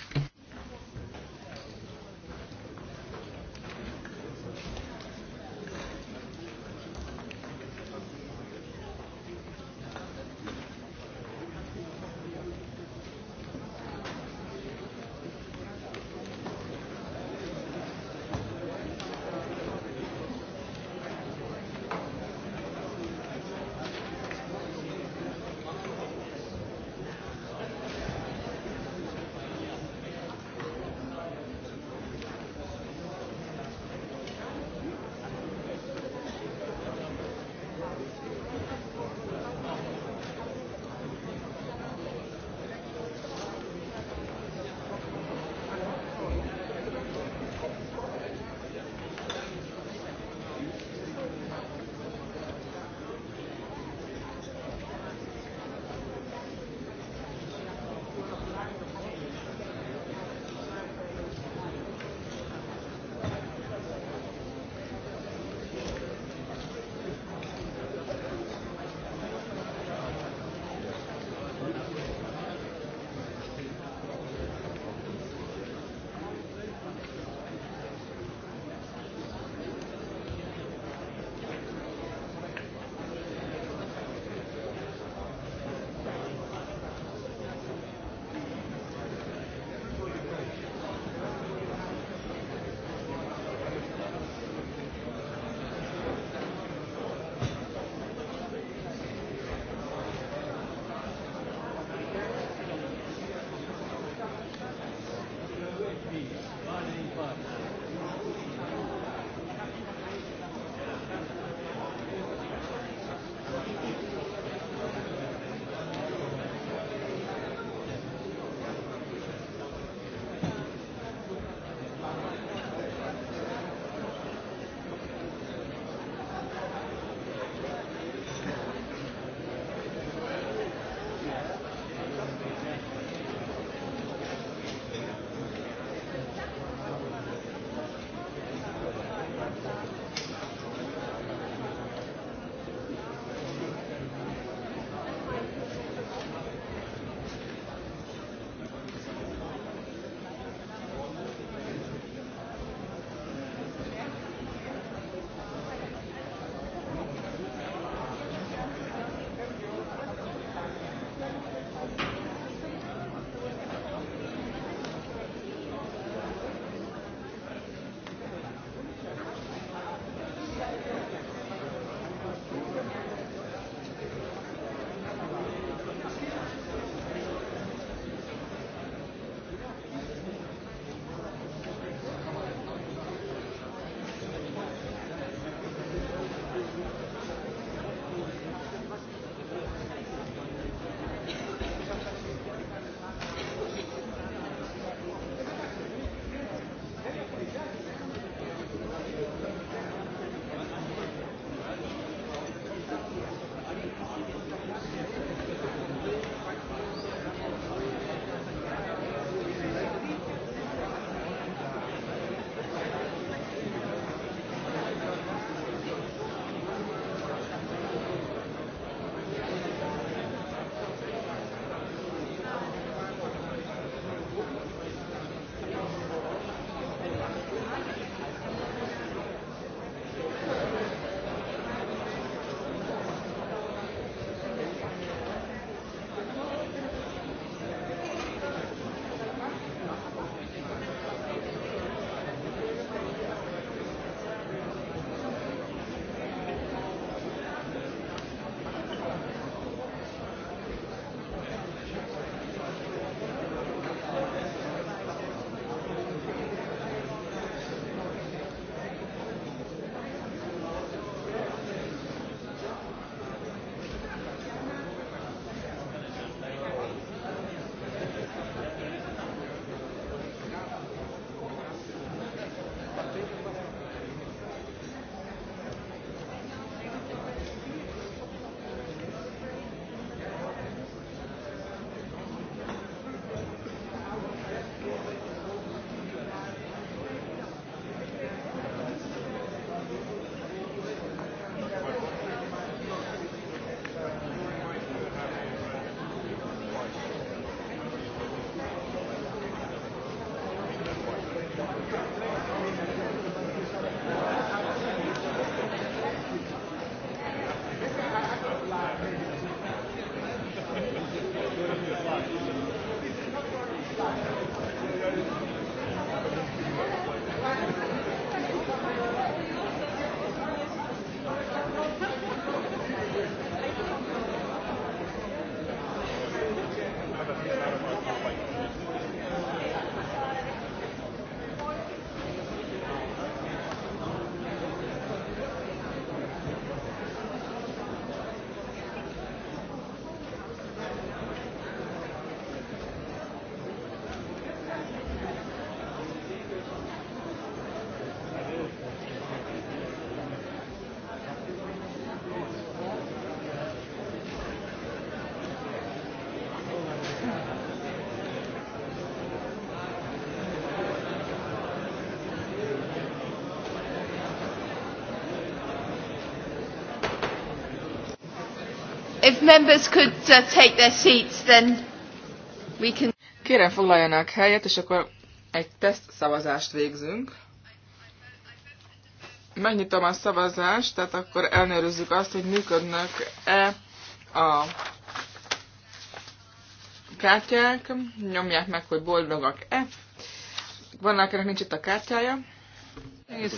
members could uh, take their seats, then we can... Kérem foglaljanak helyet, és akkor egy teszt szavazást végzünk. Megnyitom a szavazást, tehát akkor elnőrizzük azt, hogy működnek-e a kártyák, nyomják meg, hogy boldogak-e. Vannak, akinek nincs itt a kártyája. Én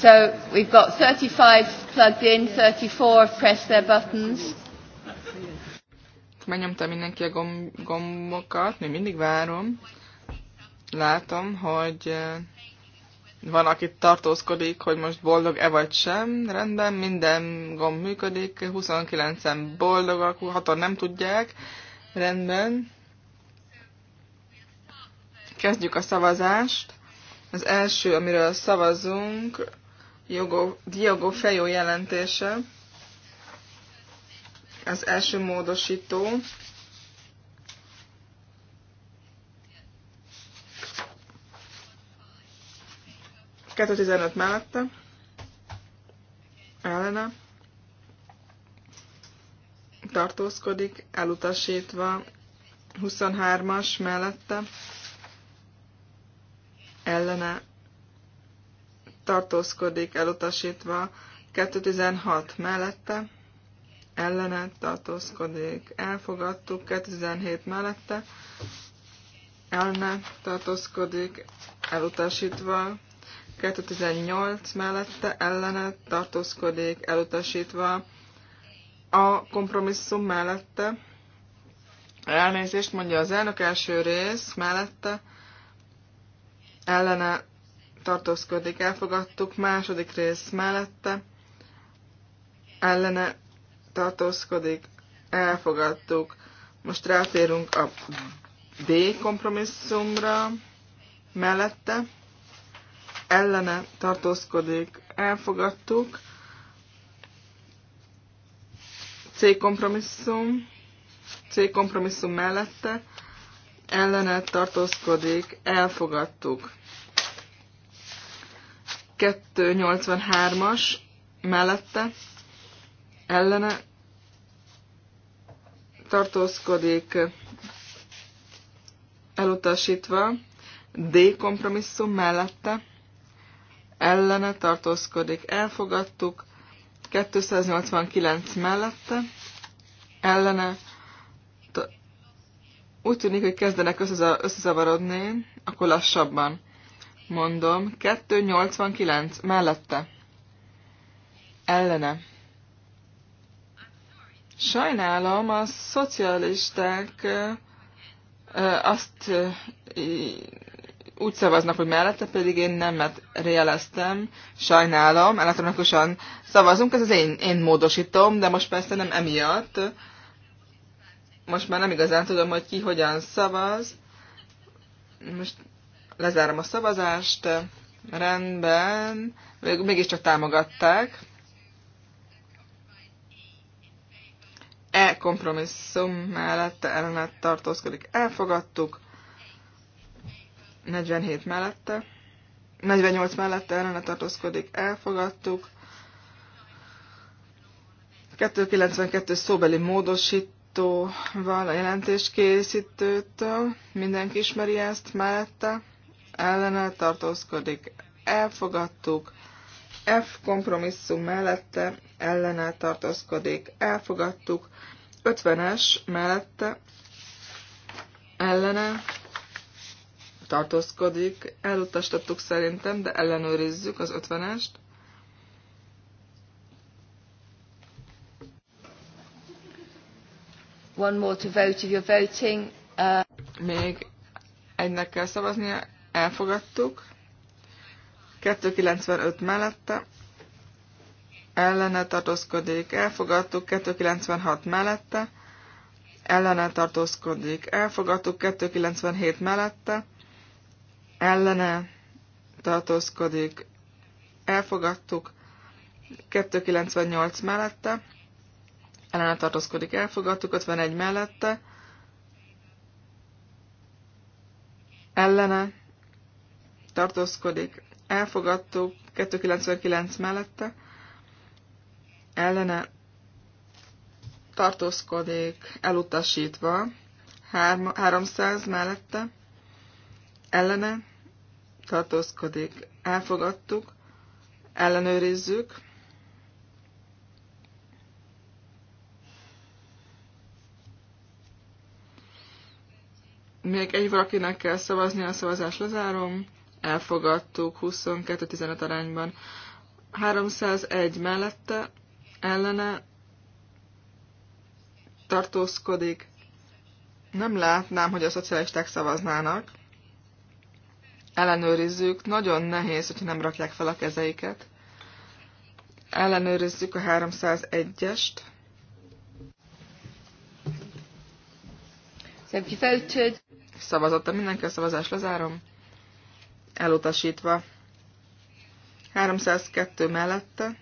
So we've got 35 plugged in, 34 have pressed their buttons. Megnyomta mindenki a gomb gombokat, még mindig várom. Látom, hogy eh, van, aki tartózkodik, hogy most boldog-e vagy sem. Rendben, minden gomb működik, 29-en boldogak, 6 nem tudják. Rendben. Kezdjük a szavazást. Az első, amiről szavazunk, Jogo, Diogo Fejó jelentése, az első módosító, Kettő tizenöt mellette, ellene, tartózkodik, elutasítva, 23-as mellette, ellene tartózkodik elutasítva, 216 mellette, ellene tartózkodik, elfogadtuk, 217 mellette, ellene tartózkodik, elutasítva, 218 mellette, ellene tartózkodik, elutasítva, a kompromisszum mellette, elnézést mondja az elnök első rész mellette, ellene tartózkodik, elfogadtuk, második rész mellette, ellene tartózkodik, elfogadtuk. Most rátérünk a D kompromisszumra, mellette, ellene tartózkodik, elfogadtuk. C kompromisszum, C kompromisszum mellette, ellene tartózkodik, elfogadtuk. 283-as mellette ellene tartózkodik elutasítva, D kompromisszum mellette ellene tartózkodik, elfogadtuk, 289 mellette ellene úgy tűnik, hogy kezdenek összezavarodni, akkor lassabban mondom, 289 mellette. Ellene. Sajnálom, a szocialisták azt úgy szavaznak, hogy mellette, pedig én nemet jeleztem. Sajnálom, elektronikusan szavazunk, ez az én, én módosítom, de most persze nem emiatt. Most már nem igazán tudom, hogy ki hogyan szavaz. Most Lezárom a szavazást. Rendben. Mégiscsak támogatták. E kompromisszum mellette ellenet tartózkodik. Elfogadtuk. 47 mellette. 48 mellette ellenet tartózkodik. Elfogadtuk. 292 szóbeli módosítóval a jelentéskészítőtől. Mindenki ismeri ezt mellette ellene tartózkodik, elfogadtuk. F kompromisszum mellette ellene tartózkodik, elfogadtuk. 50-es mellette ellene tartózkodik, elutasítottuk szerintem, de ellenőrizzük az 50-est. One more to vote if you're voting. Uh... Még egynek kell szavaznia, elfogadtuk. 295 mellette ellene tartózkodik, elfogadtuk. 296 mellette ellene tartózkodik, elfogadtuk. 297 mellette ellene tartózkodik, elfogadtuk. 298 mellette ellene tartózkodik, elfogadtuk. 51 mellette ellene tartózkodik. Elfogadtuk 299 mellette, ellene tartózkodik, elutasítva 300 mellette, ellene tartózkodik. Elfogadtuk, ellenőrizzük. Még egy valakinek kell szavazni, a szavazás lezárom elfogadtuk 22-15 arányban. 301 mellette ellene tartózkodik. Nem látnám, hogy a szocialisták szavaznának. Ellenőrizzük. Nagyon nehéz, hogyha nem rakják fel a kezeiket. Ellenőrizzük a 301-est. Szavazott szavazottam mindenki a szavazás lezárom elutasítva. 302 mellette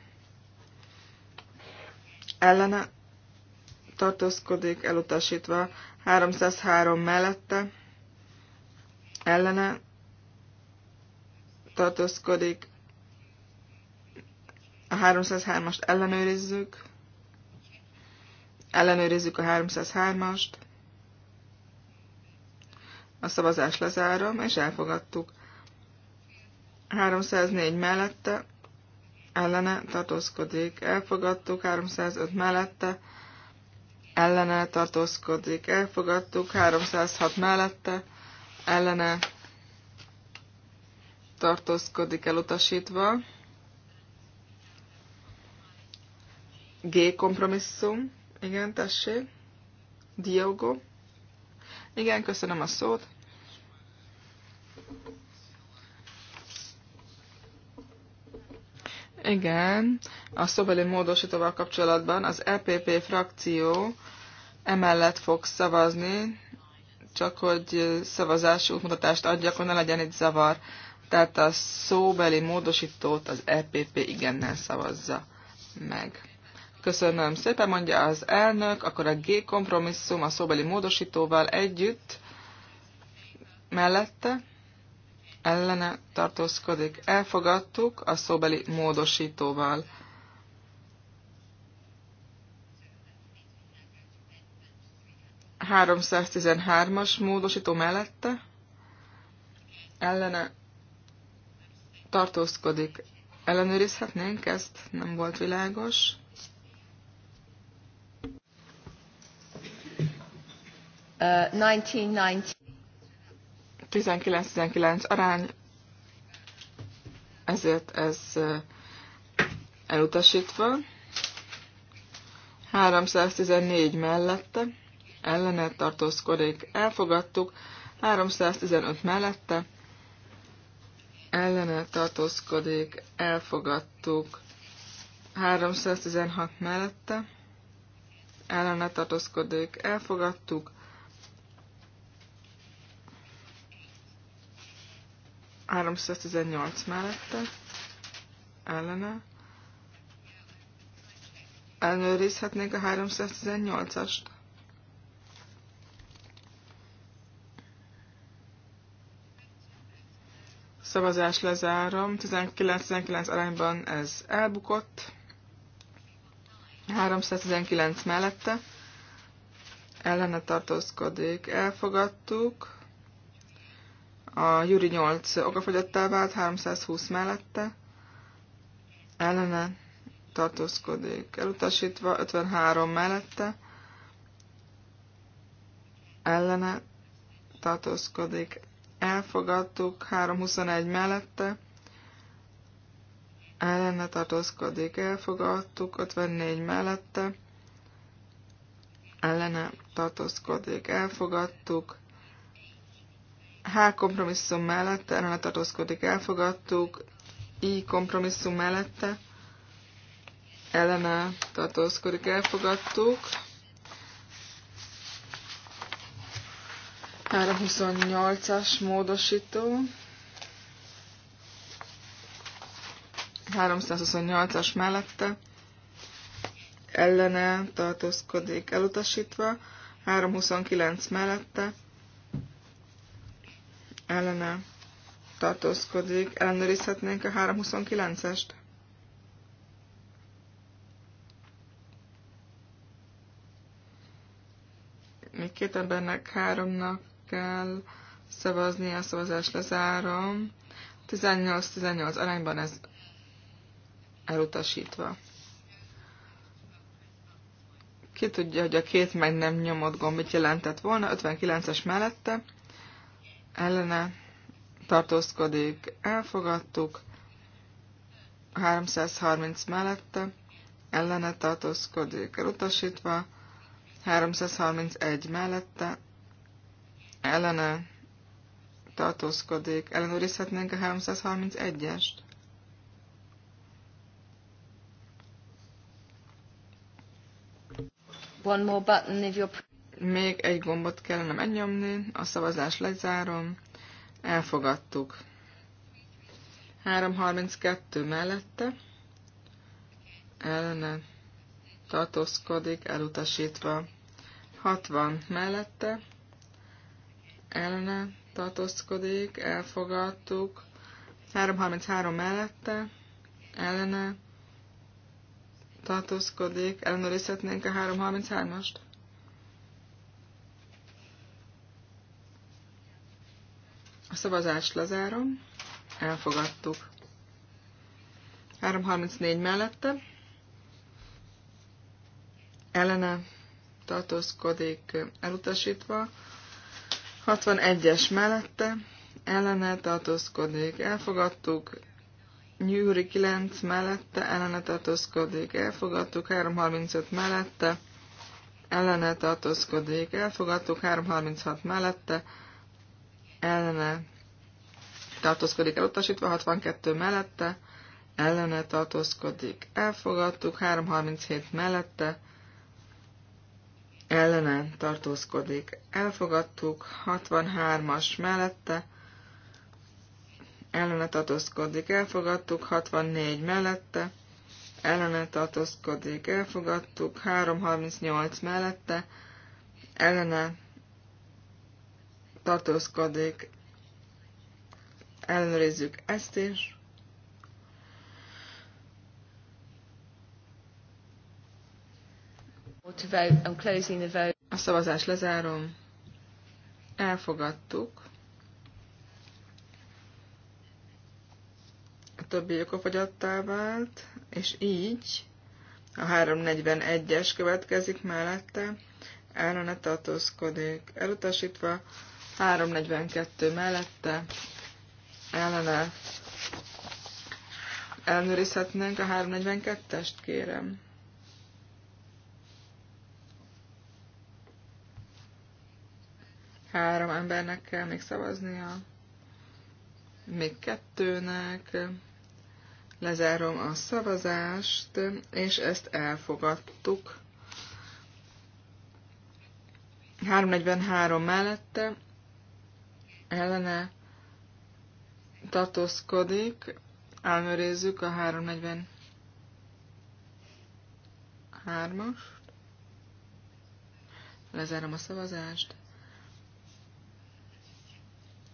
ellene tartózkodik, elutasítva. 303 mellette ellene tartózkodik. A 303-ast ellenőrizzük. Ellenőrizzük a 303-ast. A szavazás lezárom, és elfogadtuk. 304 mellette ellene tartózkodik, elfogadtuk, 305 mellette ellene tartózkodik, elfogadtuk, 306 mellette ellene tartózkodik elutasítva. G kompromisszum. Igen, tessék. Diogo. Igen, köszönöm a szót. Igen, a szobeli módosítóval kapcsolatban az EPP frakció emellett fog szavazni, csak hogy szavazási útmutatást adjak, hogy ne legyen itt zavar. Tehát a szóbeli módosítót az EPP igennel szavazza meg. Köszönöm szépen, mondja az elnök, akkor a G kompromisszum a szóbeli módosítóval együtt mellette ellene tartózkodik. Elfogadtuk a szóbeli módosítóval. as módosító mellette ellene tartózkodik. Ellenőrizhetnénk ezt? Nem volt világos. Uh, 1990. 19-19 arány, ezért ez elutasítva. 314 mellette, ellene tartózkodik, elfogadtuk. 315 mellette, ellene tartózkodik, elfogadtuk. 316 mellette, ellene tartózkodik, elfogadtuk. 318 mellette ellene. Ellenőrizhetnénk a 318-ast. Szavazás lezárom. 19-19 arányban ez elbukott. 319 mellette ellene tartózkodik. Elfogadtuk. A Juri 8 okafogyottá vált, 320 mellette. Ellene tartózkodik. Elutasítva 53 mellette. Ellene tartózkodik. Elfogadtuk 321 mellette. Ellene tartózkodik. Elfogadtuk 54 mellette. Ellene tartózkodik. Elfogadtuk H kompromisszum mellette ellene tartózkodik, elfogadtuk. I kompromisszum mellette ellene tartózkodik, elfogadtuk. 328-as módosító. 328-as mellette ellene tartózkodik elutasítva, 329 mellette ellene tartózkodik. Ellenőrizhetnénk a 329-est. Még két embernek háromnak kell szavazni, a szavazást lezárom. 18-18 arányban ez elutasítva. Ki tudja, hogy a két meg nem nyomott gomb jelentett volna, 59-es mellette ellene tartózkodik, elfogadtuk, 330 mellette, ellene tartózkodik, elutasítva, 331 mellette, ellene tartózkodik, ellenőrizhetnénk a 331-est. One more button if you're... Még egy gombot kellene megnyomni, a szavazás lezárom, elfogadtuk. 3.32 mellette, ellene tartózkodik, elutasítva. 60 mellette, ellene tartózkodik, elfogadtuk. 333 mellette, ellene tartózkodik, ellenőrizhetnénk a 333-ast. A szavazást lezárom. Elfogadtuk. 334 mellette. Ellene tartózkodik elutasítva. 61-es mellette. Ellene tartózkodik. Elfogadtuk. Nyűri 9 mellette. Ellene tartózkodik. Elfogadtuk. 335 mellette. Ellene tartózkodik. Elfogadtuk. 336 mellette ellene tartózkodik elutasítva, 62 mellette, ellene tartózkodik. Elfogadtuk, 337 mellette, ellene tartózkodik. Elfogadtuk, 63-as mellette, ellene tartózkodik. Elfogadtuk, 64 mellette, ellene tartózkodik. Elfogadtuk, 338 mellette, ellene tartózkodik, ellenőrizzük ezt is. A szavazást lezárom. Elfogadtuk. A többi okofagyattá vált, és így a 341-es következik mellette, ne tartózkodik, elutasítva 342 mellette ellene ellenőrizhetnénk a 342-est, kérem. Három embernek kell még szavaznia, még kettőnek. Lezárom a szavazást, és ezt elfogadtuk. 343 mellette ellene tartózkodik, elmörézzük a 343-ast, lezárom a szavazást,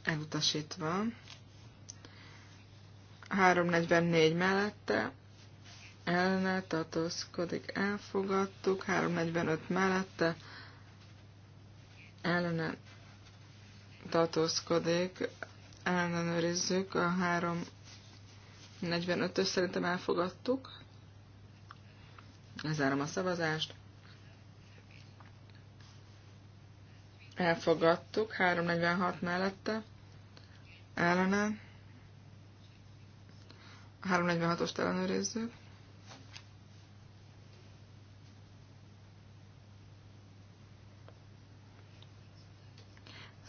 elutasítva, 344 mellette, ellene tartózkodik, elfogadtuk, 345 mellette, ellene tartózkodik. Ellenőrizzük a 345-ös, szerintem elfogadtuk. Lezárom a szavazást. Elfogadtuk, 346 mellette. Ellene. A 346-ost ellenőrizzük.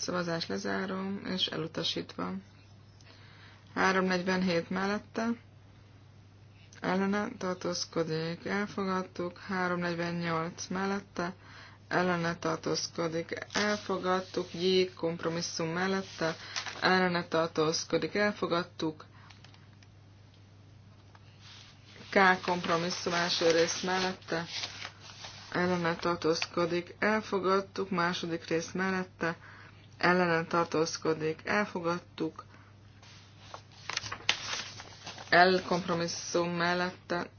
Szavazás lezárom, és elutasítva. 347 mellette. Ellene tartózkodik. Elfogadtuk. 348 mellette. Ellene tartózkodik. Elfogadtuk. J kompromisszum mellette. Ellene tartózkodik. Elfogadtuk. K kompromisszum első rész mellette ellene tartózkodik. Elfogadtuk második rész mellette, ellenen tartózkodik, elfogadtuk, el kompromisszum mellette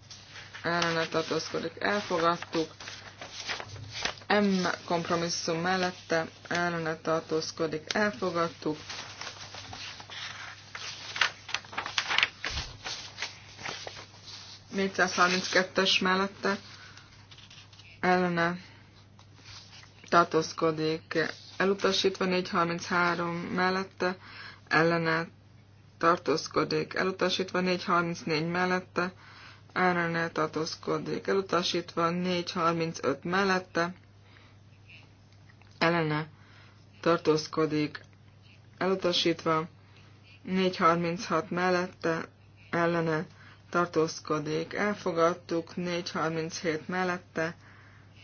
ellene tartózkodik, elfogadtuk, M kompromisszum mellette ellene tartózkodik, elfogadtuk, es mellette ellene tartózkodik, elutasítva, 433 mellette ellene tartózkodik, elutasítva 434 mellette ellene tartózkodik, elutasítva 435 mellette ellene tartózkodik, elutasítva 436 mellette ellene tartózkodik, elfogadtuk 437 mellette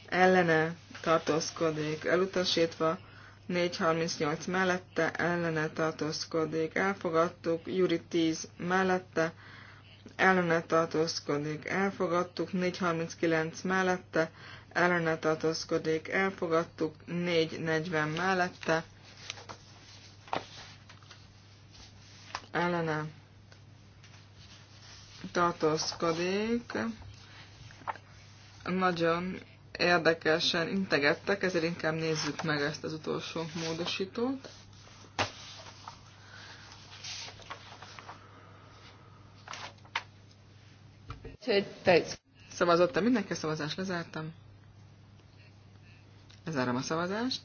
ellene tartózkodik, elutasítva 438 mellette ellene tartózkodik, elfogadtuk, Juri 10 mellette ellene tartózkodik, elfogadtuk, 439 mellette ellene tartózkodik, elfogadtuk, 440 mellette ellene tartózkodik, nagyon érdekesen integettek, ezért inkább nézzük meg ezt az utolsó módosítót. Szavazottam mindenki, szavazást lezártam. Lezárom a szavazást,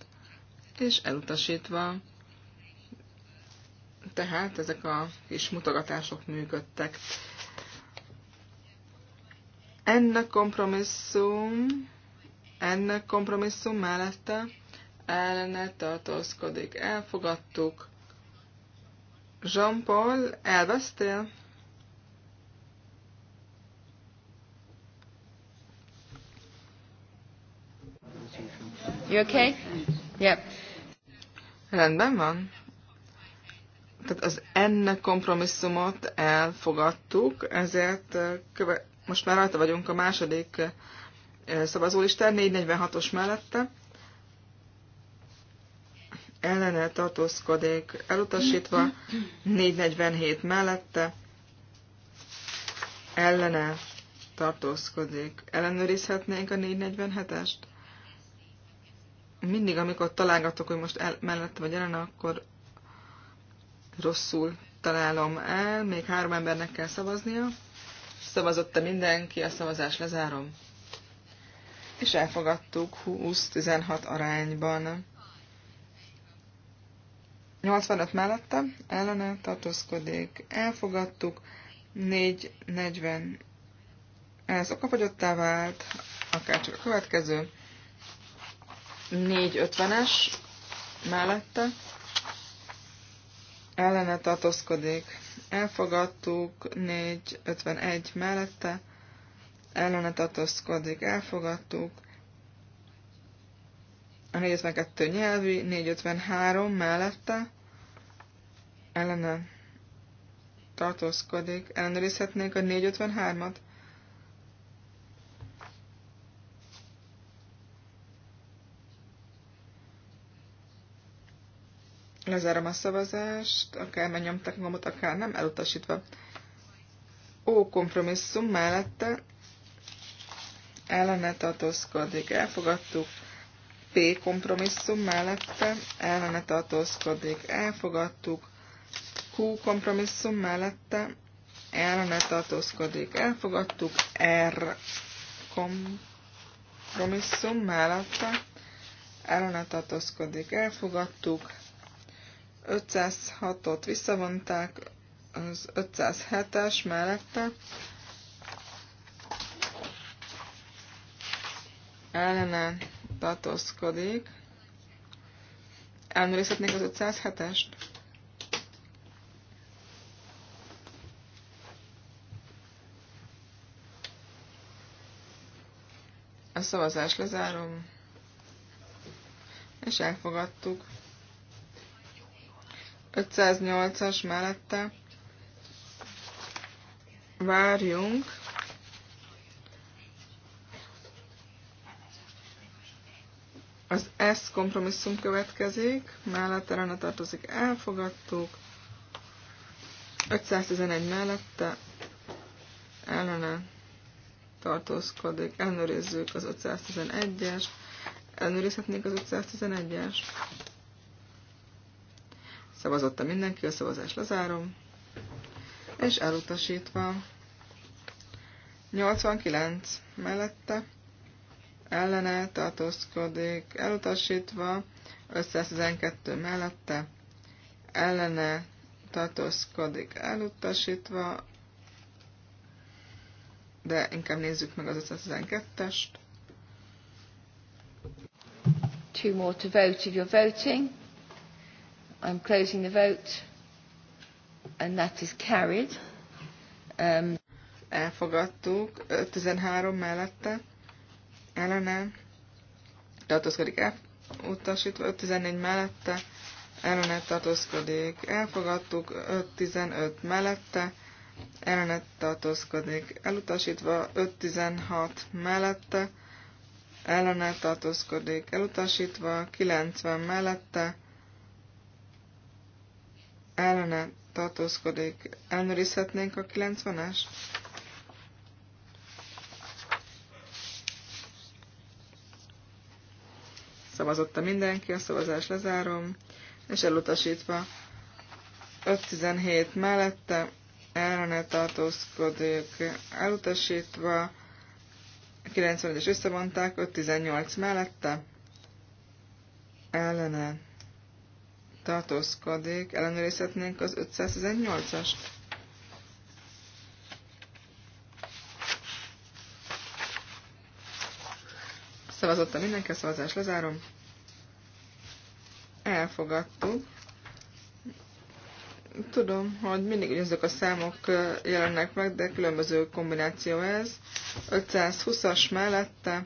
és elutasítva tehát ezek a kis mutogatások működtek. Ennek kompromisszum ennek kompromisszum mellette ellene tartózkodik. Elfogadtuk. Jean-Paul, elvesztél? You okay? Yep. Rendben van. Tehát az ennek kompromisszumot elfogadtuk, ezért eh, köve- most már rajta vagyunk a második eh, szavazólistán, 446-os mellette ellene tartózkodik, elutasítva 447 mellette ellene tartózkodik. Ellenőrizhetnénk a 447-est? Mindig, amikor találgatok, hogy most el, mellette vagy ellene, akkor rosszul találom el. Még három embernek kell szavaznia. Szavazott-e mindenki? A szavazás lezárom és elfogadtuk 20-16 arányban. 85 mellette ellene tartózkodik, elfogadtuk, 4-40 ez okafogyottá vált, akár csak a következő, 4-50-es mellette ellene tartózkodik, elfogadtuk, 4-51 mellette ellene tartozkodik, elfogadtuk. A 452 nyelvi, 453 mellette ellene tartózkodik. Ellenőrizhetnénk a 453-at. Lezárom a szavazást, akár megnyomták gombot, akár nem, elutasítva. Ó kompromisszum mellette ellene tartózkodik, elfogadtuk. P kompromisszum mellette ellene tartózkodik, elfogadtuk. Q kompromisszum mellette ellene tartózkodik, elfogadtuk. R kompromisszum mellette ellene tartózkodik, elfogadtuk. 506-ot visszavonták, az 507-es mellette ellene tartózkodik. Ellenőrizhetnék az 507-est? A szavazás lezárom, és elfogadtuk. 508-as mellette várjunk, Az S kompromisszum következik, mellette ellene tartozik, elfogadtuk. 511 mellette ellene tartózkodik, ellenőrizzük az 511-es, ellenőrizhetnénk az 511-es. Szavazotta mindenki, a szavazást lezárom. És elutasítva. 89 mellette ellene tartózkodik elutasítva, 12 mellette ellene tartózkodik elutasítva, de inkább nézzük meg az 12 est Two more to vote if you're voting. I'm closing the vote and that is carried. Um, Elfogadtuk, 13 mellette ellene tartózkodik elutasítva, 5-14 mellette ellene tartózkodik elfogadtuk, 5-15 mellette ellene tartózkodik elutasítva, 5-16 mellette ellene tartózkodik elutasítva, 90 mellette ellene tartózkodik. Ellenőrizhetnénk a 90-es? Szavazotta mindenki, a szavazás lezárom, és elutasítva 517 mellette ne tartózkodjuk elutasítva 91-es összevonták, 518 mellette ellene tartózkodik, ellenőrizhetnénk az 518-as. Szavazottam mindenki, a szavazás lezárom elfogadtuk. Tudom, hogy mindig ugyanazok a számok jelennek meg, de különböző kombináció ez. 520-as mellette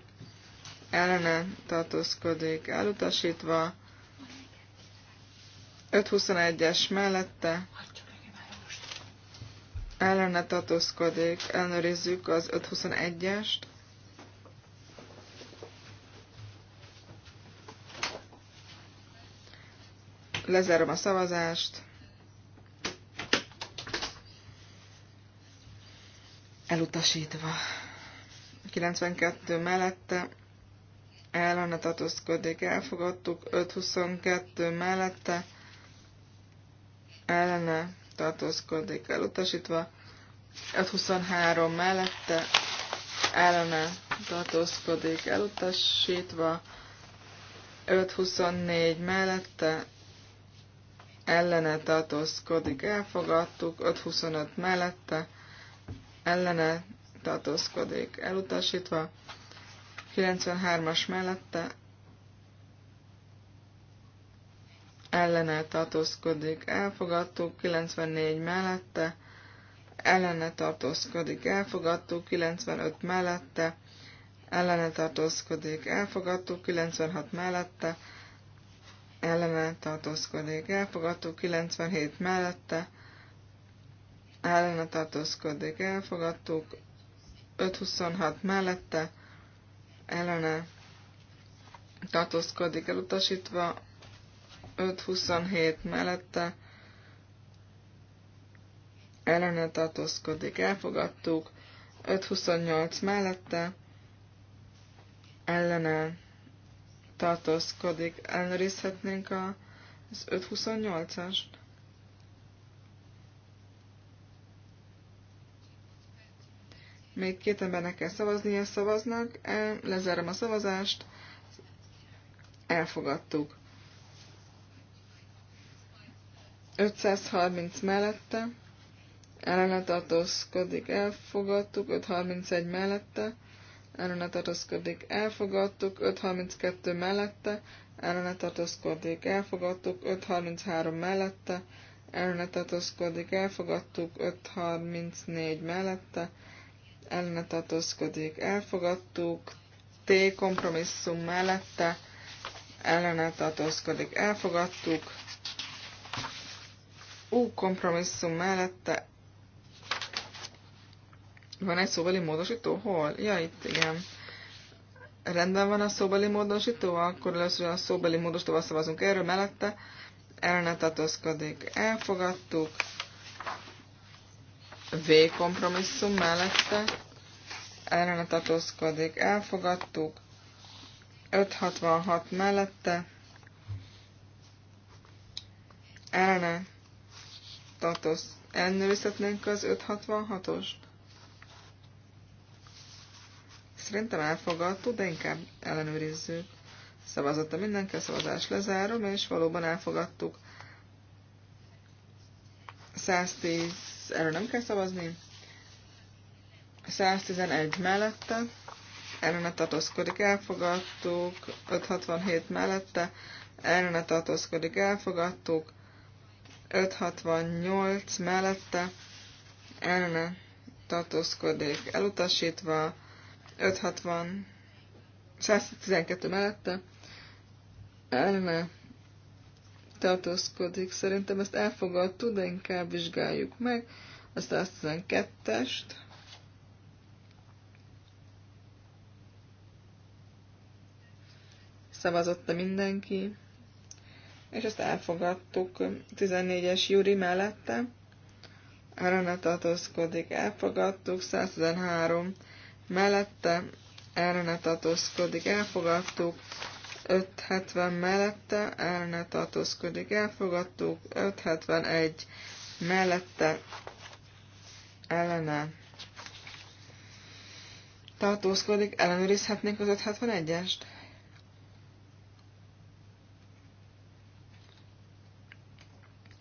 ellene tartózkodik elutasítva, 521-es mellette ellene tartózkodik, ellenőrizzük az 521-est. Lezárom a szavazást. Elutasítva. 92 mellette ellene tartózkodik, elfogadtuk. 522 mellette ellene tartózkodik, elutasítva. 523 mellette ellene tartózkodik, elutasítva. 524 mellette ellene tartózkodik, elfogadtuk, 525 mellette, ellene tartózkodik, elutasítva, 93-as mellette, ellene tartózkodik, elfogadtuk, 94 mellette, ellene tartózkodik, elfogadtuk, 95 mellette, ellene tartózkodik, elfogadtuk, 96 mellette, ellene tartózkodik. Elfogadó 97 mellette, ellene tartózkodik. Elfogadtuk 526 mellette, ellene tartózkodik. Elutasítva 527 mellette, ellene tartózkodik. Elfogadtuk 528 mellette, ellene tartózkodik. Elnőrizhetnénk az 528-ast? Még két embernek kell szavaznia, szavaznak, lezárom a szavazást, elfogadtuk. 530 mellette, ellene tartózkodik, elfogadtuk, 531 mellette, ne tartózkodik, elfogadtuk, 532 mellette, ne tartózkodik, elfogadtuk, 533 mellette, ne tartózkodik, elfogadtuk, 534 mellette, ne tartózkodik, elfogadtuk, T kompromisszum mellette, ellene tartózkodik, elfogadtuk, U kompromisszum mellette, van egy szóbeli módosító? Hol? Ja, itt igen. Rendben van a szóbeli módosító, akkor először a szóbeli módosítóval szavazunk erről mellette. Erre ne Elfogadtuk. V kompromisszum mellette. Erre ne Elfogadtuk. 566 mellette. Erre ne az 566-ost. Szerintem elfogadtuk, de inkább ellenőrizzük. Szavazott a mindenki, a szavazás lezárom, és valóban elfogadtuk. 110, erről nem kell szavazni. 111 mellette, ne tartózkodik, elfogadtuk. 567 mellette, ne tartózkodik, elfogadtuk. 568 mellette, ne tartózkodik, elutasítva. 560, 112 mellette ellene tartózkodik. Szerintem ezt elfogadtuk, de inkább vizsgáljuk meg a 112-est. Szavazott mindenki, és ezt elfogadtuk 14-es Júri mellette. Ellene tartózkodik, elfogadtuk 113 mellette, ellene tartózkodik, elfogadtuk, 570 mellette, ellene tartózkodik, elfogadtuk, 571 mellette, ellene tartózkodik, ellenőrizhetnénk az 571-est?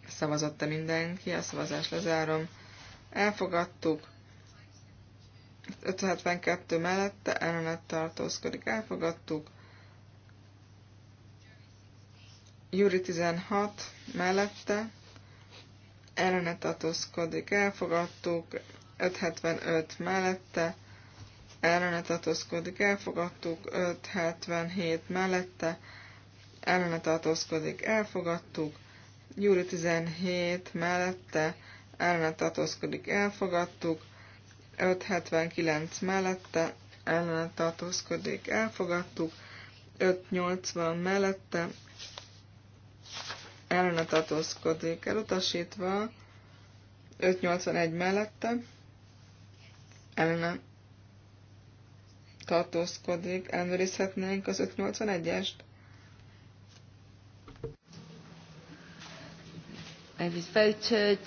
Szavazott-e mindenki? A szavazást lezárom. Elfogadtuk. 572 mellette ellenet tartózkodik. Elfogadtuk. Júri 16 mellette ellenet tartózkodik. Elfogadtuk. 575 mellette ellenet tartózkodik. Elfogadtuk. 577 mellette ellenet tartózkodik. Elfogadtuk. Júri 17 mellette ellenet tartózkodik. Elfogadtuk. 579 mellette ellene tartózkodik, elfogadtuk, 580 mellette ellene tartózkodik, elutasítva, 581 mellette ellene tartózkodik, ellenőrizhetnénk az 581-est. I've voted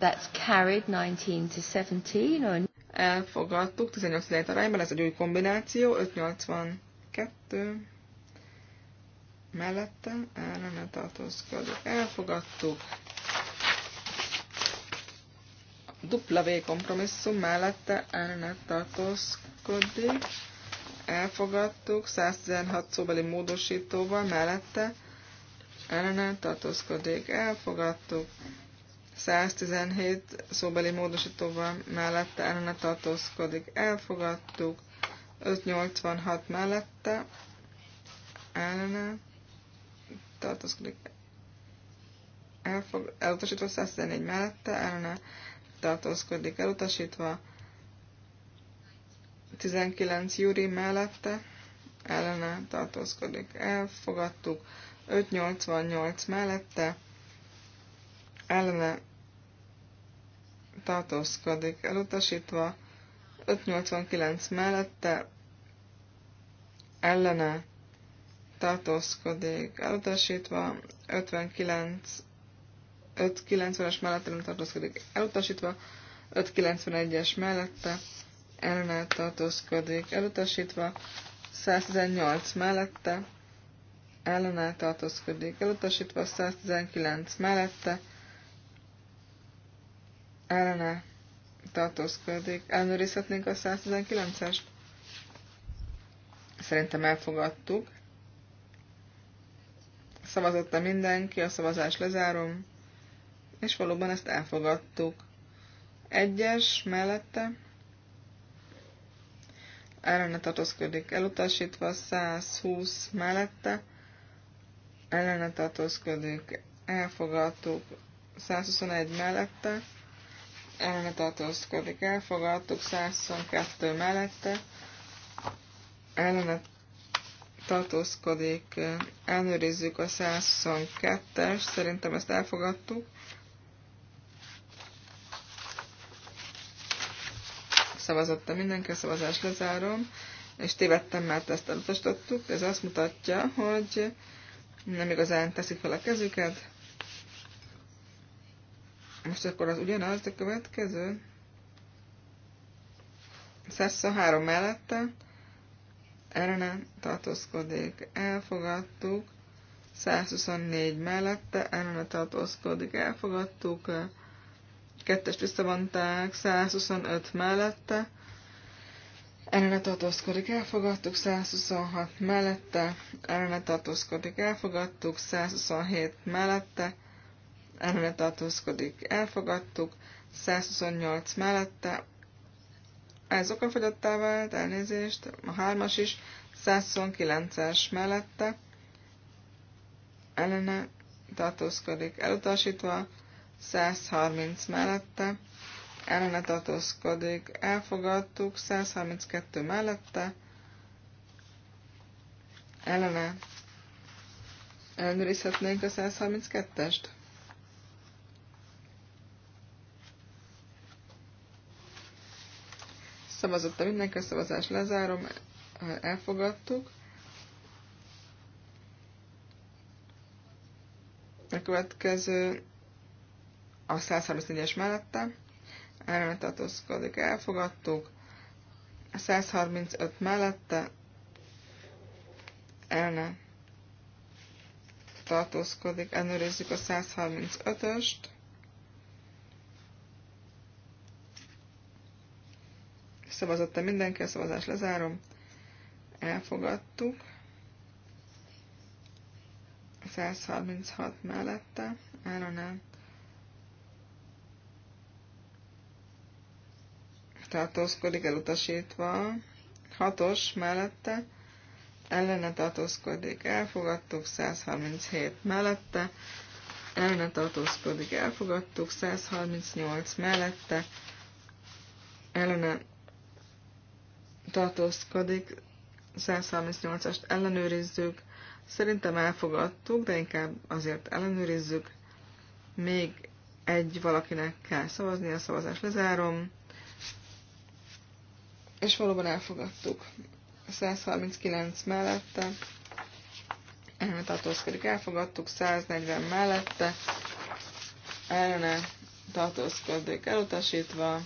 that's carried 19 to 17 or elfogadtuk 18 arányban, ez egy új kombináció, 582 mellette ellene tartózkodik. Elfogadtuk. Dupla V kompromisszum mellette ellene tartózkodik. Elfogadtuk 116 szóbeli módosítóval mellette ellene tartózkodik. Elfogadtuk 117 szóbeli módosítóval mellette ellene tartózkodik. Elfogadtuk. 586 mellette ellene tartózkodik. Elfog, elutasítva 114 mellette ellene tartózkodik. Elutasítva 19 júri mellette ellene tartózkodik. Elfogadtuk. 588 mellette ellene tartózkodik elutasítva, 589 mellette ellene tartózkodik elutasítva, 59 590-es mellette ellene tartózkodik elutasítva, 591-es mellette ellene tartózkodik elutasítva, 118 mellette ellene tartózkodik elutasítva, 119 mellette ellene tartózkodik. Ellenőrizhetnénk a 119-est? Szerintem elfogadtuk. Szavazotta mindenki, a szavazást lezárom, és valóban ezt elfogadtuk. Egyes mellette ellene tartózkodik elutasítva, 120 mellette ellene tartózkodik, elfogadtuk, 121 mellette ellene tartózkodik, elfogadtuk 122 mellette, ellene tartózkodik, elnőrizzük a 122-es, szerintem ezt elfogadtuk. 100 mindenki, szavazás lezárom, és tévedtem, mert ezt elutasítottuk. Ez azt mutatja, hogy nem igazán teszik fel a kezüket. Most akkor az ugyanaz, a következő. három mellette erre nem tartózkodik. Elfogadtuk. 124 mellette erre nem tartózkodik. Elfogadtuk. Kettest visszavonták. 125 mellette erre ne tartózkodik. Elfogadtuk. 126 mellette erre ne tartózkodik. Elfogadtuk. 127 mellette ellene tartózkodik, elfogadtuk, 128 mellette, ez okafogyottá vált, elnézést, a hármas is, 129-es mellette, ellene tartózkodik, elutasítva, 130 mellette, ellene tartózkodik, elfogadtuk, 132 mellette, ellene ellenőrizhetnénk a 132-est? Szavazott a mindenki, a szavazást lezárom, elfogadtuk. A következő a 134-es mellette, ellene tartózkodik, elfogadtuk. A 135 mellette, elne tartózkodik, ellenőrizzük a 135-öst. Szavazott-e mindenki? A szavazást lezárom. Elfogadtuk. 136 mellette. Ellenem. tartózkodik elutasítva, 6-os mellette, ellene tartózkodik, elfogadtuk, 137 mellette, ellene tartózkodik, elfogadtuk, 138 mellette, ellene tartózkodik, 138-ast ellenőrizzük. Szerintem elfogadtuk, de inkább azért ellenőrizzük. Még egy valakinek kell szavazni, a szavazás lezárom. És valóban elfogadtuk. 139 mellette, tartózkodik, elfogadtuk, 140 mellette, ellene tartózkodik, elutasítva,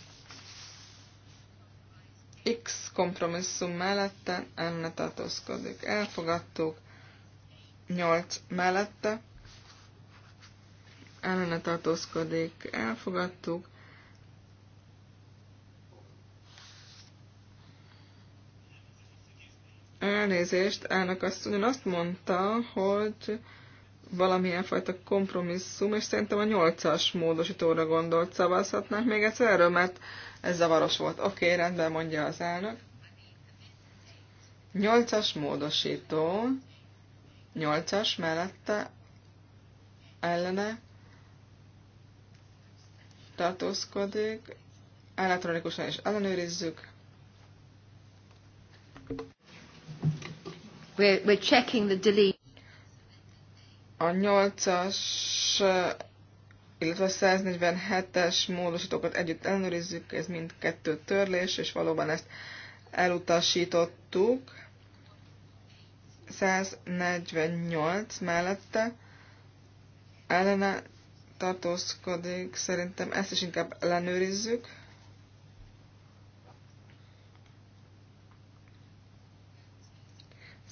X kompromisszum mellette enne tartózkodik. Elfogadtuk. 8 mellette enne tartózkodik. Elfogadtuk. Elnézést, elnök azt mondta, hogy valamilyen fajta kompromisszum, és szerintem a nyolcas módosítóra gondolt szavazhatnánk még egyszer erről, mert ez zavaros volt. Oké, okay, rendben mondja az elnök. Nyolcas módosító, nyolcas mellette, ellene tartózkodik, elektronikusan is ellenőrizzük. We're, we're checking the delete. A 8-as, illetve a 147-es módosítókat együtt ellenőrizzük, ez mind kettő törlés, és valóban ezt elutasítottuk. 148 mellette ellene tartózkodik, szerintem ezt is inkább ellenőrizzük.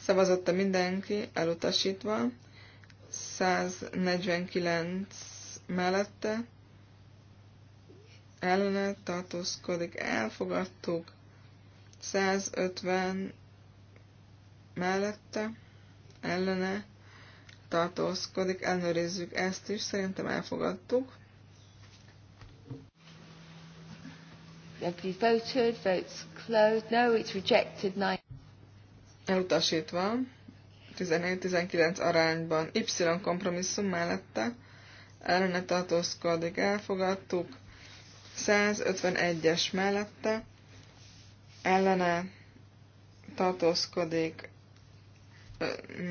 Szavazotta mindenki, elutasítva. 149 mellette ellene tartózkodik, elfogadtuk, 150 mellette ellene tartózkodik, ellenőrizzük ezt is, szerintem elfogadtuk. voted, votes closed. No, it's rejected. Elutasítva. 17-19 arányban. Y kompromisszum mellette ellene tartózkodik, elfogadtuk. 151-es mellette ellene tartózkodik,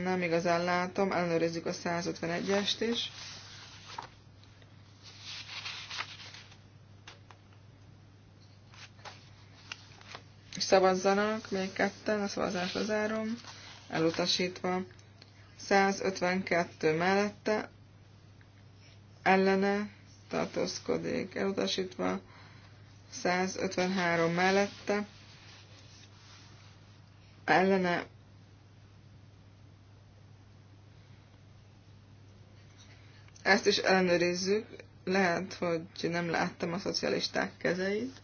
nem igazán látom, ellenőrizzük a 151-est is. Szavazzanak, még ketten, a szavazásra zárom elutasítva, 152 mellette, ellene tartózkodik elutasítva, 153 mellette, ellene Ezt is ellenőrizzük, lehet, hogy nem láttam a szocialisták kezeit.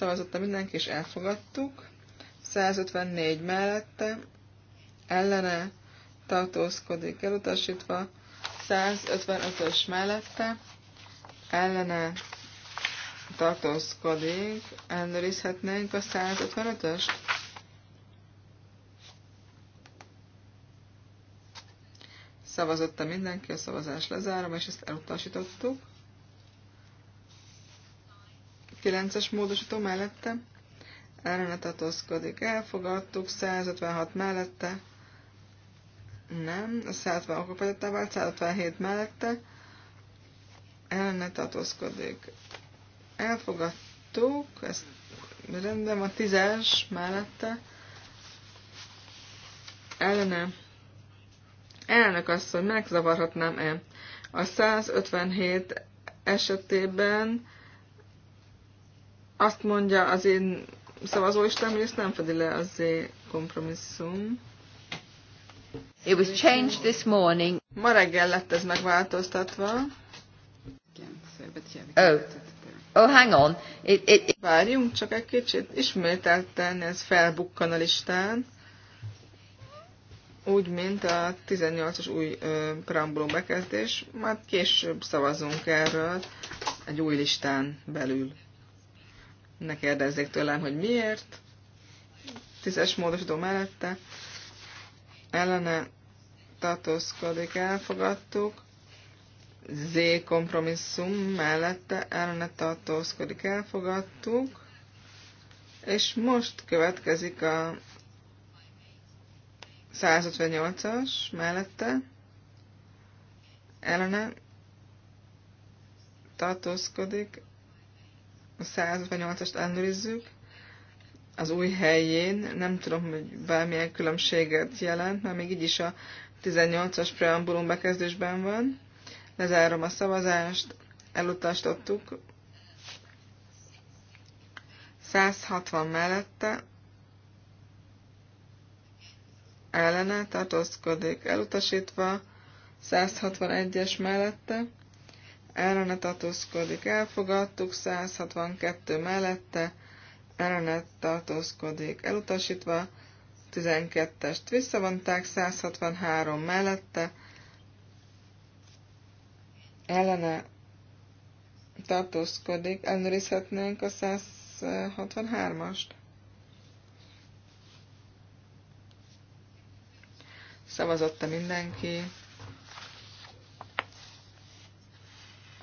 a mindenki, és elfogadtuk. 154 mellette, ellene tartózkodik elutasítva, 155-ös mellette, ellene tartózkodik, ellenőrizhetnénk a 155-öst. Szavazotta mindenki, a szavazás lezárom, és ezt elutasítottuk. 9-es módosító mellette ellene tartózkodik. Elfogadtuk 156 mellette. Nem, a 160 okopagyottá vált, 157 mellette ellene tartózkodik. Elfogadtuk, ezt rendben, a 10-es mellette ellene elnök azt, hogy megzavarhatnám-e. A 157 esetében azt mondja az én szavazóistám, hogy ezt nem fedi le az én kompromisszum. It was changed this morning. Ma reggel lett ez megváltoztatva. Szóval, oh. Oh, hang on. It, it, it... Várjunk csak egy kicsit. Ismételten ez felbukkan a listán. Úgy, mint a 18-as új ö, bekezdés. Már később szavazunk erről egy új listán belül. Ne kérdezzék tőlem, hogy miért. Tízes módosító mellette ellene tartózkodik, elfogadtuk. Z kompromisszum mellette ellene tartózkodik, elfogadtuk. És most következik a 158-as mellette ellene tartózkodik, 158-ast ellenőrizzük. Az új helyén nem tudom, hogy bármilyen különbséget jelent, mert még így is a 18-as preambulum bekezdésben van. Lezárom a szavazást, elutasítottuk. 160 mellette ellene tartózkodik elutasítva, 161-es mellette ellene tartózkodik, elfogadtuk, 162 mellette, ellene tartózkodik, elutasítva, 12-est visszavonták, 163 mellette, ellene tartózkodik, ellenőrizhetnénk a 163-ast. Szavazott-e mindenki?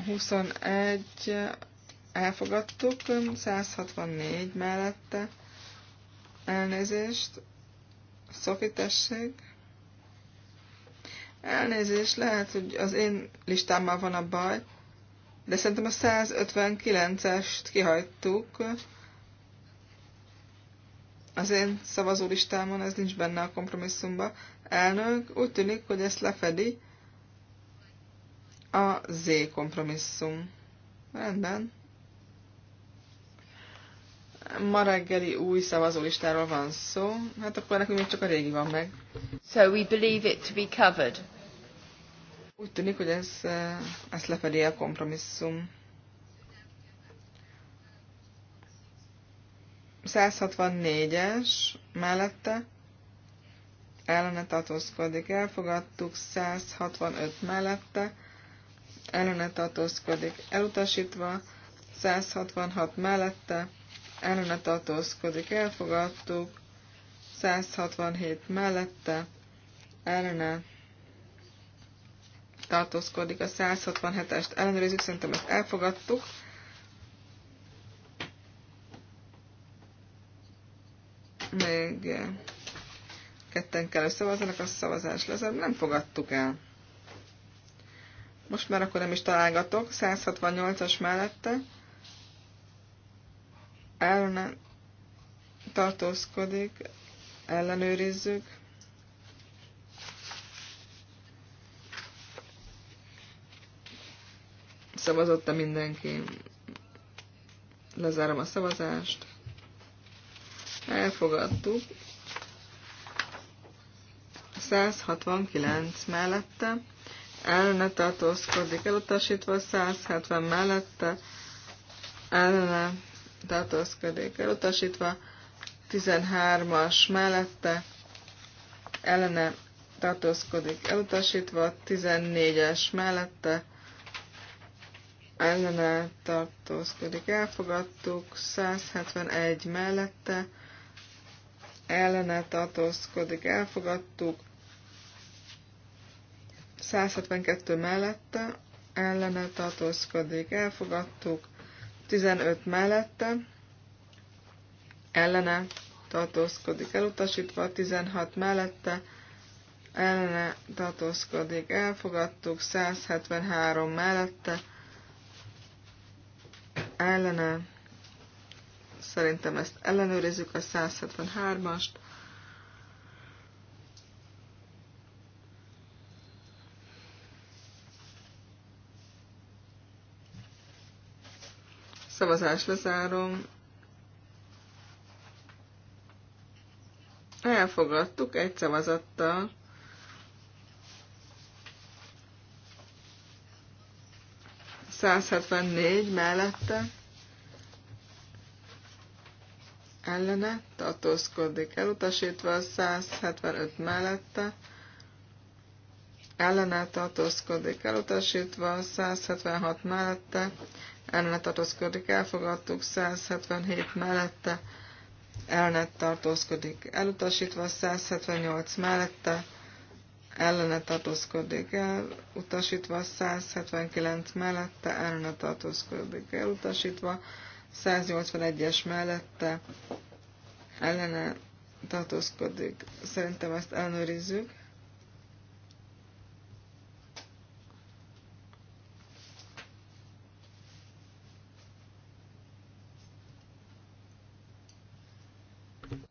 21 elfogadtuk, 164 mellette elnézést, szokítesség. Elnézést, lehet, hogy az én listámmal van a baj, de szerintem a 159-est kihagytuk. Az én szavazólistámon ez nincs benne a kompromisszumba. Elnök úgy tűnik, hogy ezt lefedi, a Z kompromisszum. Rendben. Ma reggeli új szavazólistáról van szó, hát akkor nekünk még csak a régi van meg. So we believe it to be covered. Úgy tűnik, hogy ez, eh, ez lefedi a kompromisszum. 164-es mellette ellene tartózkodik, elfogadtuk 165 mellette ellene tartózkodik elutasítva, 166 mellette ellene tartózkodik elfogadtuk, 167 mellette ellene tartózkodik a 167-est ellenőrizzük, szerintem ezt elfogadtuk. Még ketten kell, hogy szavazzanak, a szavazás lesz, nem fogadtuk el. Most már akkor nem is találgatok. 168-as mellette. elne tartózkodik. Ellenőrizzük. Szavazott-e mindenki? Lezárom a szavazást. Elfogadtuk. 169 mellette ellene tartózkodik, elutasítva 170 mellette ellene tartózkodik, elutasítva 13-as mellette ellene tartózkodik, elutasítva 14-es mellette ellene tartózkodik, elfogadtuk 171 mellette ellene tartózkodik, elfogadtuk 172 mellette, ellene tartózkodik, elfogadtuk. 15 mellette, ellene tartózkodik, elutasítva. 16 mellette, ellene tartózkodik, elfogadtuk. 173 mellette, ellene, szerintem ezt ellenőrizzük a 173-ast, Szavazás lezárom. Elfogadtuk egy szavazattal. négy mellette ellene tartózkodik elutasítva, 175 mellette ellene tartózkodik elutasítva, 176 mellette ellene tartózkodik, elfogadtuk 177 mellette, ellene tartózkodik, elutasítva 178 mellette, ellene tartózkodik, elutasítva 179 mellette, ellene tartózkodik, elutasítva 181-es mellette, ellene tartózkodik. Szerintem ezt ellenőrizzük.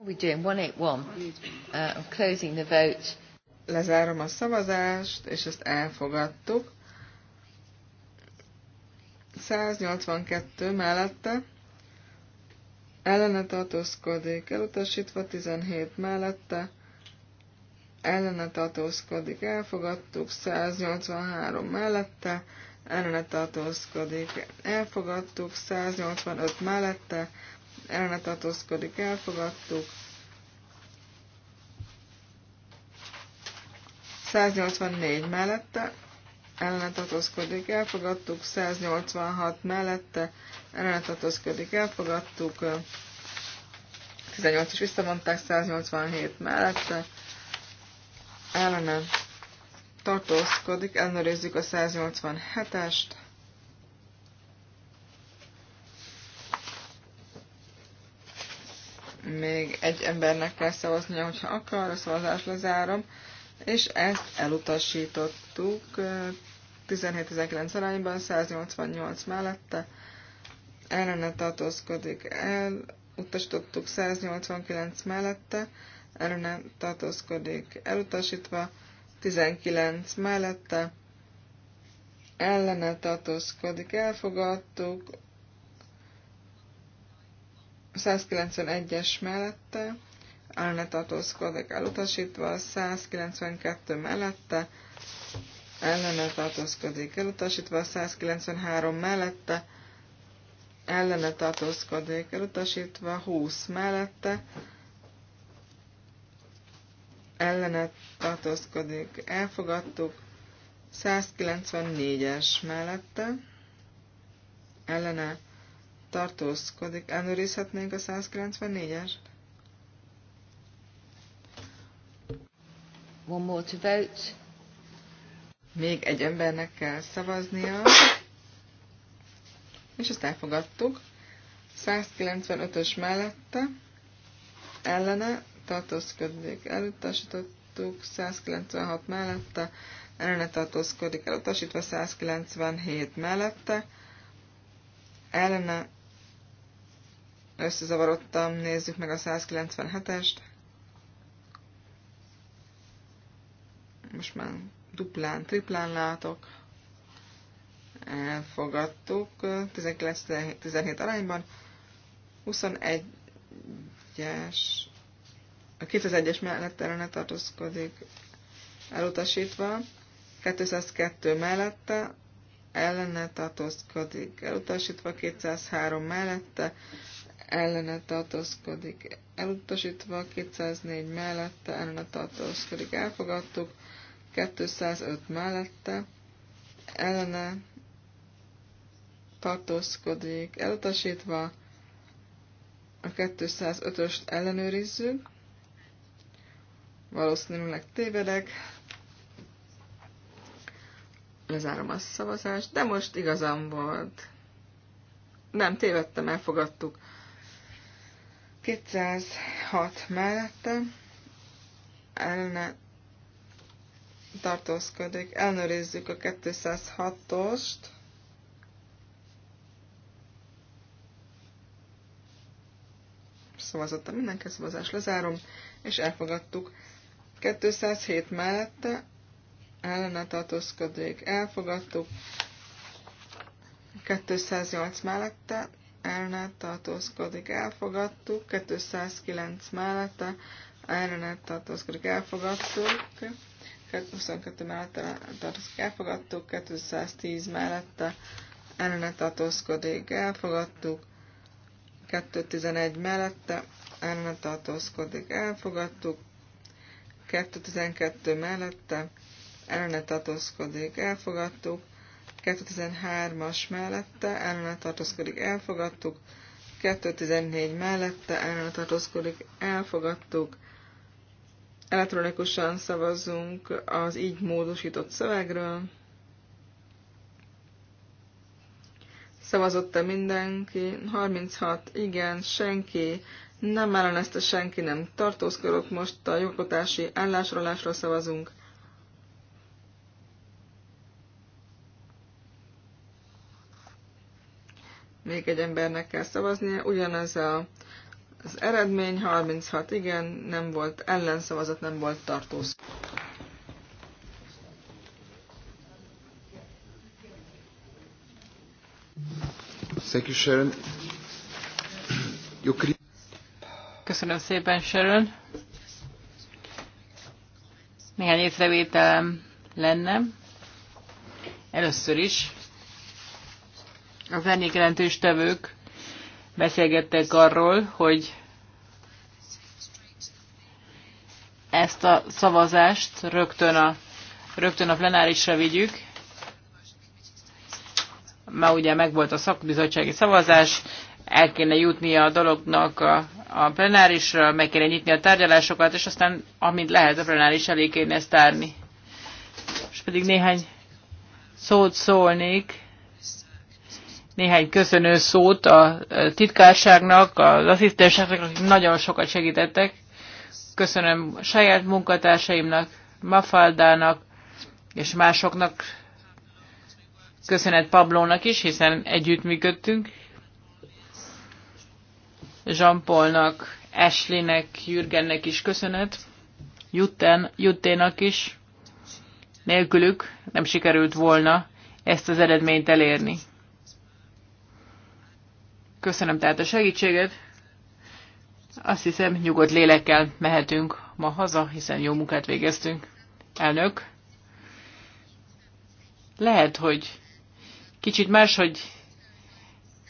181. Uh, Lezárom a szavazást, és ezt elfogadtuk. 182 mellette ellene tartózkodik, elutasítva 17 mellette, ellene tartózkodik, elfogadtuk, 183 mellette, ellene tartózkodik, elfogadtuk, 185 mellette, ellene tartózkodik, elfogadtuk, 184 mellette ellene tartózkodik, elfogadtuk, 186 mellette ellene tartózkodik, elfogadtuk, 18 is visszamondták, 187 mellette ellene tartózkodik, ellenőrizzük a 187-est, még egy embernek kell szavaznia, hogyha akar, a szavazást lezárom és ezt elutasítottuk 17-19 arányban, 188 mellette, ellene tartózkodik el, utasítottuk 189 mellette, ellene tartózkodik elutasítva, 19 mellette, ellene tartózkodik elfogadtuk, 191-es mellette, ellene tartózkodik elutasítva, 192 mellette ellene tartózkodik elutasítva, 193 mellette ellene tartózkodik elutasítva, 20 mellette ellene tartózkodik elfogadtuk, 194-es mellette ellene tartózkodik. elnőrizhetnénk a 194-est? One more to vote. Még egy embernek kell szavaznia. És ezt elfogadtuk. 195-ös mellette ellene tartózkodik, elutasítottuk, 196 mellette, ellene tartózkodik, elutasítva 197 mellette, ellene összezavarodtam, nézzük meg a 197-est, most már duplán, triplán látok. Elfogadtuk 19-17 arányban. 21-es, a 2001-es mellett ellene tartózkodik elutasítva, 202 mellette ellene tartózkodik elutasítva, 203 mellette ellene tartózkodik elutasítva, 204 mellette ellene tartózkodik elfogadtuk, 205 mellette ellene tartózkodik elutasítva, a 205-öst ellenőrizzük, valószínűleg tévedek, lezárom a szavazást, de most igazam volt. Nem, tévedtem, elfogadtuk. 206 mellette ellene tartózkodik. Elnőrizzük a 206-ost. Szavazottam mindenki, szavazás lezárom, és elfogadtuk. 207 mellett ellene tartózkodik. Elfogadtuk. 208 mellette ellene tartózkodik. Elfogadtuk. 209 mellette ellene tartózkodik. Elfogadtuk. 22 mellette tartozik elfogadtuk, 210 mellette ellene tartózkodik, elfogadtuk, 211 mellette ellene tartózkodik, elfogadtuk, 212 mellette ellene tartózkodik, elfogadtuk, 213-as mellette ellene tartózkodik, elfogadtuk, 214 mellette ellene tartózkodik, elfogadtuk, Elektronikusan szavazzunk az így módosított szövegről. Szavazott-e mindenki? 36, igen, senki. Nem ellenezte senki, nem tartózkodott. Most a jogotási állásrólásra szavazunk. Még egy embernek kell szavaznia. Ugyanez a az eredmény 36, igen, nem volt ellenszavazat, nem volt tartóz. Thank you, Sharon. Köszönöm szépen, Sharon. Néhány észrevételem lenne. Először is a zenék jelentős tevők beszélgettek arról, hogy ezt a szavazást rögtön a, rögtön a plenárisra vigyük. Ma ugye megvolt a szakbizottsági szavazás, el kéne jutni a dolognak a, a plenárisra, meg kéne nyitni a tárgyalásokat, és aztán, amint lehet, a plenáris elé kéne ezt tárni. És pedig néhány szót szólnék néhány köszönő szót a eh, titkárságnak, az asszisztenseknek, akik nagyon sokat segítettek. Köszönöm saját munkatársaimnak, Mafaldának és másoknak. Köszönet Pablónak is, hiszen együttműködtünk. Jean-Paulnak, Ashleynek, Jürgennek is köszönet. Jutten, Jutténak is. Nélkülük nem sikerült volna ezt az eredményt elérni. Köszönöm tehát a segítséget. Azt hiszem, nyugodt lélekkel mehetünk ma haza, hiszen jó munkát végeztünk. Elnök, lehet, hogy kicsit más, hogy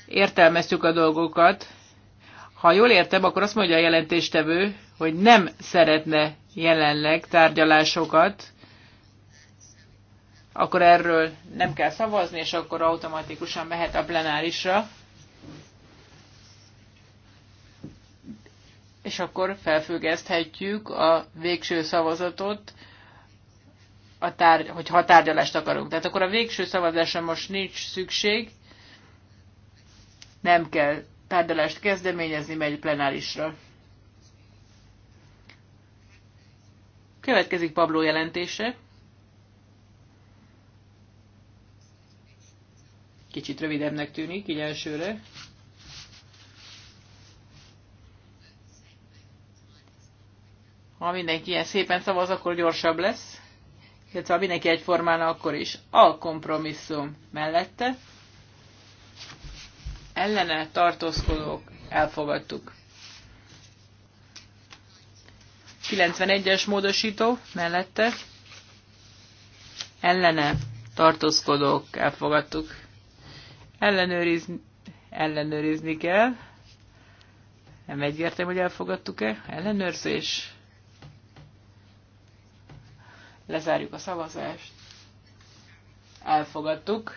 értelmeztük a dolgokat. Ha jól értem, akkor azt mondja a jelentéstevő, hogy nem szeretne jelenleg tárgyalásokat, akkor erről nem kell szavazni, és akkor automatikusan mehet a plenárisra. és akkor felfüggeszthetjük a végső szavazatot, a tárgy, hogyha ha tárgyalást akarunk. Tehát akkor a végső szavazásra most nincs szükség, nem kell tárgyalást kezdeményezni, megy plenárisra. Következik Pablo jelentése. Kicsit rövidebbnek tűnik így elsőre. Ha mindenki ilyen szépen szavaz, akkor gyorsabb lesz. Illetve ha mindenki egyformán, akkor is. A kompromisszum mellette. Ellene tartózkodók elfogadtuk. 91-es módosító mellette. Ellene tartózkodók elfogadtuk. Ellenőrizni, ellenőrizni kell. Nem egyértelmű, hogy elfogadtuk-e. Ellenőrzés. Lezárjuk a szavazást. Elfogadtuk.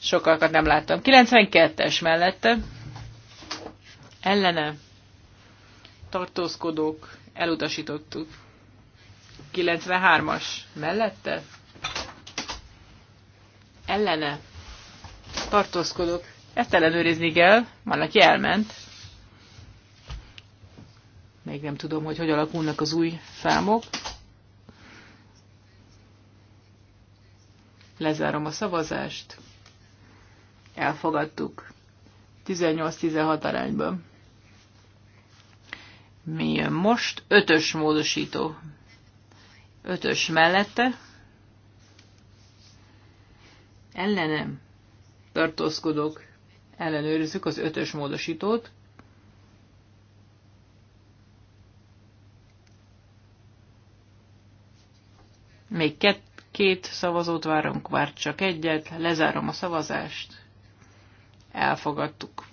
Sokakat nem láttam. 92-es mellette. Ellene. Tartózkodók. Elutasítottuk. 93-as mellette. Ellene. Tartózkodók. Ezt ellenőrizni kell. Van, aki elment. Még nem tudom, hogy hogy alakulnak az új számok. Lezárom a szavazást. Elfogadtuk. 18-16 arányban. Mi jön most? Ötös módosító. Ötös mellette. Ellenem. Tartózkodok. Ellenőrizzük az ötös módosítót. Még kettő Két szavazót várunk, vár csak egyet, lezárom a szavazást. Elfogadtuk.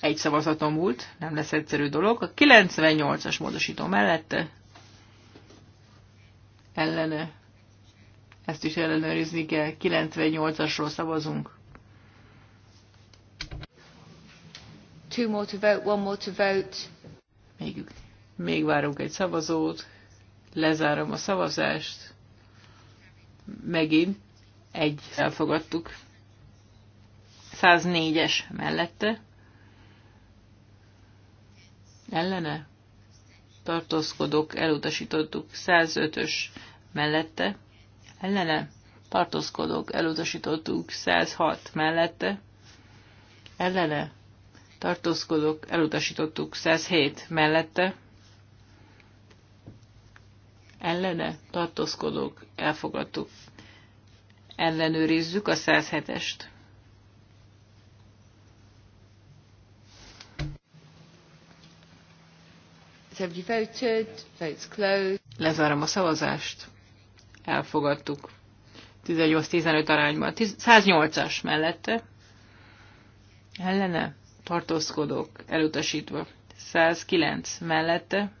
Egy szavazatom múlt, nem lesz egyszerű dolog. A 98-as módosító mellette ellene. Ezt is ellenőrizni kell. 98-asról szavazunk. Two more to vote, one more to vote. Még még várunk egy szavazót, lezárom a szavazást, megint egy elfogadtuk. 104-es mellette. Ellene? Tartózkodok, elutasítottuk. 105-ös mellette. Ellene? Tartózkodok, elutasítottuk. 106 mellette. Ellene? Tartózkodok, elutasítottuk. 107 mellette ellene tartózkodók elfogadtuk. Ellenőrizzük a 107-est. Lezárom a szavazást. Elfogadtuk. 18-15 arányban. 108-as mellette. Ellene. Tartózkodók. Elutasítva. 109 mellette.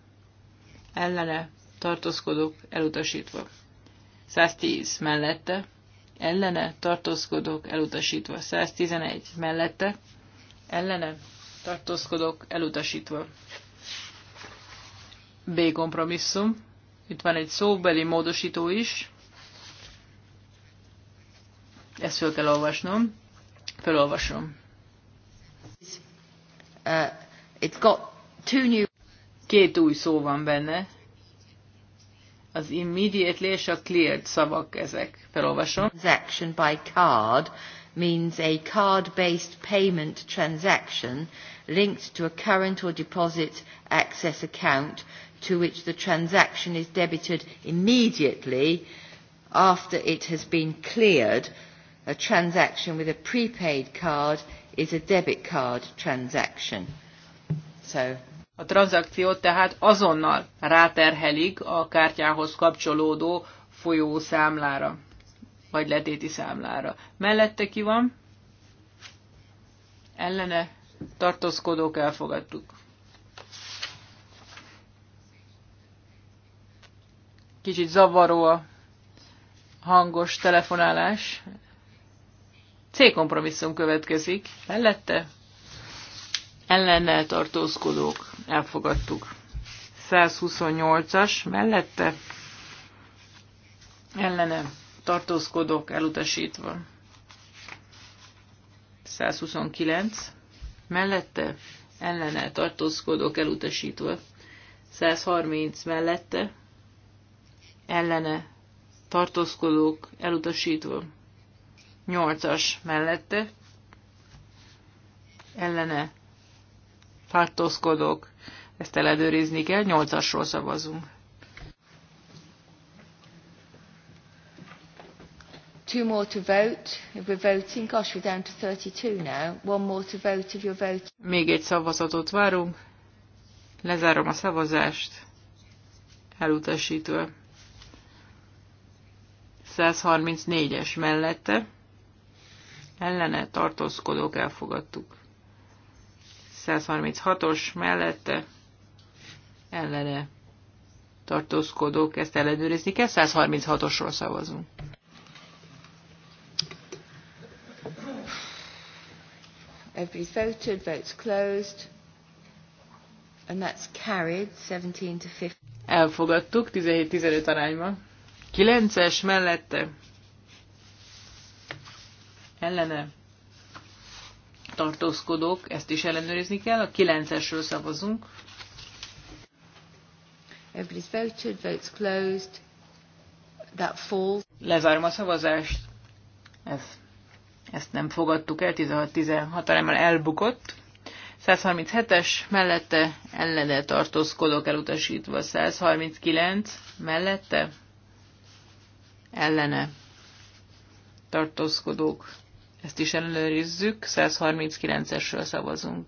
Ellene tartózkodók elutasítva. 110 mellette, ellene tartózkodók elutasítva. 111 mellette, ellene tartózkodók elutasítva. B kompromisszum. Itt van egy szóbeli módosító is. Ezt föl kell olvasnom. Fölolvasom. Uh, it's got two new... Két új szó van benne az immediately és a cleared szavak ezek. Felolvasom. Transaction by card means a card-based payment transaction linked to a current or deposit access account to which the transaction is debited immediately after it has been cleared. A transaction with a prepaid card is a debit card transaction. So a tranzakciót tehát azonnal ráterhelik a kártyához kapcsolódó számlára, vagy letéti számlára. Mellette ki van? Ellene tartózkodók elfogadtuk. Kicsit zavaró a hangos telefonálás. C kompromisszum következik. Mellette ellennel tartózkodók elfogadtuk. 128-as mellette ellene tartózkodók elutasítva. 129 mellette ellene tartózkodók elutasítva. 130 mellette ellene tartózkodók elutasítva. 8-as mellette ellene tartózkodók, ezt eledőrizni kell, Nyolcasról szavazunk. Two more to vote if we're voting. Gosh, we're down to 32 now. One more to vote if you're voting. Még egy szavazatot várunk. Lezárom a szavazást. Elutasítva. 134-es mellette. Ellene tartózkodók elfogadtuk. 136-os mellette ellene tartózkodók, ezt ellenőrizni kell, 136-osról szavazunk. Every voted, votes closed. And that's carried 17 to 15. Elfogadtuk 17-15 arányban. 9-es mellette. Ellene tartózkodók, ezt is ellenőrizni kell. A 9-esről szavazunk. Everybody's voted, votes closed. That falls. Lezárom a szavazást. Ez, ezt nem fogadtuk el, 16-16 arányban elbukott. 137-es mellette ellene tartózkodok elutasítva, 139 mellette ellene tartózkodók ezt is ellenőrizzük, 139-esről szavazunk.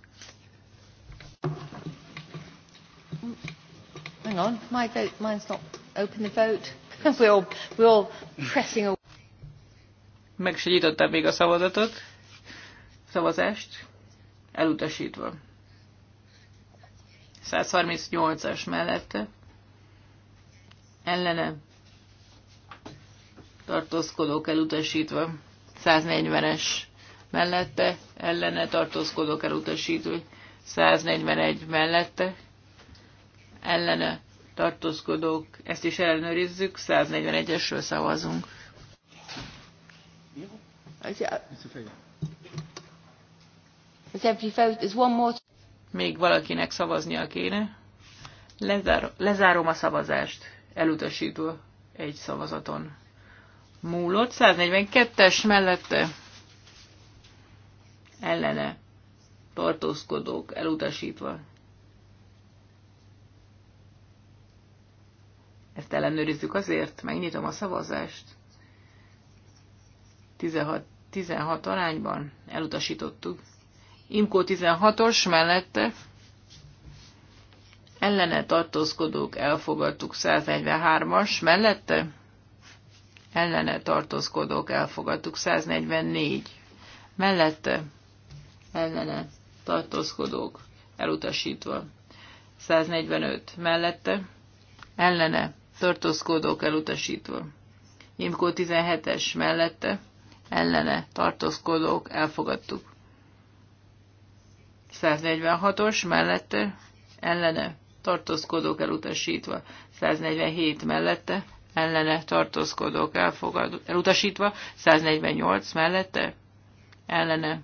Hang on, my vote, mine's not open the vote. We're all, we're all pressing away. Meg se nyitottam még a szavazatot, szavazást, elutasítva. 138-as mellette ellene tartózkodók elutasítva. 140-es mellette, ellene tartózkodok elutasító 141 mellette, ellene tartózkodók, ezt is ellenőrizzük, 141-esről szavazunk. Még valakinek szavaznia kéne. lezárom a szavazást, elutasítva egy szavazaton múlott. 142-es mellette ellene tartózkodók elutasítva. Ezt ellenőrizzük azért, megnyitom a szavazást. 16, 16 arányban elutasítottuk. Imkó 16-os mellette ellene tartózkodók elfogadtuk 143-as mellette ellene tartózkodók elfogadtuk 144 mellette ellene tartózkodók elutasítva 145 mellette ellene tartózkodók elutasítva Imkó 17-es mellette ellene tartózkodók elfogadtuk 146-os mellette ellene tartózkodók elutasítva 147 mellette ellene tartózkodók elfogad, elutasítva, 148 mellette ellene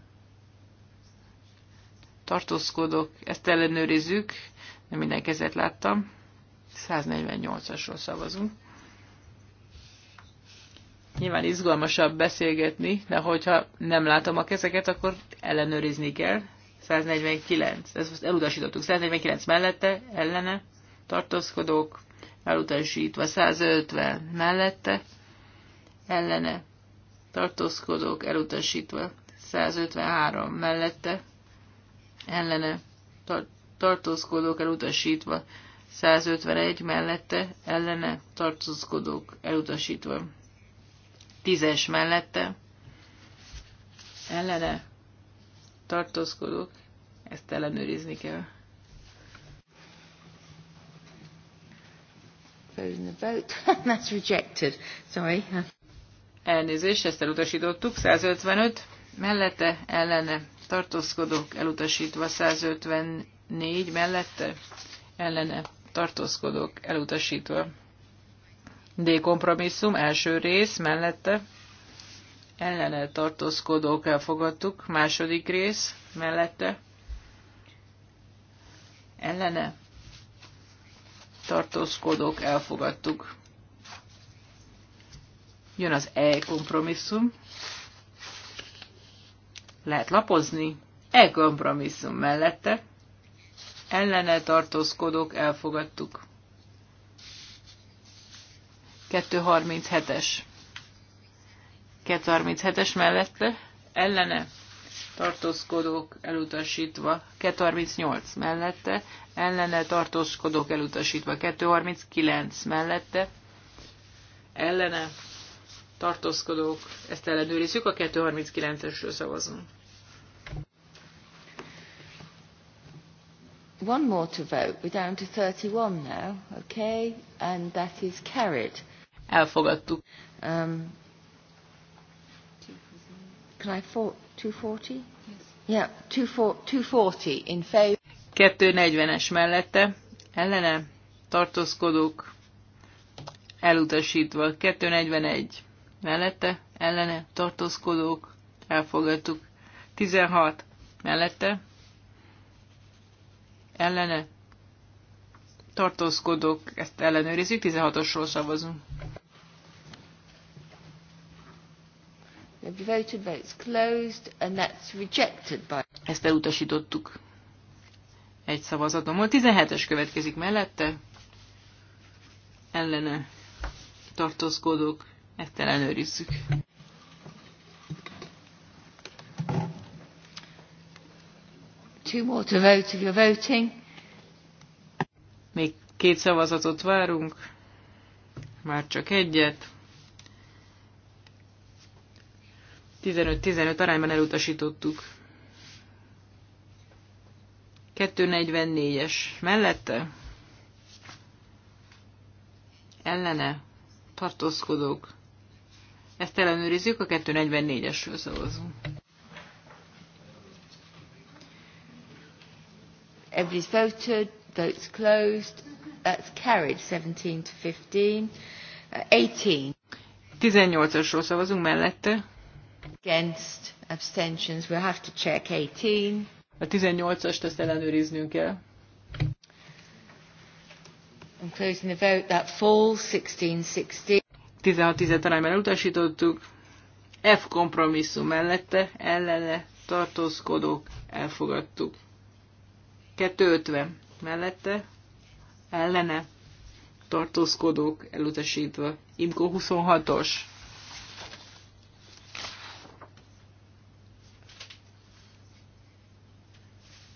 tartózkodók, ezt ellenőrizzük, nem minden kezet láttam, 148-asról szavazunk. Nyilván izgalmasabb beszélgetni, de hogyha nem látom a kezeket, akkor ellenőrizni kell. 149, ezt elutasítottuk, 149 mellette, ellene, tartózkodók, elutasítva 150 mellette, ellene tartózkodók elutasítva 153 mellette, ellene tartózkodók elutasítva 151 mellette, ellene tartózkodók elutasítva 10-es mellette, ellene tartózkodók, ezt ellenőrizni kell. Closing vote. That's rejected. Sorry. ezt elutasítottuk. 155 mellette, ellene tartózkodók elutasítva 154 mellette, ellene tartózkodók elutasítva. D. Kompromisszum első rész mellette, ellene tartózkodók elfogadtuk, második rész mellette, ellene tartózkodók elfogadtuk. Jön az E kompromisszum. Lehet lapozni. E kompromisszum mellette. Ellene tartózkodók elfogadtuk. 237-es. 237-es mellette ellene tartózkodók elutasítva 238 mellette, ellene tartózkodók elutasítva 239 mellette, ellene tartózkodók, ezt ellenőrizzük, a 239-esről szavazunk. One more to vote. We're down to 31 now, okay? And that is carried. Elfogadtuk. Um, can I for 240? 240 in favor. 240-es mellette, ellene, tartózkodók, elutasítva. 241 mellette, ellene, tartózkodók, elfogadtuk. 16 mellette, ellene, tartózkodók, ezt ellenőrizzük, 16-osról szavazunk. you voted? Votes closed, and that's rejected by... Ezt elutasítottuk. Egy szavazatommal. 17-es következik mellette. Ellene tartózkodók. Ezt ellenőrizzük. Two more to vote if you're voting. Még két szavazatot várunk. Már csak egyet. 15-15 arányban elutasítottuk. 244-es mellette ellene tartózkodók. Ezt ellenőrizzük, a 244-esről szavazunk. Everybody's voted, votes closed. That's carried 17 to 15. Uh, 18. 18-asról szavazunk mellette abstentions, we'll have to check 18. A 18-ast ezt ellenőriznünk kell. I'm closing the vote. That falls 16-16. 16-10 arányban elutasítottuk. F kompromisszum mellette, ellene tartózkodók elfogadtuk. 250 mellette, ellene tartózkodók elutasítva. Imko 26-os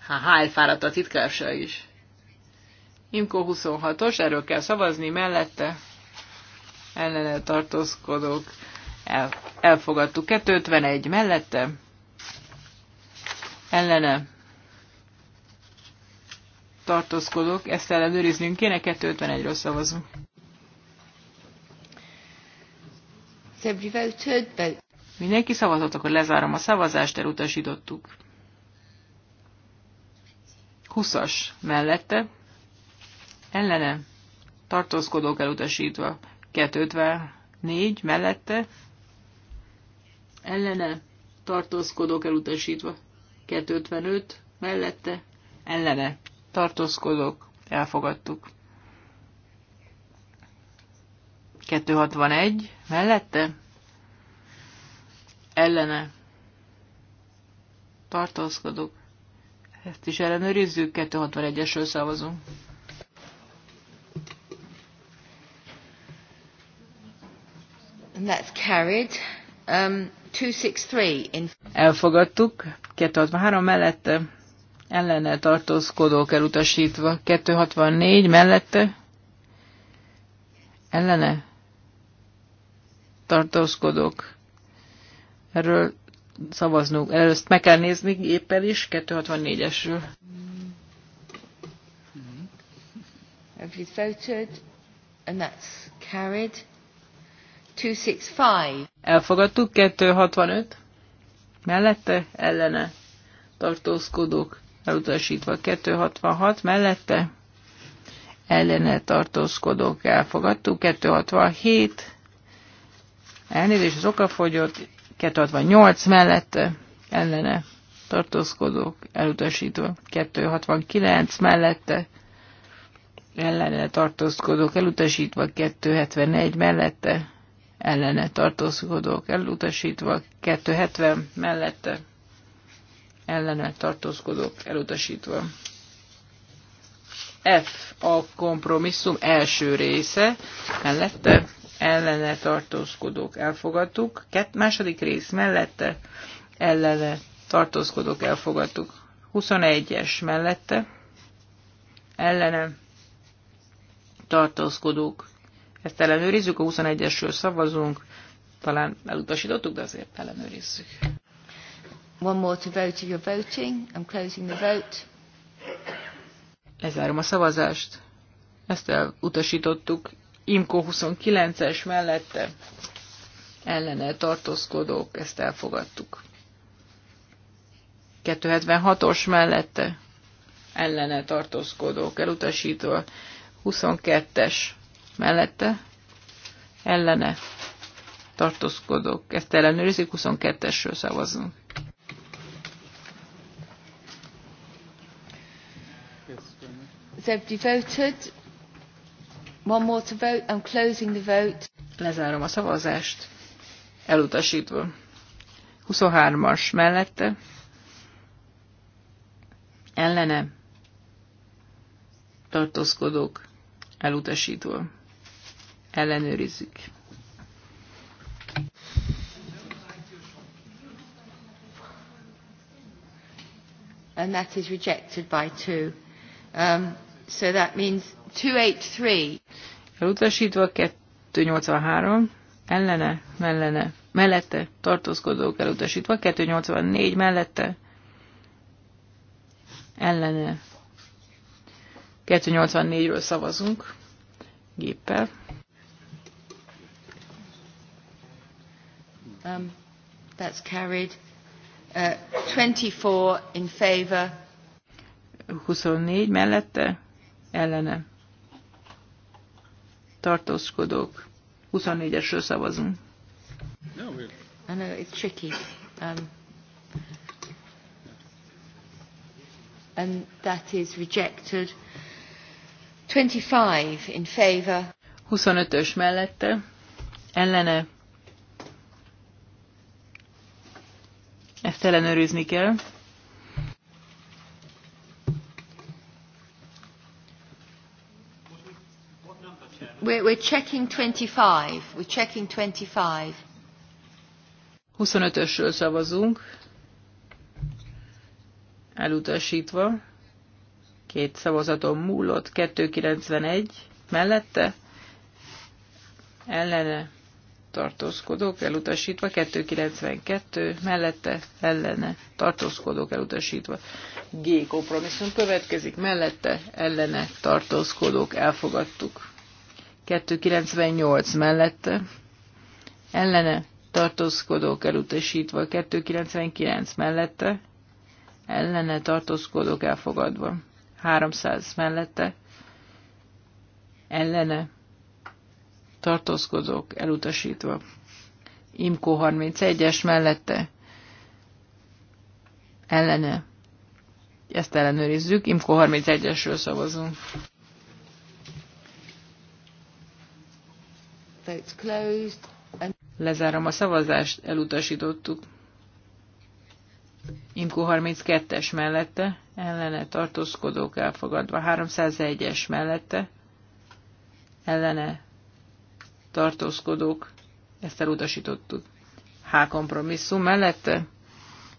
Ha Há, elfáradt a titkársa is. Imko 26-os, erről kell szavazni, mellette ellene tartózkodok. el, elfogadtuk. 251 mellette, ellene tartózkodok, ezt ellenőriznünk kéne, 251-ről szavazunk. Mindenki szavazott, akkor lezárom a szavazást, elutasítottuk. 20-as mellette, ellene tartózkodók elutasítva 254 mellette, ellene tartózkodók elutasítva 255 mellette, ellene tartózkodók elfogadtuk. 261 mellette, ellene tartózkodók ezt is ellenőrizzük, 261-esről szavazunk. And that's carried. Um, 263 in... Elfogadtuk, 263 mellette, ellene tartózkodók elutasítva, 264 mellette, ellene tartózkodók. Erről szavaznunk, először meg kell nézni éppen is, 264-esről. Everybody's mm-hmm. voted, and that's carried. 265. Elfogadtuk, 265. Mellette, ellene. Tartózkodók, elutasítva. 266, mellette. Ellene tartózkodók, elfogadtuk. 267. Elnézést, az okafogyott. 268 mellette ellene tartózkodók elutasítva, 269 mellette ellene tartózkodók elutasítva, 271 mellette ellene tartózkodók elutasítva, 270 mellette ellene tartózkodók elutasítva. F a kompromisszum első része mellette ellene tartózkodók elfogadtuk, Kett, második rész mellette ellene tartózkodók elfogadtuk, 21-es mellette ellene tartózkodók. Ezt ellenőrizzük, a 21-esről szavazunk, talán elutasítottuk, de azért ellenőrizzük. One more to vote if you're voting. I'm closing the vote. Lezárom a szavazást. Ezt elutasítottuk, IMCO 29-es mellette ellene tartózkodók, ezt elfogadtuk. 276-os mellette ellene tartózkodók, elutasítva 22-es mellette ellene tartózkodók. Ezt ellenőrizik, 22-esről szavazunk. Yes, voted. One more to vote. I'm closing the vote. Lezárom a szavazást. Elutasítva. 23-as mellette. Ellene. Tartózkodók. Elutasítva. Ellenőrizzük. And that is rejected by two. Um, So that means 283. Elutasítva 283, ellene, mellene, mellette, tartózkodók elutasítva, 284 mellette, ellene. 284-ről szavazunk géppel. Um, that's carried. Uh, 24 in favor. 24 mellette, ellene tartózkodók. 24-esről szavazunk. No, I know, it's tricky. Um, and that is rejected. 25 in favor. 25-ös mellette, ellene. Ezt ellenőrizni kell. We're, we're checking 25. We're checking 25. 25-ösről szavazunk. Elutasítva. Két szavazaton múlott. 291 mellette. Ellene tartózkodók elutasítva, 292 mellette ellene tartózkodók elutasítva. G kompromisszum következik, mellette ellene tartózkodók elfogadtuk. 298 mellette, ellene tartózkodók elutasítva, 299 mellette, ellene tartózkodók elfogadva, 300 mellette, ellene tartózkodók elutasítva, Imko 31-es mellette, ellene ezt ellenőrizzük. Imko 31-esről szavazunk. Lezárom a szavazást, elutasítottuk. Imkó 32-es mellette, ellene tartózkodók elfogadva, 301-es mellette, ellene tartózkodók, ezt elutasítottuk. H kompromisszum mellette,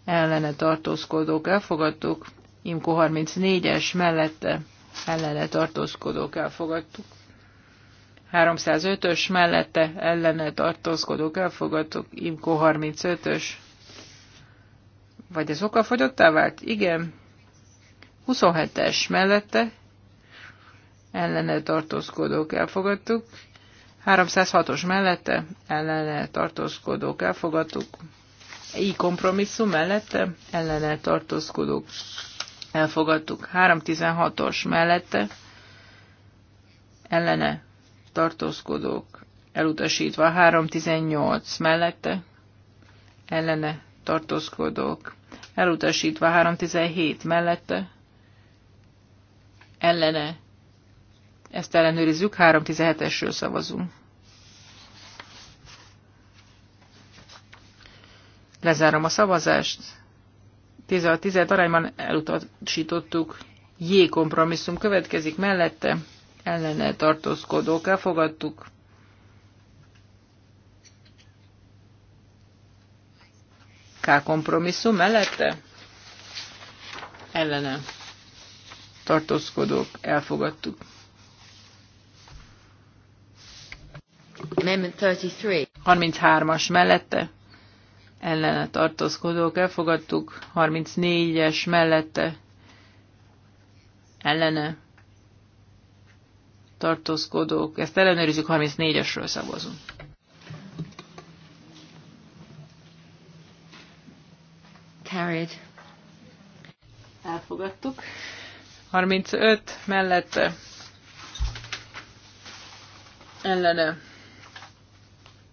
ellene tartózkodók elfogadtuk, Imkó 34-es mellette, ellene tartózkodók elfogadtuk. 305-ös mellette ellene tartózkodók elfogadtuk, Imko 35-ös. Vagy ez okafogyottá vált? Igen. 27-es mellette ellene tartózkodók elfogadtuk, 306-os mellette ellene tartózkodók elfogadtuk, így kompromisszum mellette ellene tartózkodók elfogadtuk, 316-os mellette ellene tartózkodók elutasítva, 318 mellette ellene tartózkodók elutasítva, 317 mellette ellene ezt ellenőrizzük, 317-esről szavazunk. Lezárom a szavazást. 10 a 10 arányban elutasítottuk. J kompromisszum következik mellette ellene tartózkodók elfogadtuk. K kompromisszum mellette ellene tartózkodók elfogadtuk. Amendment 33. 33-as mellette ellene tartózkodók elfogadtuk, 34-es mellette ellene tartózkodók, ezt ellenőrizzük, 34-esről szavazunk. Carried. Elfogadtuk. 35 mellette. Ellene.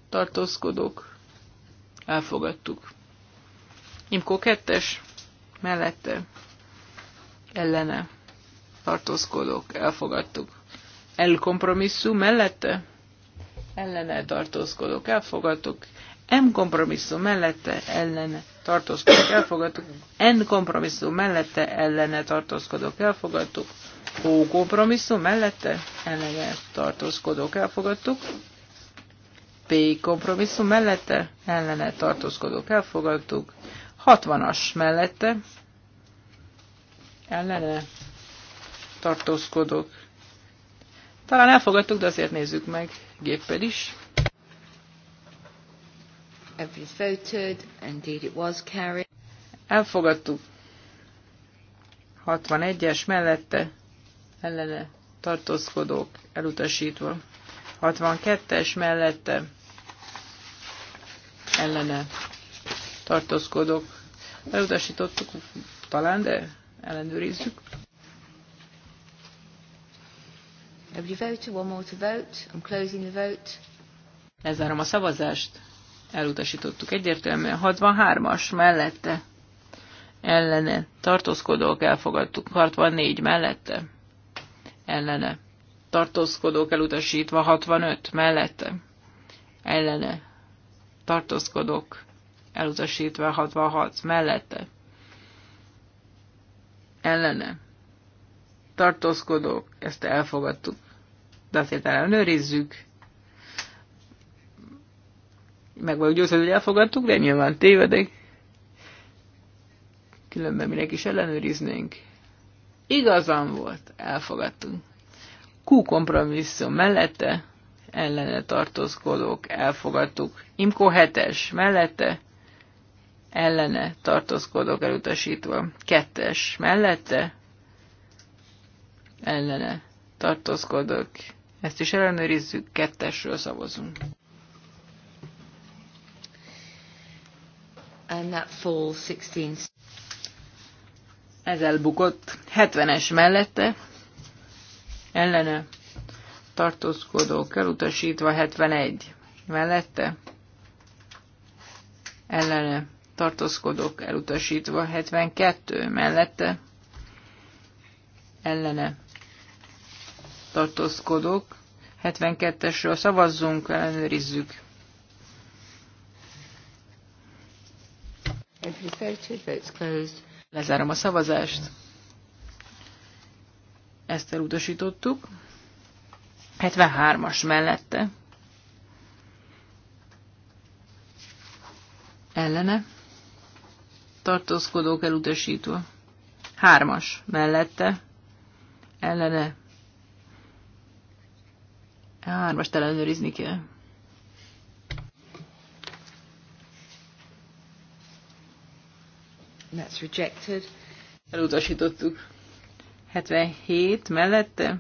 Tartózkodók. Elfogadtuk. Imkó 2 mellette. Ellene. Tartózkodók. Elfogadtuk el elkompromisszum mellette ellene tartózkodok, elfogadok. M kompromisszum mellette ellene tartózkodok, elfogadok. N kompromisszum mellette ellene tartózkodok, elfogadtuk. O kompromisszum mellette ellene tartózkodok, elfogadtuk. P kompromisszum mellette ellene tartózkodok, elfogadtuk. 60-as mellette ellene tartózkodok, talán elfogadtuk, de azért nézzük meg géppel is. voted, indeed it was carried. Elfogadtuk. 61-es mellette ellene tartózkodók elutasítva. 62-es mellette ellene tartózkodók elutasítottuk talán, de ellenőrizzük. Everybody one more to vote. I'm closing the vote. Lezárom a szavazást. Elutasítottuk egyértelműen. 63-as mellette. Ellene. Tartózkodók elfogadtuk. 64 mellette. Ellene. Tartózkodók elutasítva. 65 mellette. Ellene. Tartózkodók elutasítva. 66 mellette. Ellene tartózkodók, ezt elfogadtuk de azért ellenőrizzük. Meg vagyok győződve, hogy elfogadtuk, de nyilván tévedek. Különben minek is ellenőriznénk. Igazam volt, elfogadtunk. Q kompromisszum mellette, ellene tartózkodók, elfogadtuk. Imko 7-es mellette, ellene tartózkodók elutasítva. Kettes mellette, ellene tartózkodók ezt is ellenőrizzük, kettesről szavazunk. And that fall 16. Ez elbukott. 70-es mellette. Ellene. Tartózkodók elutasítva 71. Mellette. Ellene. Tartózkodók elutasítva 72. Mellette. Ellene tartózkodok. 72-esről szavazzunk, ellenőrizzük. Lezárom a szavazást. Ezt elutasítottuk. 73-as mellette. Ellene. Tartózkodók elutasítva. Hármas mellette. Ellene Hármast ellenőrizni kell. That's rejected. Elutasítottuk. 77 mellette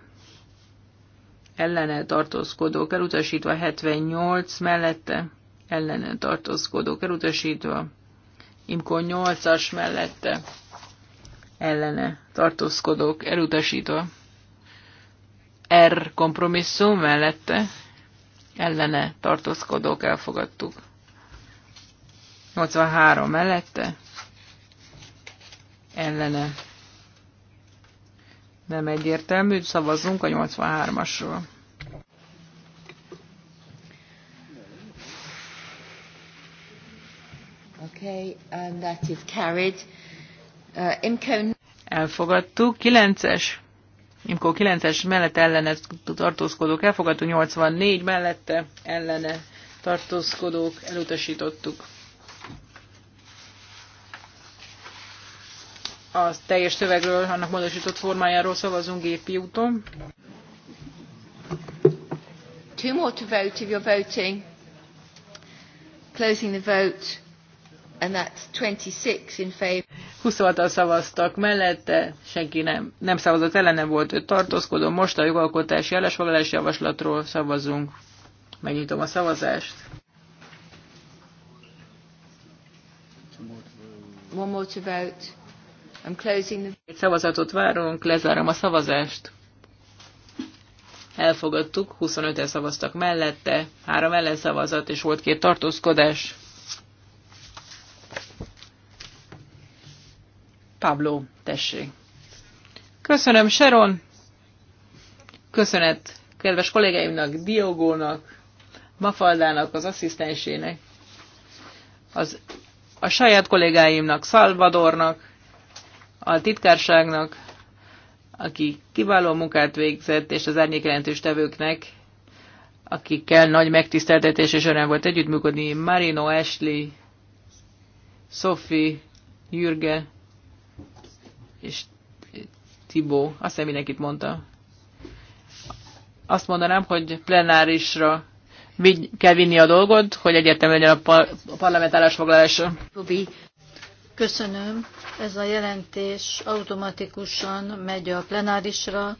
ellene tartózkodók elutasítva, 78 mellette ellene tartózkodók elutasítva, Imko 8-as mellette ellene tartózkodók elutasítva, R kompromisszum mellette ellene tartózkodók elfogadtuk. 83 mellette ellene nem egyértelmű, szavazzunk a 83-asról. Okay, and that is carried. Uh, Imco... Elfogadtuk. 9-es Imkó 9-es mellett ellene tartózkodók elfogadó, 84 mellette ellene tartózkodók elutasítottuk. A teljes szövegről, annak módosított formájáról szavazunk gépi úton. Two more to vote if you're voting. Closing the vote. And that's 26 in favor. 26-an szavaztak mellette, senki nem, nem szavazott ellene volt, ő tartózkodó. Most a jogalkotási állásfoglalási javaslatról szavazunk. Megnyitom a szavazást. One more to vote. I'm closing the... Egy szavazatot várunk, lezárom a szavazást. Elfogadtuk, 25-en szavaztak mellette, három ellenszavazat és volt két tartózkodás. Pablo, tessék. Köszönöm Sharon, köszönet kedves kollégáimnak, Diogónak, Mafaldának, az asszisztensének, az, a saját kollégáimnak, Salvadornak, a titkárságnak, aki kiváló munkát végzett, és az árnyékjelentős tevőknek, akikkel nagy megtiszteltetés és öröm volt együttműködni, Marino, Ashley, Sophie, Jürgen, és Tibó, azt hiszem mindenkit mondta. Azt mondanám, hogy plenárisra vigy, kell vinni a dolgot, hogy egyértelmű legyen a, par a parlament állásfoglalása. Robi, köszönöm. Ez a jelentés automatikusan megy a plenárisra.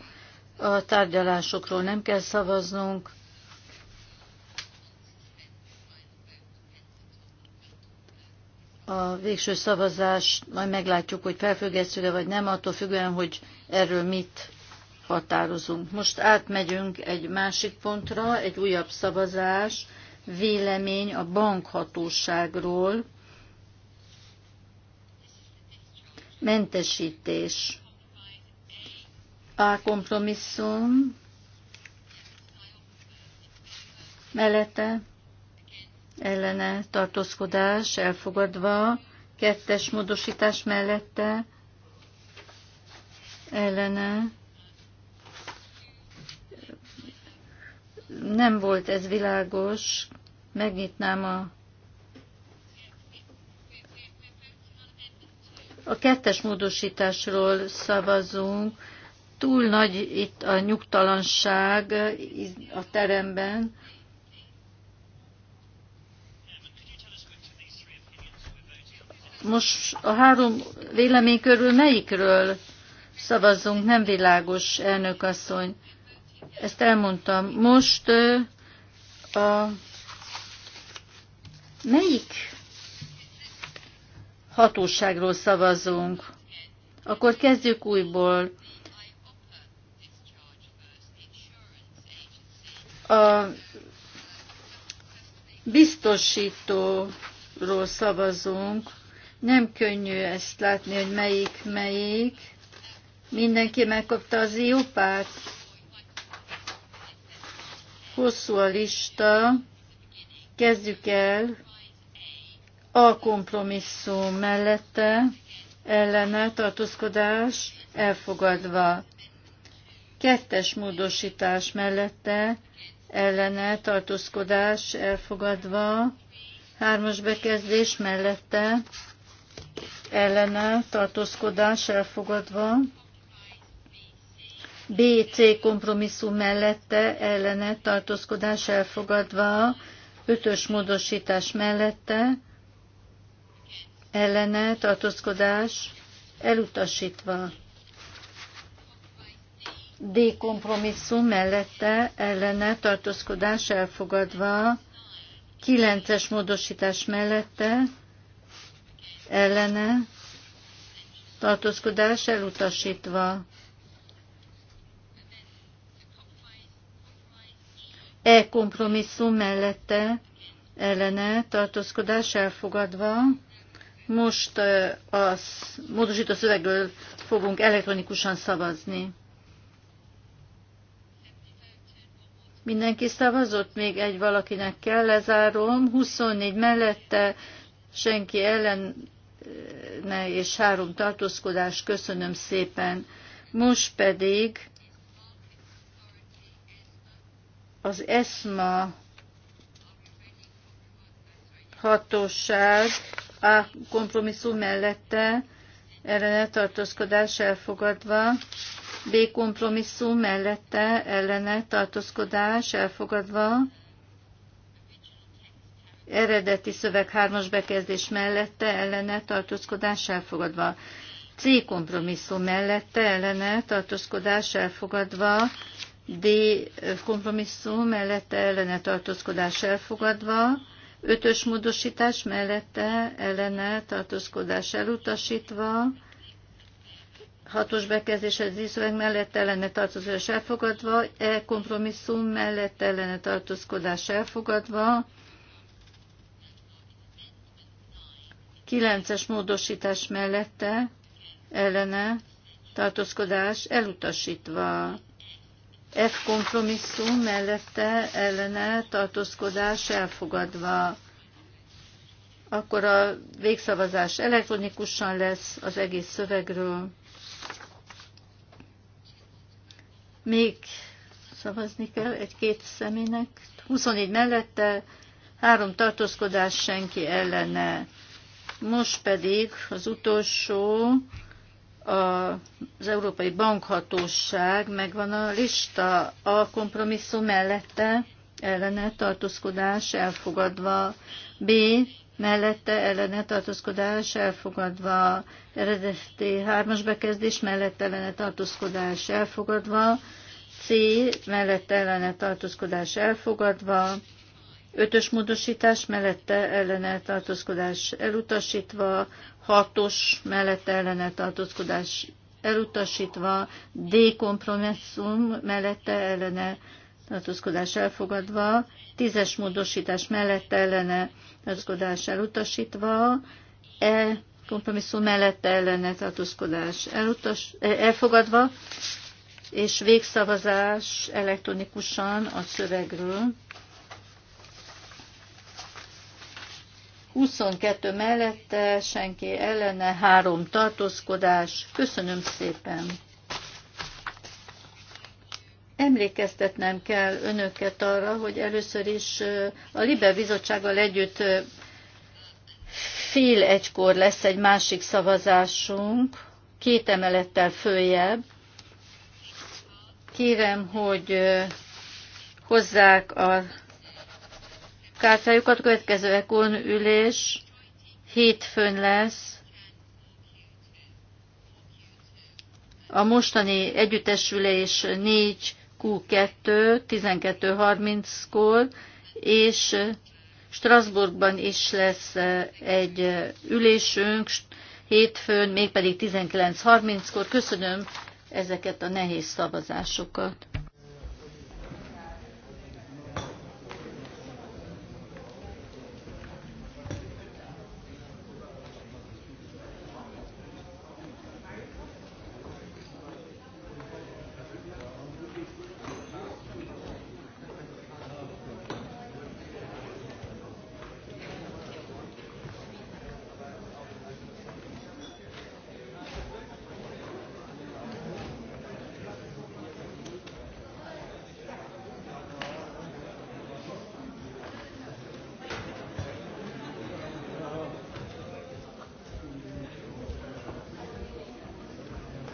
A tárgyalásokról nem kell szavaznunk, a végső szavazás, majd meglátjuk, hogy felfüggesztő vagy nem, attól függően, hogy erről mit határozunk. Most átmegyünk egy másik pontra, egy újabb szavazás, vélemény a bankhatóságról, mentesítés. A kompromisszum mellette ellene tartózkodás elfogadva, kettes módosítás mellette ellene nem volt ez világos, megnyitnám a A kettes módosításról szavazunk. Túl nagy itt a nyugtalanság a teremben. Most a három vélemény körül melyikről szavazzunk? Nem világos, elnök asszony. Ezt elmondtam. Most a melyik hatóságról szavazunk? Akkor kezdjük újból. A biztosítóról szavazunk. Nem könnyű ezt látni, hogy melyik melyik. Mindenki megkapta az iopát. Hosszú a lista. Kezdjük el. A kompromisszum mellette ellene tartózkodás elfogadva. Kettes módosítás mellette ellene tartózkodás elfogadva. Hármas bekezdés mellette ellene tartózkodás elfogadva, BC kompromisszum mellette ellene tartózkodás elfogadva, ötös módosítás mellette ellene tartózkodás elutasítva. D kompromisszum mellette ellene tartózkodás elfogadva, 9-es módosítás mellette ellene tartózkodás elutasítva. E kompromisszum mellette ellene tartózkodás elfogadva. Most a módosító szövegről fogunk elektronikusan szavazni. Mindenki szavazott, még egy valakinek kell, lezárom. 24 mellette, senki ellen ne és három tartózkodás. Köszönöm szépen. Most pedig az ESMA hatóság a kompromisszum mellette ellene tartózkodás elfogadva, B kompromisszum mellette ellene tartózkodás elfogadva, eredeti szöveg hármas bekezdés mellette ellene tartózkodás elfogadva. C kompromisszum mellette ellene tartózkodás elfogadva. D kompromisszum mellette ellene tartózkodás elfogadva. Ötös módosítás mellette ellene tartózkodás elutasítva. Hatos bekezdés az iszöveg mellett ellene tartózkodás elfogadva. E kompromisszum mellett ellene tartózkodás elfogadva. Kilences módosítás mellette ellene tartózkodás elutasítva. F kompromisszum mellette ellene tartózkodás elfogadva. Akkor a végszavazás elektronikusan lesz az egész szövegről. Még szavazni kell egy-két személynek. 24 mellette, három tartózkodás senki ellene. Most pedig az utolsó, az Európai Bankhatóság, megvan a lista a kompromisszum mellette, ellene tartózkodás elfogadva, B mellette ellene tartózkodás elfogadva, eredeti hármas bekezdés mellette ellene tartózkodás elfogadva, C mellette ellene tartózkodás elfogadva, Ötös módosítás mellette ellene tartózkodás elutasítva, hatos mellette ellene tartózkodás elutasítva, D kompromisszum mellette ellene tartózkodás elfogadva, tízes módosítás mellette ellene tartózkodás elutasítva, E kompromisszum mellette ellene tartózkodás elutas, e, elfogadva, és végszavazás elektronikusan a szövegről. 22 mellette, senki ellene, három tartózkodás. Köszönöm szépen! Emlékeztetnem kell önöket arra, hogy először is a Libe Bizottsággal együtt fél egykor lesz egy másik szavazásunk, két emelettel följebb. Kérem, hogy hozzák a kártyájukat. Következő ekon ülés hétfőn lesz. A mostani együttesülés 4 Q2 12.30-kor, és Strasbourgban is lesz eh, egy eh, ülésünk hétfőn, mégpedig 19.30-kor. Köszönöm ezeket a nehéz szavazásokat.